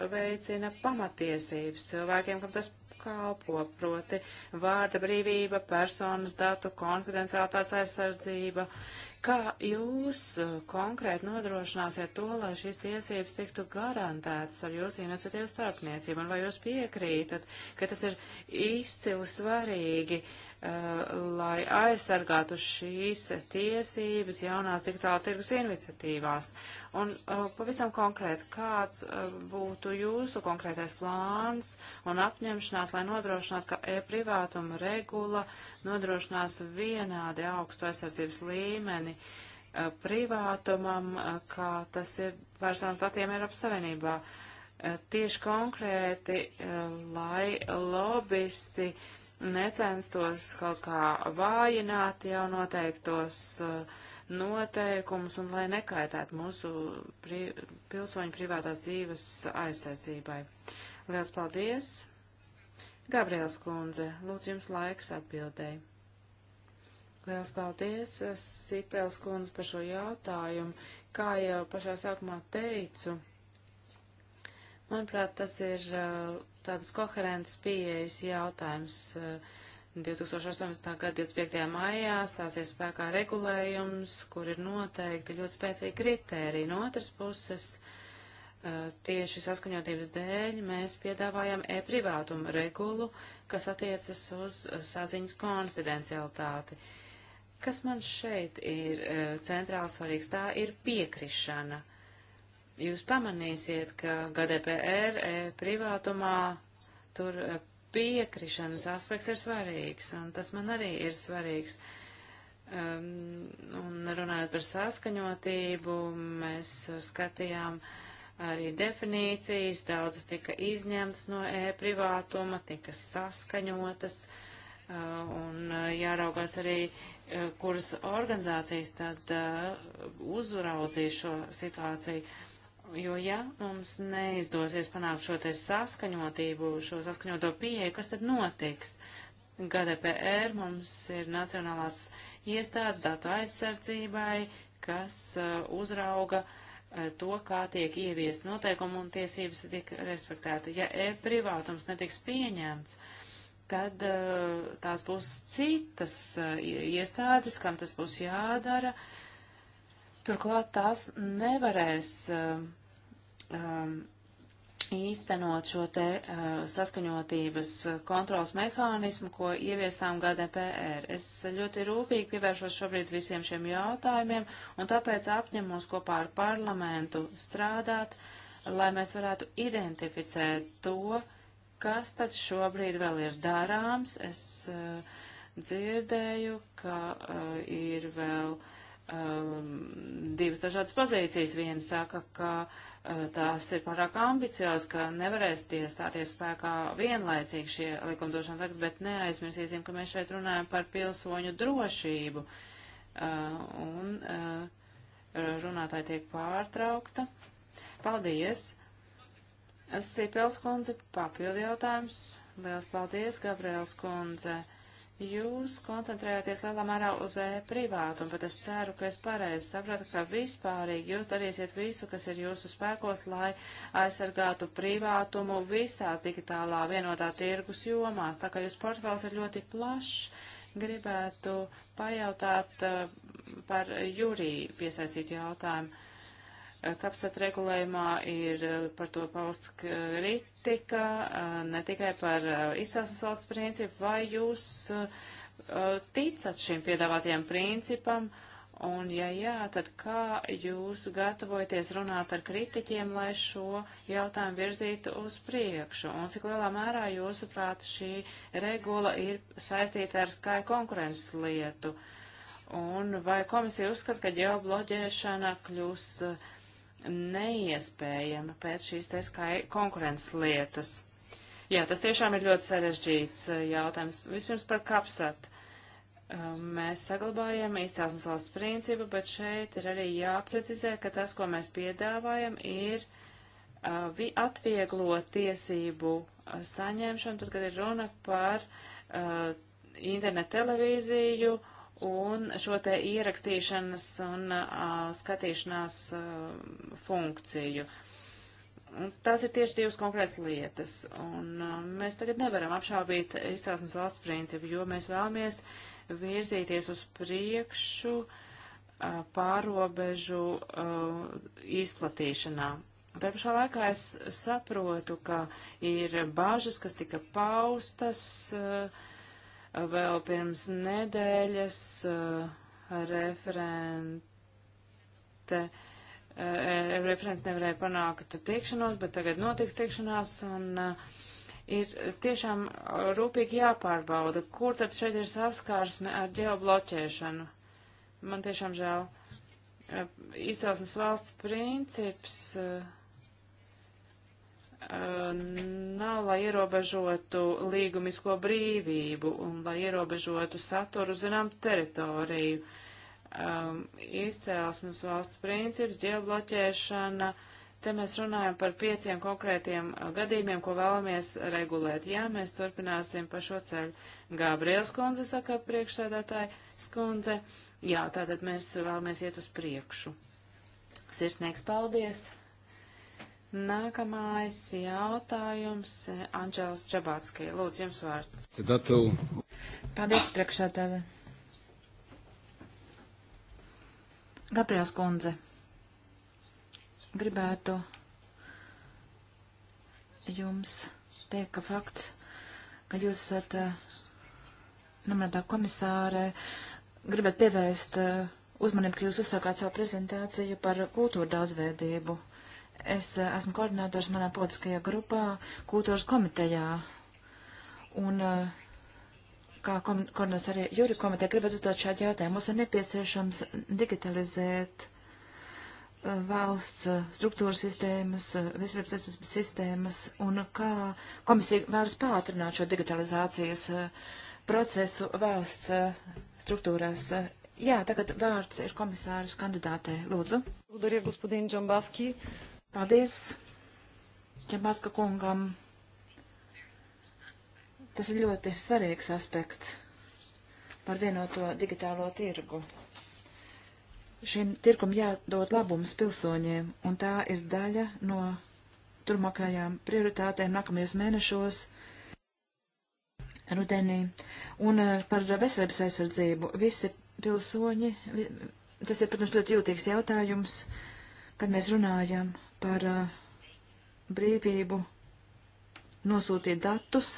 veicina pamatiesības cilvēkiem, kam tas kalpo, proti vārda brīvība, personas datu konfidenciālitātes aizsardzība. Kā jūs uh, konkrēti nodrošināsiet to, lai šīs tiesības tiktu garantētas ar jūsu iniciatīvu starpniecību? Un vai jūs piekrītat, ka tas ir izcili svarīgi, uh, lai aizsargātu šīs tiesības jaunās digitāla tirgus iniciatīvās? Uh, Un uh, pavisam konkrēti, kāds uh, būtu jūsu konkrētais plāns un apņemšanās, lai nodrošinātu, ka e-privātuma regula nodrošinās vienādi augstu aizsardzības līmeni uh, privātumam, uh, kā tas ir personas datiem Eiropas Savienībā. Uh, tieši konkrēti, uh, lai lobbyisti necenstos kaut kā vājināt jau noteiktos uh, noteikumus un lai nekaitētu mūsu pri pilsoņu privātās dzīves aizsardzībai. Liels paldies! Gabriels kundze, lūdzu jums laiks atbildēji. Liels paldies, Sipels kundze, par šo jautājumu. Kā jau pašā sākumā teicu, manuprāt, tas ir uh, tādas koherentas pieejas jautājums. Uh, 2018. gada 25. maijā stāsies spēkā regulējums, kur ir noteikti ļoti spēcīgi kritēriji. No otras puses, tieši saskaņotības dēļ mēs piedāvājam e-privātumu regulu, kas attiecas uz saziņas konfidencialitāti. Kas man šeit ir centrāli svarīgs, tā ir piekrišana. Jūs pamanīsiet, ka GDPR e privātumā tur piekrišanas aspekts ir svarīgs, un tas man arī ir svarīgs. Um, un runājot par saskaņotību, mēs skatījām arī definīcijas, daudzas tika izņemtas no e-privātuma, tika saskaņotas, uh, un uh, jāraugās arī, uh, kuras organizācijas tad uh, uzraudzīs šo situāciju. Uh, Jo, ja mums neizdosies panākt šo te saskaņotību, šo saskaņoto pieeju, kas tad notiks? GDPR mums ir nacionālās iestādes datu aizsardzībai, kas uh, uzrauga uh, to, kā tiek ieviest noteikumu un tiesības tiek respektēta. Ja e-privātums netiks pieņemts, tad uh, tās būs citas uh, iestādes, kam tas būs jādara. Turklāt tās nevarēs uh, um, īstenot šo te uh, saskaņotības uh, kontrols mehānismu, ko ieviesām GDPR. Es ļoti rūpīgi pievēršos šobrīd visiem šiem jautājumiem un tāpēc apņemos kopā ar parlamentu strādāt, lai mēs varētu identificēt to, kas tad šobrīd vēl ir darāms. Es uh, dzirdēju, ka uh, ir vēl um, divas dažādas pozīcijas. Viena saka, ka uh, Eh, tās ir pārāk ambiciozas, ka nevarēs tie stāties spēkā vienlaicīgi šie likumdošanas akti, bet neaizmirsīsim, ka mēs šeit runājam par pilsoņu drošību. Uh, un uh, runātāji tiek pārtraukta. Paldies! Sīpels kundze, papildu jautājums. Liels paldies, Gabriels kundze. Uh, Jūs koncentrējāties lielā mērā uz e-privātu, un pat es ceru, ka es pareizi sapratu, ka vispārīgi jūs darīsiet visu, kas ir jūsu spēkos, lai aizsargātu privātumu visās digitālā vienotā tirgus jomās. Tā kā jūs portfels ir ļoti plašs, gribētu pajautāt uh, par jūrī piesaistītu jautājumu. Eh, kapsat regulējumā ir eh, par to pausts kritika, eh, ne tikai par izcelsmes valsts principu, vai jūs ticat šim piedāvātajam principam, un ja jā, tad kā jūs gatavojaties runāt ar kritiķiem, lai šo jautājumu virzītu uz priekšu, un cik lielā mērā jūsuprāt šī regula ir saistīta ar skai konkurences lietu, un vai komisija uzskata, ka ģeobloģēšana kļūs uh, neiespējama pēc šīs te skai konkurences lietas. Jā, tas tiešām ir ļoti sarežģīts uh, jautājums. Vispirms par kapsatu. Uh, mēs saglabājam izcelsmes valsts principu, bet šeit ir arī jāprecizē, ka tas, ko mēs piedāvājam, ir uh, atvieglo tiesību saņemšanu, tad, kad ir runa par internet televīziju un šo te ierakstīšanas un uh, skatīšanās uh, funkciju. Un tās ir tieši divas konkrētas lietas, un uh, mēs tagad nevaram apšaubīt izcelsmes valsts principu, jo mēs vēlamies virzīties uz priekšu uh, pārobežu uh, izplatīšanā. Tā pašā laikā es saprotu, ka ir bažas, kas tika paustas, uh, vēl pirms nedēļas eh, referente. Eh, eh, referents nevarēja panākt tikšanos, bet tagad notiks tikšanās un uh, ir tiešām rūpīgi jāpārbauda, kur tad šeit ir saskārsme ar ģeobloķēšanu. Man tiešām žēl. Izcelsmes valsts princips. Uh, nav, lai ierobežotu līgumisko brīvību un lai ierobežotu saturu zinām teritoriju. Um, izcēlesmes valsts princips, ģeobloķēšana, te mēs runājam par pieciem konkrētiem gadījumiem, ko vēlamies regulēt. Jā, mēs turpināsim pa šo ceļu. Gabriels kundze saka priekšsēdētāji skundze. Jā, tātad mēs vēlamies iet uz priekšu. Sirsnieks, paldies! Nākamais jautājums eh, - Anģēls Čabātskī. Lūdzu, jums vārds. Citatu. Paldies, priekšsēdētāji. Gabriels kundze, gribētu jums teikt, ka fakts, ka jūs esat eh, nominētā komisāre, gribētu pievērst eh, uzmanību, ka jūs uzsākāt savu prezentāciju par kultūra daudzveidību Es eh, esmu koordinators manā politiskajā grupā, kultūras komitejā. Un eh, kā koordinators arī jūri komiteja gribētu uzdot šādu jautājumu. Mums ir nepieciešams digitalizēt eh, valsts struktūras sistēmas, veselības sistēmas un kā komisija vēlas pātrināt šo digitalizācijas procesu valsts struktūrās. Jā, tagad vārds ir komisāras kandidātē. Lūdzu. Благодаря, господин Джамбаски. Paldies Čambaska kungam. Tas ir ļoti svarīgs aspekts par vienoto digitālo tirgu. Šim tirkum jādod labums pilsoņiem, un tā ir daļa no turmākajām prioritātēm nākamajos mēnešos rudenī. Un eh, par veselības aizsardzību visi pilsoņi, tas ir, protams, ļoti jūtīgs jautājums, kad mēs runājam par eh, brīvību nosūtīt datus.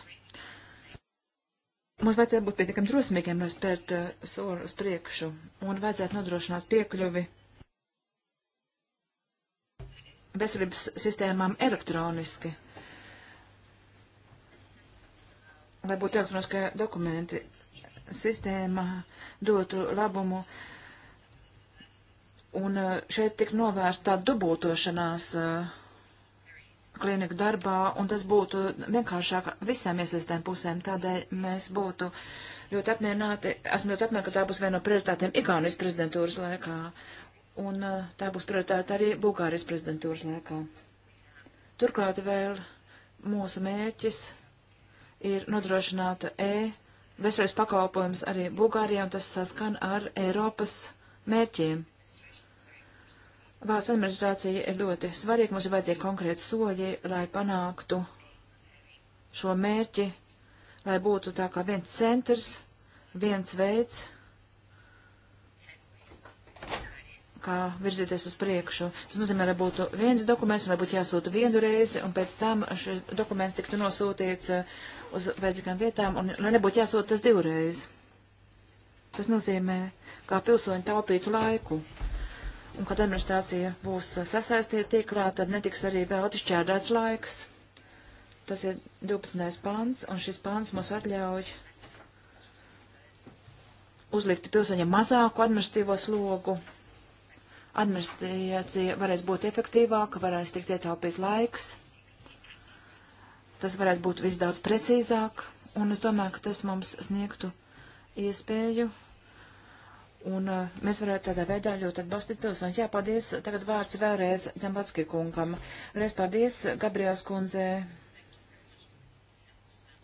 Mums vajadzētu būt pietiekami drosmīgiem, lai spērt eh, soli uz priekšu, un vajadzētu nodrošināt piekļuvi veselības sistēmām elektroniski, lai būtu elektroniskie dokumenti. Sistēma dotu labumu uh, Un eh, šeit tik novērst tā dubultošanās eh, kliniku darbā, un tas būtu vienkāršāk visām iesaistēm pusēm. Tādēļ mēs būtu ļoti apmierināti, esmu ļoti apmierināti, ka tā būs viena no prioritātēm Igaunijas prezidentūras laikā, un eh, tā būs prioritāte arī Bulgārijas prezidentūras laikā. Turklāt vēl mūsu mērķis ir nodrošināta E veselības pakalpojums arī Bulgārijā, un tas saskan ar Eiropas mērķiem. Valsts administrācija ir ļoti svarīga. Mums ir vajadzīgi konkrēti soļi, lai panāktu šo mērķi, lai būtu tā kā viens centrs, viens veids, kā virzīties uz priekšu. Tas nozīmē, lai būtu viens dokuments, lai būtu jāsūta vienu reizi, un pēc tam šis dokuments tiktu nosūtīts uh, uz vajadzīgām vietām, un lai nebūtu jāsūta tas divreiz. Tas nozīmē, kā pilsoņi taupītu laiku un kad administrācija būs sasaistīta tīklā, tad netiks arī vēl atšķērdēts laiks. Tas ir 12. pāns, un šis pāns mums atļauj uzlikt pilsoņiem mazāku administratīvo slogu. Administrācija varēs būt efektīvāka, varēs tikt ietaupīt laiks. Tas varētu būt visdaudz precīzāk, un es domāju, ka tas mums sniegtu iespēju Un uh, mēs varētu tādā veidā ļoti atbalstīt pilsoņus. Jā, paldies. Tagad vārds vēlreiz Dzembatski kungam. Reiz paldies, Gabriels kundze.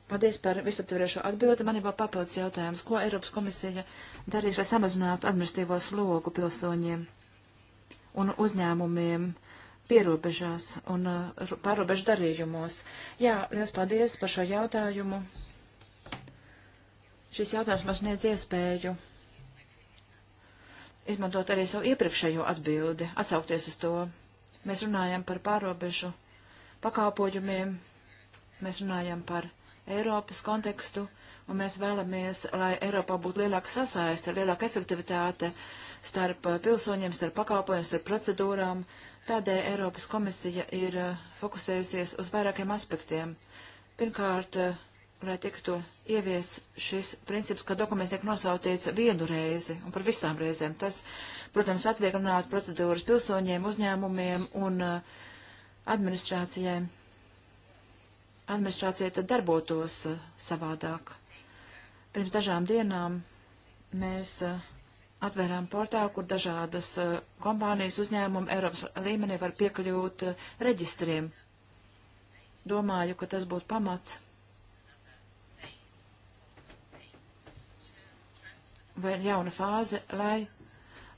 Paldies par visaptverošo atbildi. Man ir vēl papildus jautājums. Ko Eiropas komisija darīs, lai samazinātu administratīvo slogu pilsoņiem un uzņēmumiem pierobežās un uh, pārobežu darījumos? Jā, liels paldies par šo jautājumu. Šis jautājums man sniedz iespēju izmantot arī savu iepriekšējo atbildi, atsaukties uz to. Mēs runājam par pārobežu pakāpojumiem, mēs runājam par Eiropas kontekstu, un mēs vēlamies, lai Eiropā būtu lielāka sasaiste, lielāka efektivitāte starp uh, pilsoņiem, starp pakāpojumiem, starp procedūrām. Tādēļ Eiropas komisija ir uh, fokusējusies uz vairākiem aspektiem. Pirmkārt, uh, lai tiktu ievies šis princips, ka dokuments tiek nosautīts vienu reizi un par visām reizēm. Tas, protams, atvieglinātu procedūras pilsoņiem, uzņēmumiem un uh, administrācijai. Administrācija tad darbotos uh, savādāk. Pirms dažām dienām mēs uh, atvērām portālu, kur dažādas uh, kompānijas uzņēmumi Eiropas līmenī var piekļūt uh, reģistriem. Domāju, ka tas būtu pamats vai jauna fāze, lai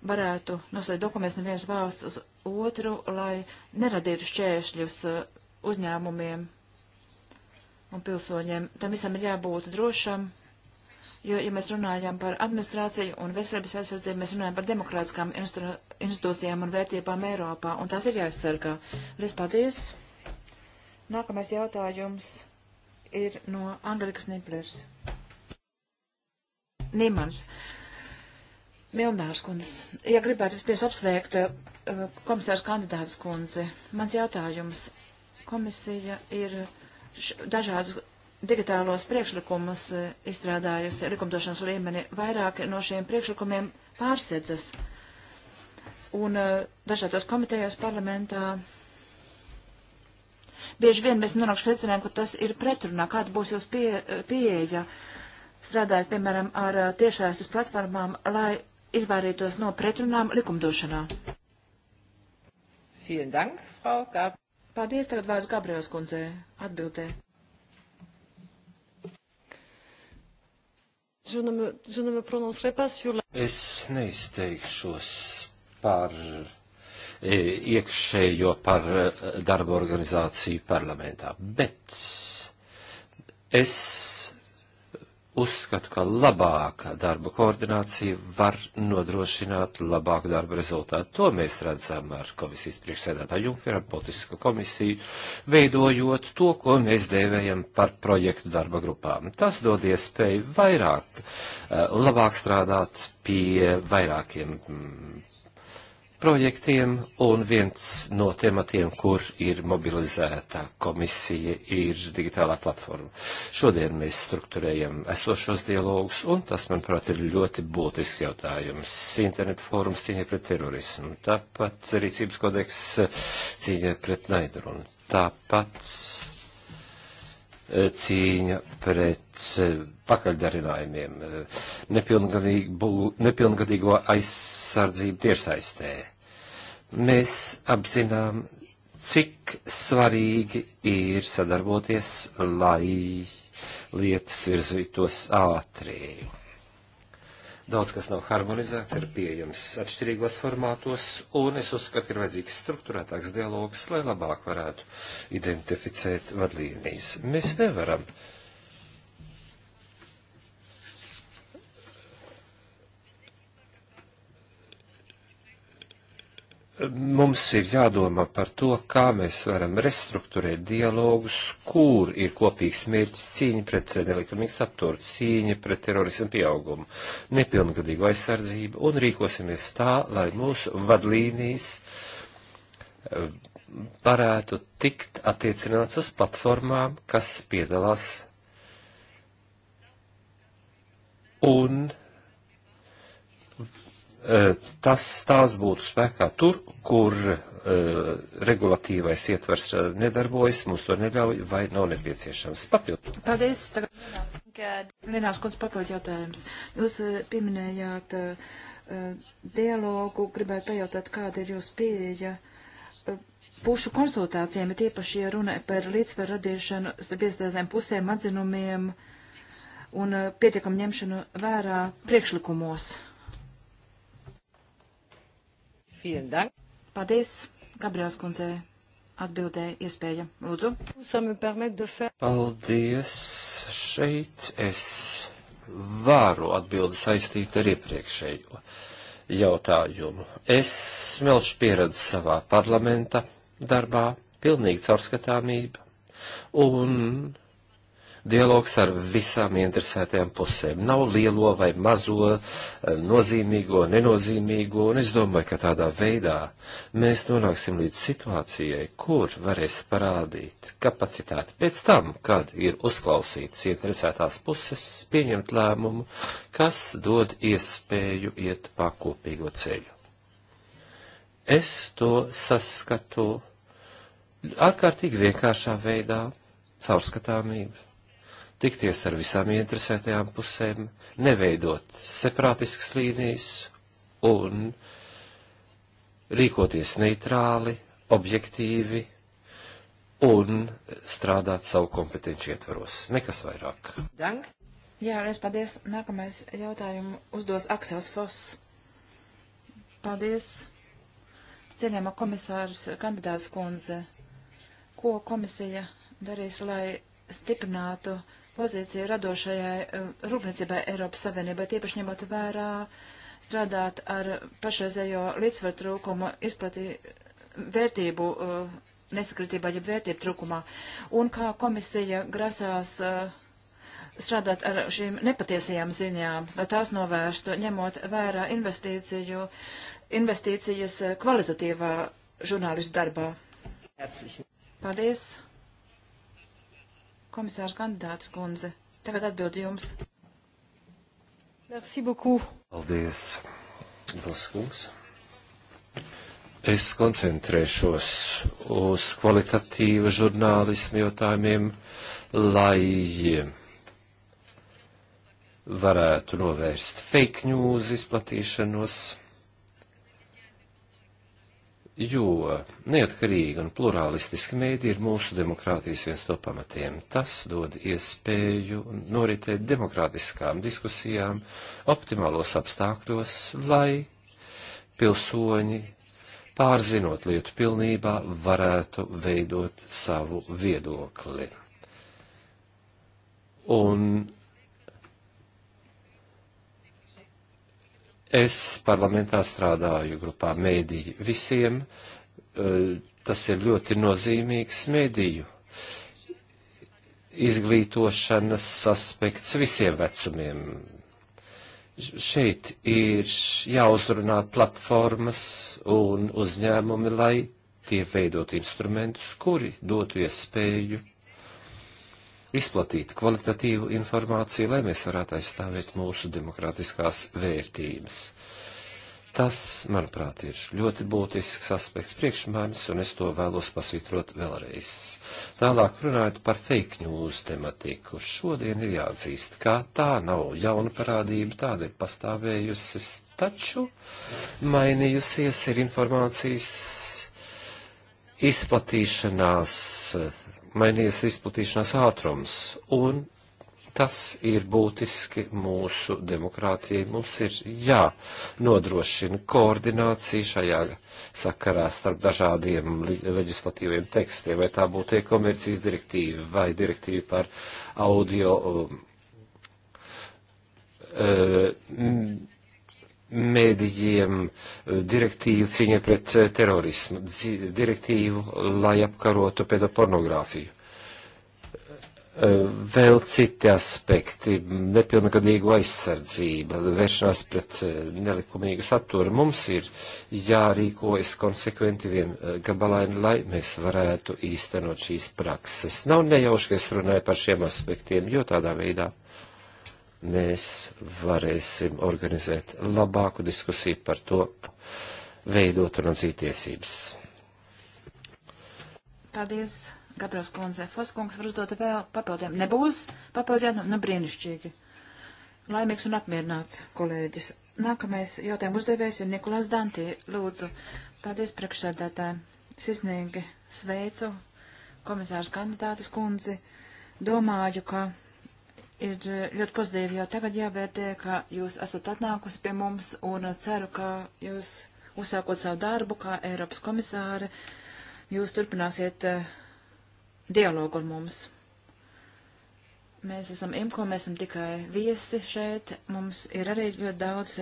varētu noslēgt dokumentus no vienas valsts uz otru, lai neradītu šķēršļus uh, uzņēmumiem un pilsoņiem. Tam visam ir jābūt drošam, jo, ja mēs runājam par administrāciju un veselības aizsardzību, mēs runājam par demokrātiskām institūcijām un vērtībām Eiropā, un tās ir jāaizsargā. Lies paldies! Nākamais jautājums ir no Angelikas Niplers. Nīmans. Milnārs kundze, ja gribētu vispēc apsveikt uh, komisārs kandidātas kundze, mans jautājums. Komisija ir dažādus digitālos priekšlikumus uh, izstrādājusi likumdošanas līmeni. Vairāk no šiem priekšlikumiem pārsedzas. Un uh, dažādos komitejos parlamentā bieži vien mēs nonākam pēc secinājumiem, ka tas ir pretrunā. Kāda būs jūsu pie, pieeja? Pie, strādājat, piemēram, ar tiešās platformām, lai izvairītos no pretrunām likumdošanā? Vielen Dank, Frau Gab. Paldies, tagad vārds Gabriels kundzē atbildē. Es neizteikšos par e, iekšējo par darba organizāciju parlamentā, bet es uzskatu, ka labāka darba koordinācija var nodrošināt labāku darba rezultātu. To mēs redzam ar komisijas priekšsēdētāju Junkeru, ar politisko komisiju, veidojot to, ko mēs dēvējam par projektu darba grupām. Tas dod iespēju vairāk, eh, labāk strādāt pie vairākiem mm, projektiem, un viens no tematiem, kur ir mobilizēta komisija, ir digitālā platforma. Šodien mēs strukturējam esošos dialogus, un tas, manuprāt, ir ļoti būtisks jautājums. Internet fórums cīņa pret terorismu, tāpat rīcības kodeks cīņa pret naidrunu, tāpat cīņa pret e, pakaļdarinājumiem, e, nepilngadīgo aizsardzību tiešsaistē. Mēs apzinām, cik svarīgi ir sadarboties, lai lietas virzītos ātrīgi Daudz kas nav harmonizēts, ir pieejams atšķirīgos formātos, un es uzskatu, ka ir vajadzīgs struktūrētāks dialogs, lai labāk varētu identificēt vadlīnijas. Mēs nevaram uh, mums ir jādomā par to, kā mēs varam restruktūrēt dialogus, kur ir kopīgs mērķis cīņa pret nelikumīgu saturu, cīņa pret terorismu pieaugumu, nepilngadīgu aizsardzību un rīkosimies tā, lai mūsu vadlīnijas eh, varētu tikt attiecināts uz platformām, kas piedalās un Eh, tas tās būtu spēkā tur, kur uh, regulatīvais ietvers eh, nedarbojas, mums to neļauj vai nav nepieciešams. Papildu. Paldies. Tagad Lenās Kunds papildu jautājums. Jūs uh, pieminējāt uh, dialogu, gribēju pajautāt, kāda ir jūsu pieeja pušu konsultācijām, ir tiepaši, ja runa par līdzsvaru radīšanu starp iestādēm pusēm, atzinumiem un pietiekam ņemšanu vērā priekšlikumos. Uh, Paldies, Gabriels kundzei atbildēja iespēja. Lūdzu. Paldies. Šeit es varu atbildi saistīt ar iepriekšējo jautājumu. Es smelšu pieredzi savā parlamenta darbā, pilnīga caurskatāmība un dialogs ar visām interesētajām pusēm. Nav lielo vai mazo, eh, nozīmīgo, nenozīmīgo, un es domāju, ka tādā veidā mēs nonāksim līdz situācijai, kur varēs parādīt kapacitāti pēc tam, kad ir uzklausītas interesētās puses, pieņemt lēmumu, kas dod iespēju iet pa kopīgo ceļu. Es to saskatu ārkārtīgi vienkāršā veidā - caurskatāmība tikties ar visām interesētajām pusēm, neveidot separātiskas līnijas un rīkoties neitrāli, objektīvi un strādāt savu kompetenci ietvaros. Nekas vairāk. Dank. Jā, reiz paldies. Nākamais jautājumu uzdos Aksels Foss. Paldies. Cienījama komisārs kandidāts kundze, ko komisija darīs, lai stiprinātu uh, pozīciju radošajai eh, rūpniecībai Eiropas Savienībai, tiepaši ņemot vērā strādāt ar pašreizējo līdzsvaru trūkumu izplatī vērtību uh, nesakritībā, ja vērtību trūkumā. Un kā komisija grasās uh, strādāt ar šīm nepatiesajām ziņām, lai tās novērstu, ņemot vērā investīciju, investīcijas kvalitatīvā žurnālistu darbā. Paldies! komisārs kandidāts kundze. Tagad atbildi jums. Merci beaucoup. Paldies, Balskungs. Es koncentrēšos uz kvalitatīvu žurnālismu jautājumiem, lai varētu novērst fake news izplatīšanos jo neatkarīgi un plurālistiski mēdī ir mūsu demokrātijas viens no pamatiem. Tas dod iespēju noritēt demokrātiskām diskusijām optimālos apstākļos, lai pilsoņi, pārzinot lietu pilnībā, varētu veidot savu viedokli. Un Es parlamentā strādāju grupā mēdīju visiem. E, tas ir ļoti nozīmīgs mēdīju izglītošanas aspekts visiem vecumiem. Šeit ir jāuzrunā platformas un uzņēmumi, lai tie veidot instrumentus, kuri dotu iespēju izplatīt kvalitatīvu informāciju, lai mēs varētu aizstāvēt mūsu demokrātiskās vērtības. Tas, manuprāt, ir ļoti būtisks aspekts priekš manis, un es to vēlos pasvitrot vēlreiz. Tālāk runājot par fake news tematiku, šodien ir jāatzīst, ka tā nav jauna parādība, tāda ir pastāvējusi, taču mainījusies ir informācijas izplatīšanās mainījies izplatīšanās ātrums, un tas ir būtiski mūsu demokrātijai. Mums ir jānodrošina koordinācija šajā sakarā starp dažādiem leģislatīviem tekstiem, vai tā būtu e-komercijas direktīva vai direktīva par audio. Um, uh, mēdījiem eh, direktīvu cīņa pret eh, terorismu, direktīvu, lai apkarotu pedopornogrāfiju. Eh, vēl citi aspekti - nepilngadīgu aizsardzība, vēršanās pret nelikumīgu saturu. Mums ir jārīkojas konsekventi vien gabalaini, lai mēs varētu īstenot šīs prakses. Nav nejauši, ka es runāju par šiem aspektiem, jo tādā veidā uh, mēs varēsim organizēt labāku diskusiju par to, veidot un atzīt tiesības. Paldies, Gabriels Kundze. Foskungs var uzdot vēl papildiem. Nebūs papildiem, nu brīnišķīgi. Laimīgs un apmierināts, kolēģis. Nākamais jautājums uzdevējs ir Nikolās Dantī. Lūdzu, paldies priekšsēdētājiem. Sisnīgi sveicu komisārs kandidātas kundzi. Domāju, ka Ir eh, ļoti pozitīvi jau tagad jāvērtē, ka jūs esat atnākusi pie mums un eh, ceru, ka jūs uzsākot savu darbu kā Eiropas komisāri, jūs turpināsiet eh, dialogu ar mums. Mēs esam imko, mēs esam tikai viesi šeit, mums ir arī ļoti daudz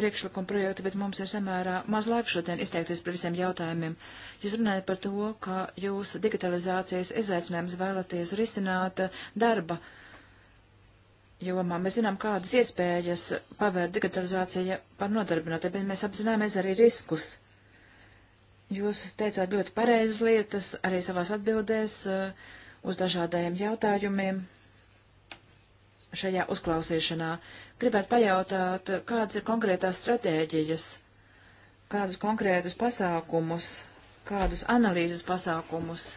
priekšlikuma projekti, bet mums ir samērā maz laika šodien izteikties par visiem jautājumiem. Jūs runājat par to, ka jūs digitalizācijas izaicinājums vēlaties risināt darba jomā. Mēs zinām, kādas iespējas pavēr digitalizācija par nodarbinātību, bet mēs apzināmies arī riskus. Jūs teicāt ļoti pareizas lietas arī savās atbildēs uh, uz dažādajiem jautājumiem šajā uzklausīšanā. Gribētu pajautāt, kādas ir konkrētās stratēģijas, kādus konkrētus pasākumus, kādus analīzes pasākumus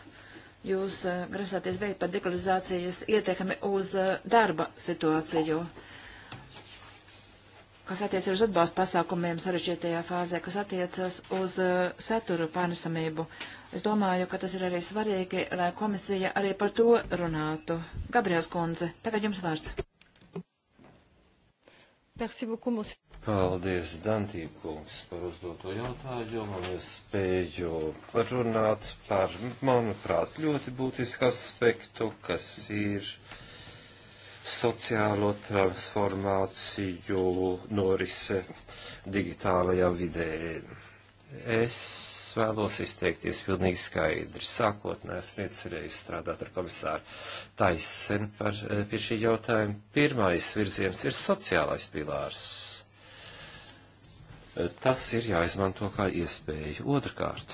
jūs eh, grasāties veikt par digitalizācijas ietekmi uz eh, darba situāciju, kas attiecas uz atbalstu pasākumiem sarežģītajā fāzē, kas attiecas uz eh, saturu pārnesamību. Es domāju, ka tas ir arī svarīgi, lai komisija arī par to runātu. Gabriels Kundze, tagad jums vārds. Merci beaucoup, monsieur. Paldies, Dantīkungs, par uzdoto jautājumu un spēju runāt par, manuprāt, ļoti būtisku aspektu, kas ir sociālo transformāciju norise digitālajā vidē. Es vēlos izteikties pilnīgi skaidri. Sākotnē esmu iecerējusi strādāt ar komisāru Taisen par, pie šī jautājuma. Pirmais virziens ir sociālais pilārs Tas ir jāizmanto kā iespēju. Otrkārt,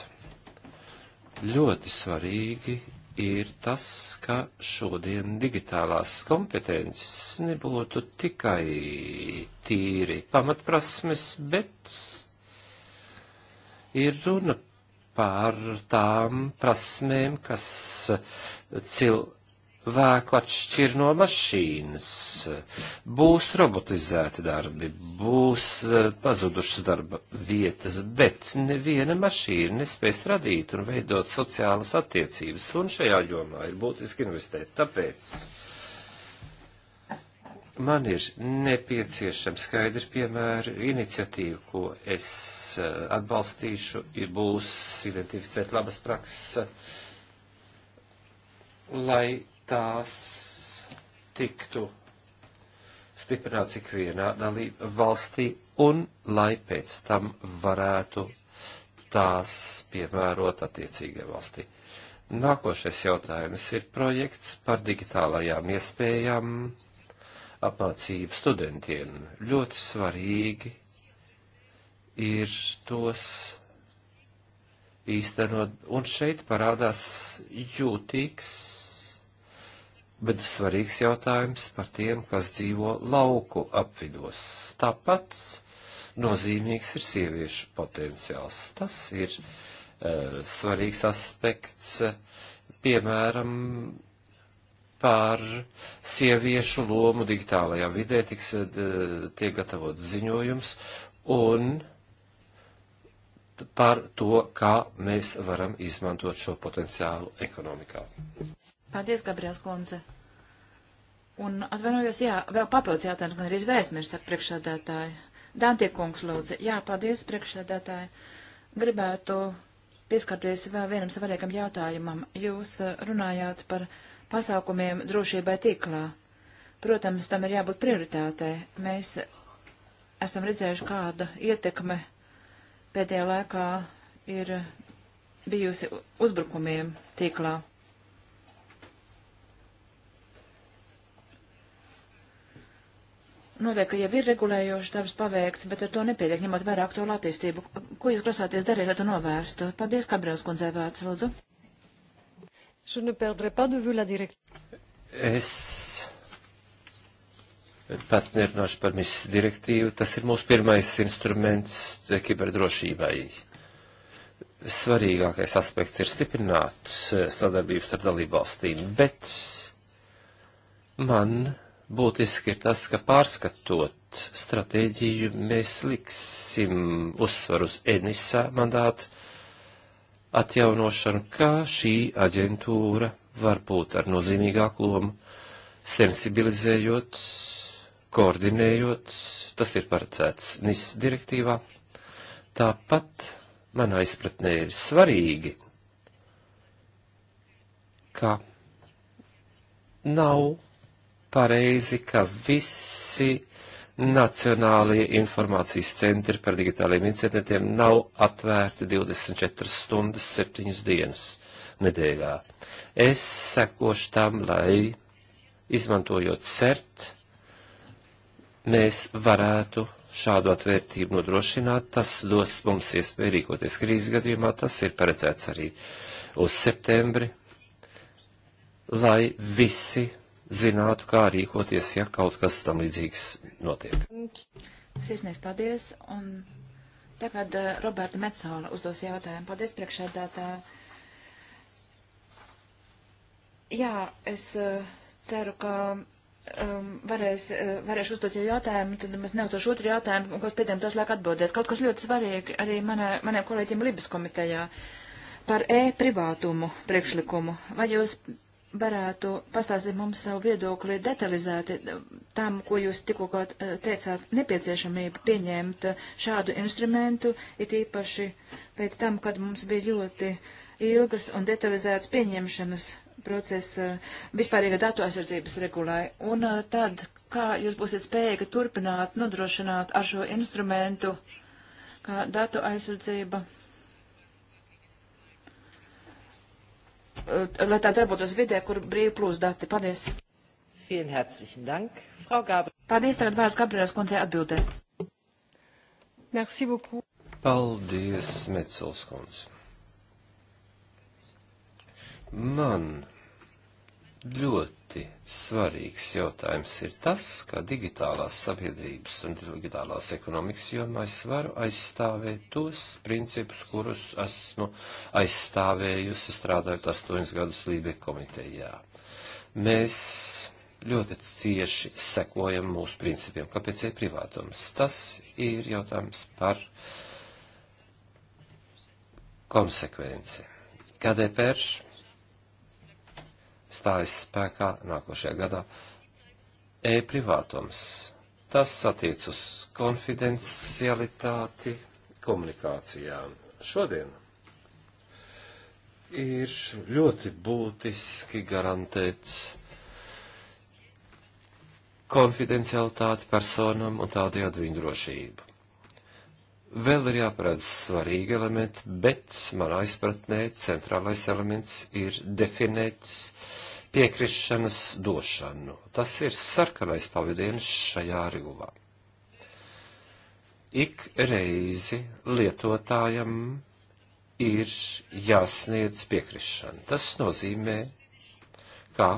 ļoti svarīgi ir tas, ka šodien digitālās kompetences nebūtu tikai tīri pamatprasmes, bet ir runa par tām prasmēm, kas cilvēkiem vēku atšķir no mašīnas, būs robotizēti darbi, būs eh, pazudušas darba vietas, bet neviena mašīna nespēs radīt un veidot sociālas attiecības, un šajā jomā ir būtiski investēt. Tāpēc man ir nepieciešama skaidri piemēra iniciatīva, ko es eh, atbalstīšu, ir būs identificēt labas prakses, eh, lai tās tiktu stiprināts ikvienā dalība valstī un lai pēc tam varētu tās piemērot attiecīgajā valstī. Nākošais jautājums ir projekts par digitālajām iespējām apmācību studentiem. Ļoti svarīgi ir tos īstenot, un šeit parādās jūtīgs bet svarīgs jautājums par tiem, kas dzīvo lauku apvidos. Tāpat nozīmīgs ir sieviešu potenciāls. Tas ir uh, svarīgs aspekts, piemēram, par sieviešu lomu digitālajā vidē tiks, uh, tiek gatavots ziņojums un par to, kā mēs varam izmantot šo potenciālu ekonomikā. Paldies, Gabriels Kunze. Un atvainojos, jā, vēl papildus jautājums, gan arī zvēsmirs ar priekšsādātāju. Dantie kungs lūdzu. Jā, paldies, priekšsādātāju. Gribētu pieskarties vēl vienam svarīgam jautājumam. Jūs eh, runājāt par pasākumiem drošībai tīklā. Protams, tam ir jābūt prioritātei. Mēs esam redzējuši, kāda ietekme pēdējā laikā ir bijusi uzbrukumiem tīklā. Noteikti, ka jau ir regulējošs darbs paveikts, bet ar to nepietiek, ņemot vērā aktuālu attīstību. Ko jūs grasāties darīt, lai to novērstu? Paldies, Gabriels kundzei vārds, lūdzu. Es pat nerunāšu par misijas direktīvu. Tas ir mūsu pirmais instruments kiberdrošībai. Svarīgākais aspekts ir stiprināt sadarbības starp dalībvalstīm, bet man būtiski ir tas, ka pārskatot stratēģiju mēs liksim uzsvaru uz Enisa mandātu atjaunošanu, kā šī aģentūra var būt ar nozīmīgāku lomu, sensibilizējot, koordinējot, tas ir paredzēts NIS direktīvā. Tāpat manā izpratnē ir svarīgi, ka nav pareizi, ka visi nacionālie informācijas centri par digitāliem incidentiem nav atvērti 24 stundas 7 dienas nedēļā. Es sekošu tam, lai izmantojot CERT, mēs varētu šādu atvērtību nodrošināt. Tas dos mums iespēju rīkoties krīzes gadījumā, tas ir paredzēts arī uz septembri, lai visi zinātu, kā rīkoties, ja kaut kas tam līdzīgs notiek. Sisnieks, paldies. Un tagad uh, Roberta Metzola uzdos jautājumu. Paldies, priekšēdētāji. Jā, es uh, ceru, ka um, varēs, uh, varēšu uzdot jau jautājumu, tad mēs neuzdošu otru jautājumu, ko es pēdējiem tos laik atbildēt. Kaut kas ļoti svarīgi arī manā, maniem kolēģiem Libas komitejā par e-privātumu priekšlikumu. Vai jūs varētu pastāstīt mums savu viedokli detalizēti tam, ko jūs tikko eh, teicāt, nepieciešamību pieņemt eh, šādu instrumentu, it īpaši pēc tam, kad mums bija ļoti ilgas un detalizētas pieņemšanas procesa vispārīga datu aizsardzības regulai. Un eh, tad, kā jūs būsiet spējīgi turpināt, nodrošināt ar šo instrumentu, kā datu aizsardzība Eh, lai tā darbotos vidē, kur brīvi plūs dati. Paldies! Vielen herzlichen Dank, Frau Gabriel. Paldies, tagad vārds Gabrielas kundzei atbildē. Merci beaucoup. Paldies, Metsels kundze. Man ļoti svarīgs jautājums ir tas, ka digitālās sabiedrības un digitālās ekonomikas jomā es varu aizstāvēt tos principus, kurus esmu aizstāvējusi strādājot astoņus gadus Lībie komitejā. Mēs ļoti cieši sekojam mūsu principiem, kāpēc ir privātums. Tas ir jautājums par konsekvenci. GDPR stājas spēkā nākošajā gadā. E-privātums. Tas attiec uz konfidencialitāti komunikācijām. Šodien ir ļoti būtiski garantēts konfidencialitāti personam un tādējādi viņu drošību. Vēl ir jāparāda svarīgi elementi, bet manā izpratnē centrālais elements ir definēts piekrišanas došanu. Tas ir sarkanais pavadiens šajā regulā. Ik reizi lietotājam ir jāsniedz piekrišana. Tas nozīmē, ka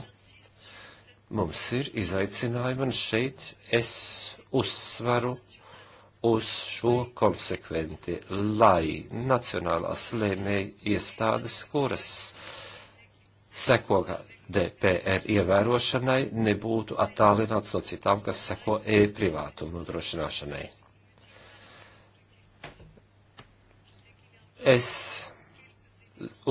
mums ir izaicinājumi, un šeit es uzsvaru uz šo konsekventi, lai nacionālās lēmēji iestādes, kuras seko DPR ievērošanai, nebūtu attālināts no citām, kas seko e-privātumu nodrošināšanai. Es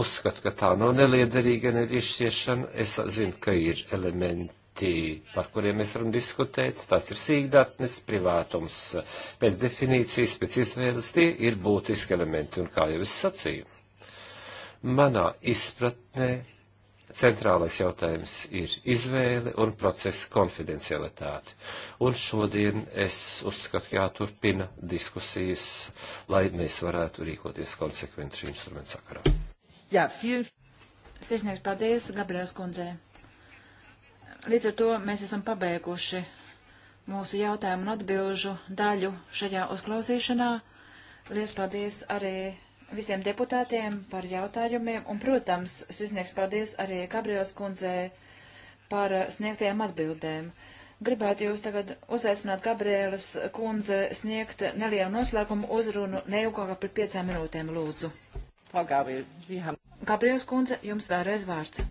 uzskatu, ka tā nav neliederīga, nediešķiešana. Es zinu, ka ir elementi dati, par kuriem mēs varam diskutēt, tās ir sīkdatnes, privātums pēc definīcijas, pēc izvēles, tie ir būtiski elementi, un kā jau es sacīju, manā izpratnē centrālais jautājums ir izvēle un procesa konfidencialitāte. Un šodien es uzskatu, ka jāturpina diskusijas, lai mēs varētu rīkoties konsekventi šī instrumenta sakarā. Jā, Sirsnieks, paldies Gabriels kundzei. Līdz ar to mēs esam pabeiguši mūsu jautājumu un atbilžu daļu šajā uzklausīšanā. Lies paldies arī visiem deputātiem par jautājumiem, un, protams, es izniegšu paldies arī Gabrielas kundzē par sniegtajām atbildēm. Gribētu jūs tagad uzaicināt Gabrielas kundze sniegt nelielu noslēgumu uzrunu neilgāk par piecām minūtēm, lūdzu. Gabrielas kundze, jums vēlreiz vārds.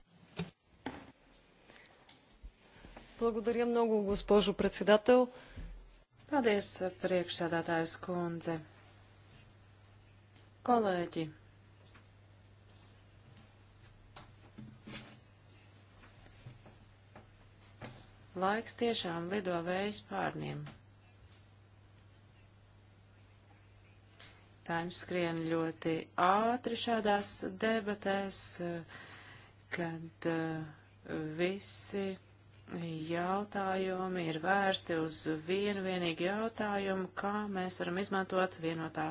Благодаря много, госпожо председател. Paldies, priekšsēdētājs kundze. Kolēģi. Laiks tiešām lido vējas pārniem. Taims skrien ļoti ātri šādās debatēs, kad eh, visi jautājumi ir vērsti uz vienu vienīgu jautājumu, kā mēs varam izmantot vienotā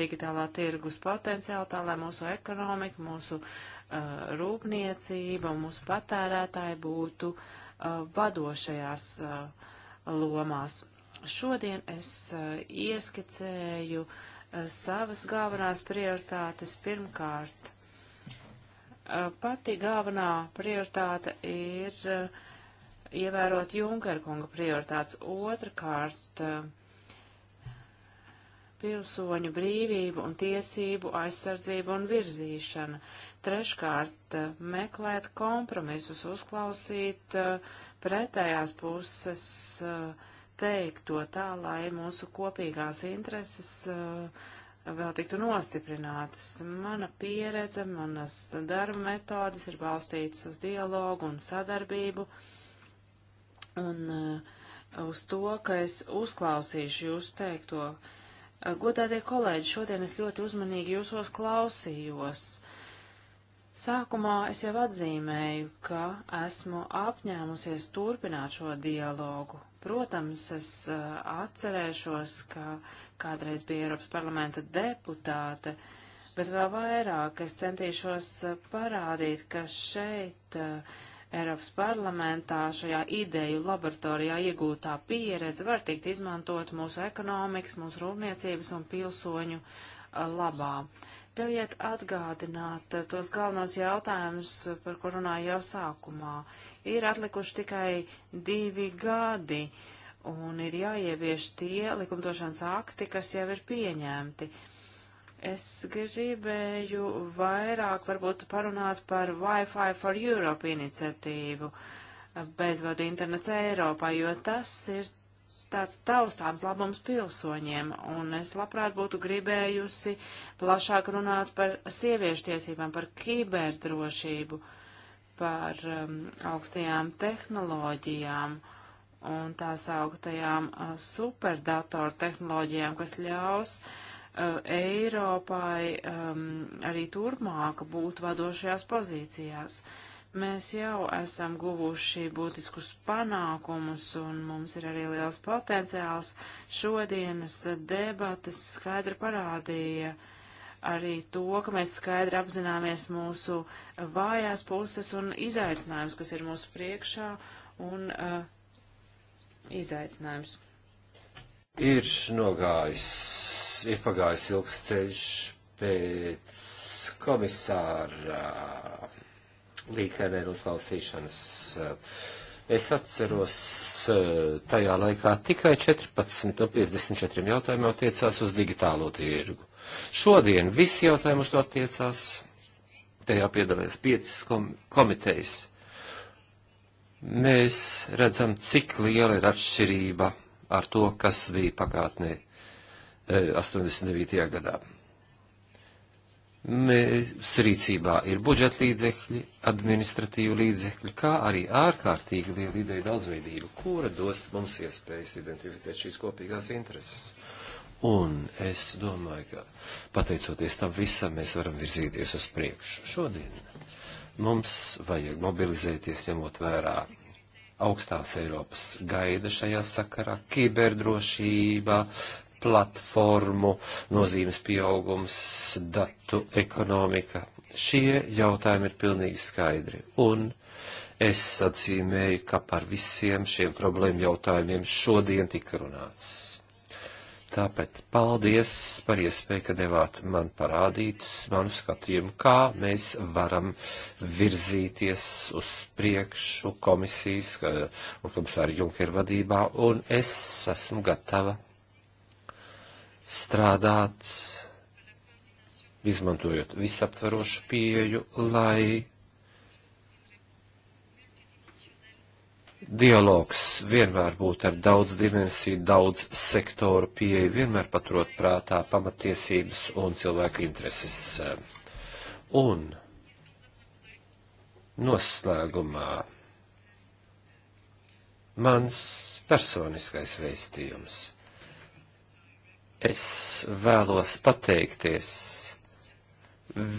digitālā tirgus potenciālu, tā lai mūsu ekonomika, mūsu uh, rūpniecība, mūsu patērētāji būtu uh, vadošajās uh, lomās. Šodien es uh, ieskicēju uh, savas galvenās prioritātes pirmkārt. Uh, pati galvenā prioritāte ir uh, ievērot Junkerkunga prioritātes. Otrakārt, eh, pilsoņu brīvību un tiesību aizsardzību un virzīšana. Treškārt, eh, meklēt kompromisus, uzklausīt eh, pretējās puses teikto tā, lai mūsu kopīgās intereses vēl tiktu nostiprinātas. Mana pieredze, manas darba metodas ir balstītas uz dialogu un sadarbību. Uh, un uh, uz to, ka es uzklausīšu jūsu teikto. Uh, Godātie kolēģi, šodien es ļoti uzmanīgi jūsos klausījos. Sākumā es jau atzīmēju, ka esmu apņēmusies turpināt šo dialogu. Protams, es uh, atcerēšos, ka kādreiz bija Eiropas parlamenta deputāte, bet vēl vairāk es centīšos uh, parādīt, ka šeit uh, Eiropas parlamentā šajā ideju laboratorijā iegūtā pieredze var tikt izmantot mūsu ekonomikas, mūsu rūpniecības un pilsoņu labā. Ļaujiet atgādināt tos galvenos jautājumus, par kur runāju jau sākumā. Ir atlikuši tikai divi gadi un ir jāievieš tie likumdošanas akti, kas jau ir pieņemti. Uh, Es gribēju vairāk varbūt parunāt par Wi-Fi for Europe iniciatīvu bezvadu internets Eiropā, jo tas ir tāds taustāms labums pilsoņiem, un es labprāt būtu gribējusi plašāk runāt par sieviešu tiesībām, par kiberdrošību, par um, augstajām tehnoloģijām un tās augtajām uh, superdatoru tehnoloģijām, kas ļaus uh, Eh, Eiropai um, arī turpmāk būt vadošajās pozīcijās. Mēs jau esam guvuši būtiskus panākumus un mums ir arī liels potenciāls. Šodienas debatas skaidri parādīja arī to, ka mēs skaidri apzināmies mūsu vājās puses un izaicinājums, kas ir mūsu priekšā un uh, izaicinājums. Ir nogājis, ir pagājis ilgs ceļš pēc komisāra uh, Līkēnēna uzklausīšanas. Uh, es atceros, uh, tajā laikā tikai 14 no 54 jautājumiem attiecās uz digitālo tirgu. Šodien visi jautājumi uz to attiecās. Tajā piedalās piecas komitejas. Mēs redzam, cik liela ir atšķirība ar to, kas bija pagātnē 89. E, gadā. Mēs rīcībā ir budžeta līdzekļi, administratīva līdzekļi, kā arī ārkārtīgi liela ideja daudzveidība, kura dos mums iespējas identificēt šīs kopīgās intereses. Un es domāju, ka pateicoties tam visam, mēs varam virzīties uz priekšu. Šodien mums vajag mobilizēties, ņemot vērā augstās Eiropas gaida šajā sakarā - kiberdrošība, platformu nozīmes pieaugums, datu ekonomika. Šie jautājumi ir pilnīgi skaidri. Un es atzīmēju, ka par visiem šiem problēmu jautājumiem šodien tika runāts. Tāpēc paldies par iespēju, ka devāt man parādīt manu skatījumu, kā mēs varam virzīties uz priekšu komisijas un komisāra Junkera vadībā, un es esmu gatava strādāt, izmantojot visaptvarošu pieju, lai dialogs vienmēr būtu ar daudz dimensiju, daudz sektoru pieeju, vienmēr paturot prātā pamatiesības un cilvēku intereses. Un noslēgumā mans personiskais veistījums. Es vēlos pateikties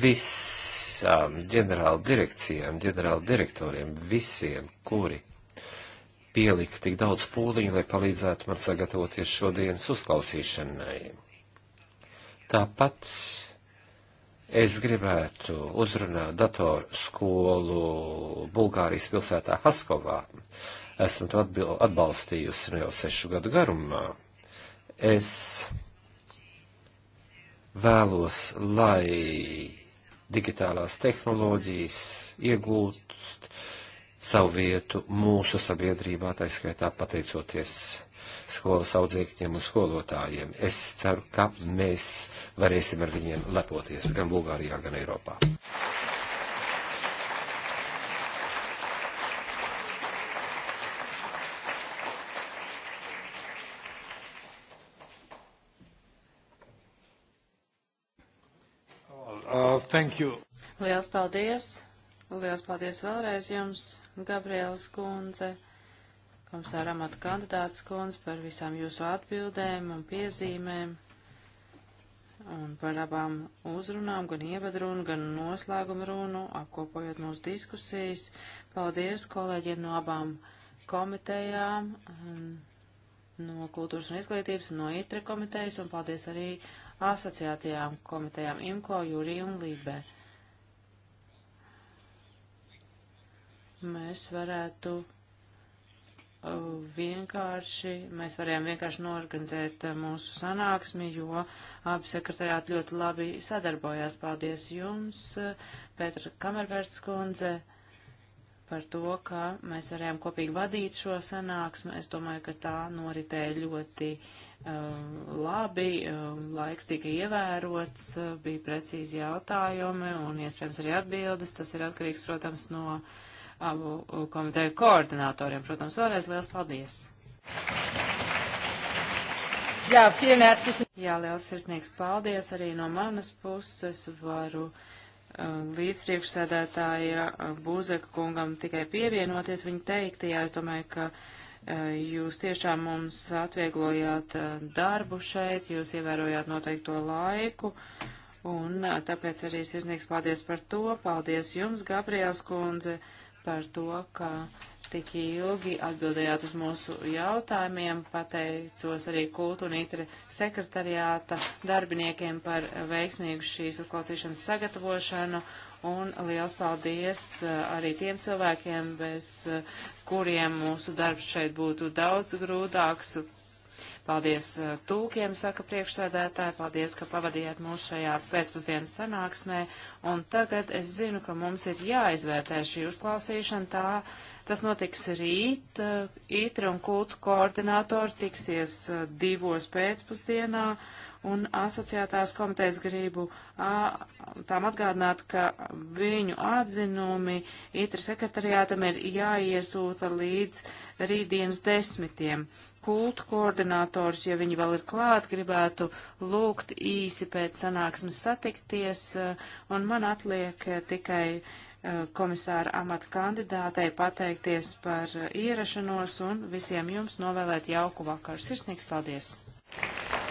visām ģenerāla direkcijām, ģenerāla direktoriem, visiem, kuri pielika tik daudz pūliņu, lai palīdzētu man sagatavoties šodienas uzklausīšanai. Tāpat es gribētu uzrunāt datoru skolu Bulgārijas pilsētā Haskovā. Esmu to atbalstījusi no nu jau sešu gadu garumā. Es vēlos, lai digitālās tehnoloģijas iegūtu savu vietu mūsu sabiedrībā, taiskaitā pateicoties skolas audzēkņiem un skolotājiem. Es ceru, ka mēs varēsim ar viņiem lepoties gan Bulgārijā, gan Eiropā. Uh, thank you. Liels paldies! Liels paldies vēlreiz jums, Gabriels kundze, komisāra amata kandidāts kundze, par visām jūsu atbildēm un piezīmēm un par abām uzrunām, gan ievadrunu, gan noslēgumu runu, apkopojot mūsu diskusijas. Paldies kolēģiem no abām komitejām, no kultūras un izglītības, no ITRE komitejas, un paldies arī asociātajām komitejām IMKO, Jūrija un Lībē. mēs varētu uh, vienkārši, mēs varējām vienkārši norganizēt uh, mūsu sanāksmi, jo abi sekretariāti ļoti labi sadarbojās. Paldies jums, uh, Pētra Kamervērts kundze, par to, ka mēs varējām kopīgi vadīt šo sanāksmi. Es domāju, ka tā noritēja ļoti uh, labi, uh, laiks tika ievērots, uh, bija precīzi jautājumi un iespējams arī atbildes. Tas ir atkarīgs, protams, no uh, abu uh, komiteju koordinatoriem. Protams, vēlreiz liels paldies! Jā, Jā, liels sirsnīgs paldies arī no manas puses. Varu uh, līdz priekšsēdētāja uh, Būzeka kungam tikai pievienoties viņa teiktajā. Es domāju, ka jūs tiešām mums atvieglojāt darbu šeit, jūs ievērojāt noteikto laiku. Un tāpēc arī sirsnīgs paldies par to. Paldies jums, Gabriels kundze par to, ka tik ilgi atbildējāt uz mūsu jautājumiem. Pateicos arī kultu un itri sekretariāta darbiniekiem par veiksmīgu šīs uzklausīšanas sagatavošanu. Un liels paldies uh, arī tiem cilvēkiem, bez uh, kuriem mūsu darbs šeit būtu daudz grūtāks. Paldies eh, tulkiem, saka priekšsēdētāji, paldies, ka pavadījāt mūs šajā pēcpusdienas sanāksmē. Un tagad es zinu, ka mums ir jāizvērtē šī uzklausīšana. Tā, tas notiks rīt. Ītri eh, un kultu koordinātori tiksies eh, divos pēcpusdienā un asociētās komitejas gribu a, tām atgādināt, ka viņu atzinumi ITRI sekretariātam ir jāiesūta līdz rītdienas desmitiem. Kultu koordinators, ja viņi vēl ir klāt, gribētu lūgt īsi pēc sanāksmes satikties, un man atliek tikai komisāra amata kandidātei pateikties par ierašanos un visiem jums novēlēt jauku vakaru. Sirsnīgs paldies! Thank you.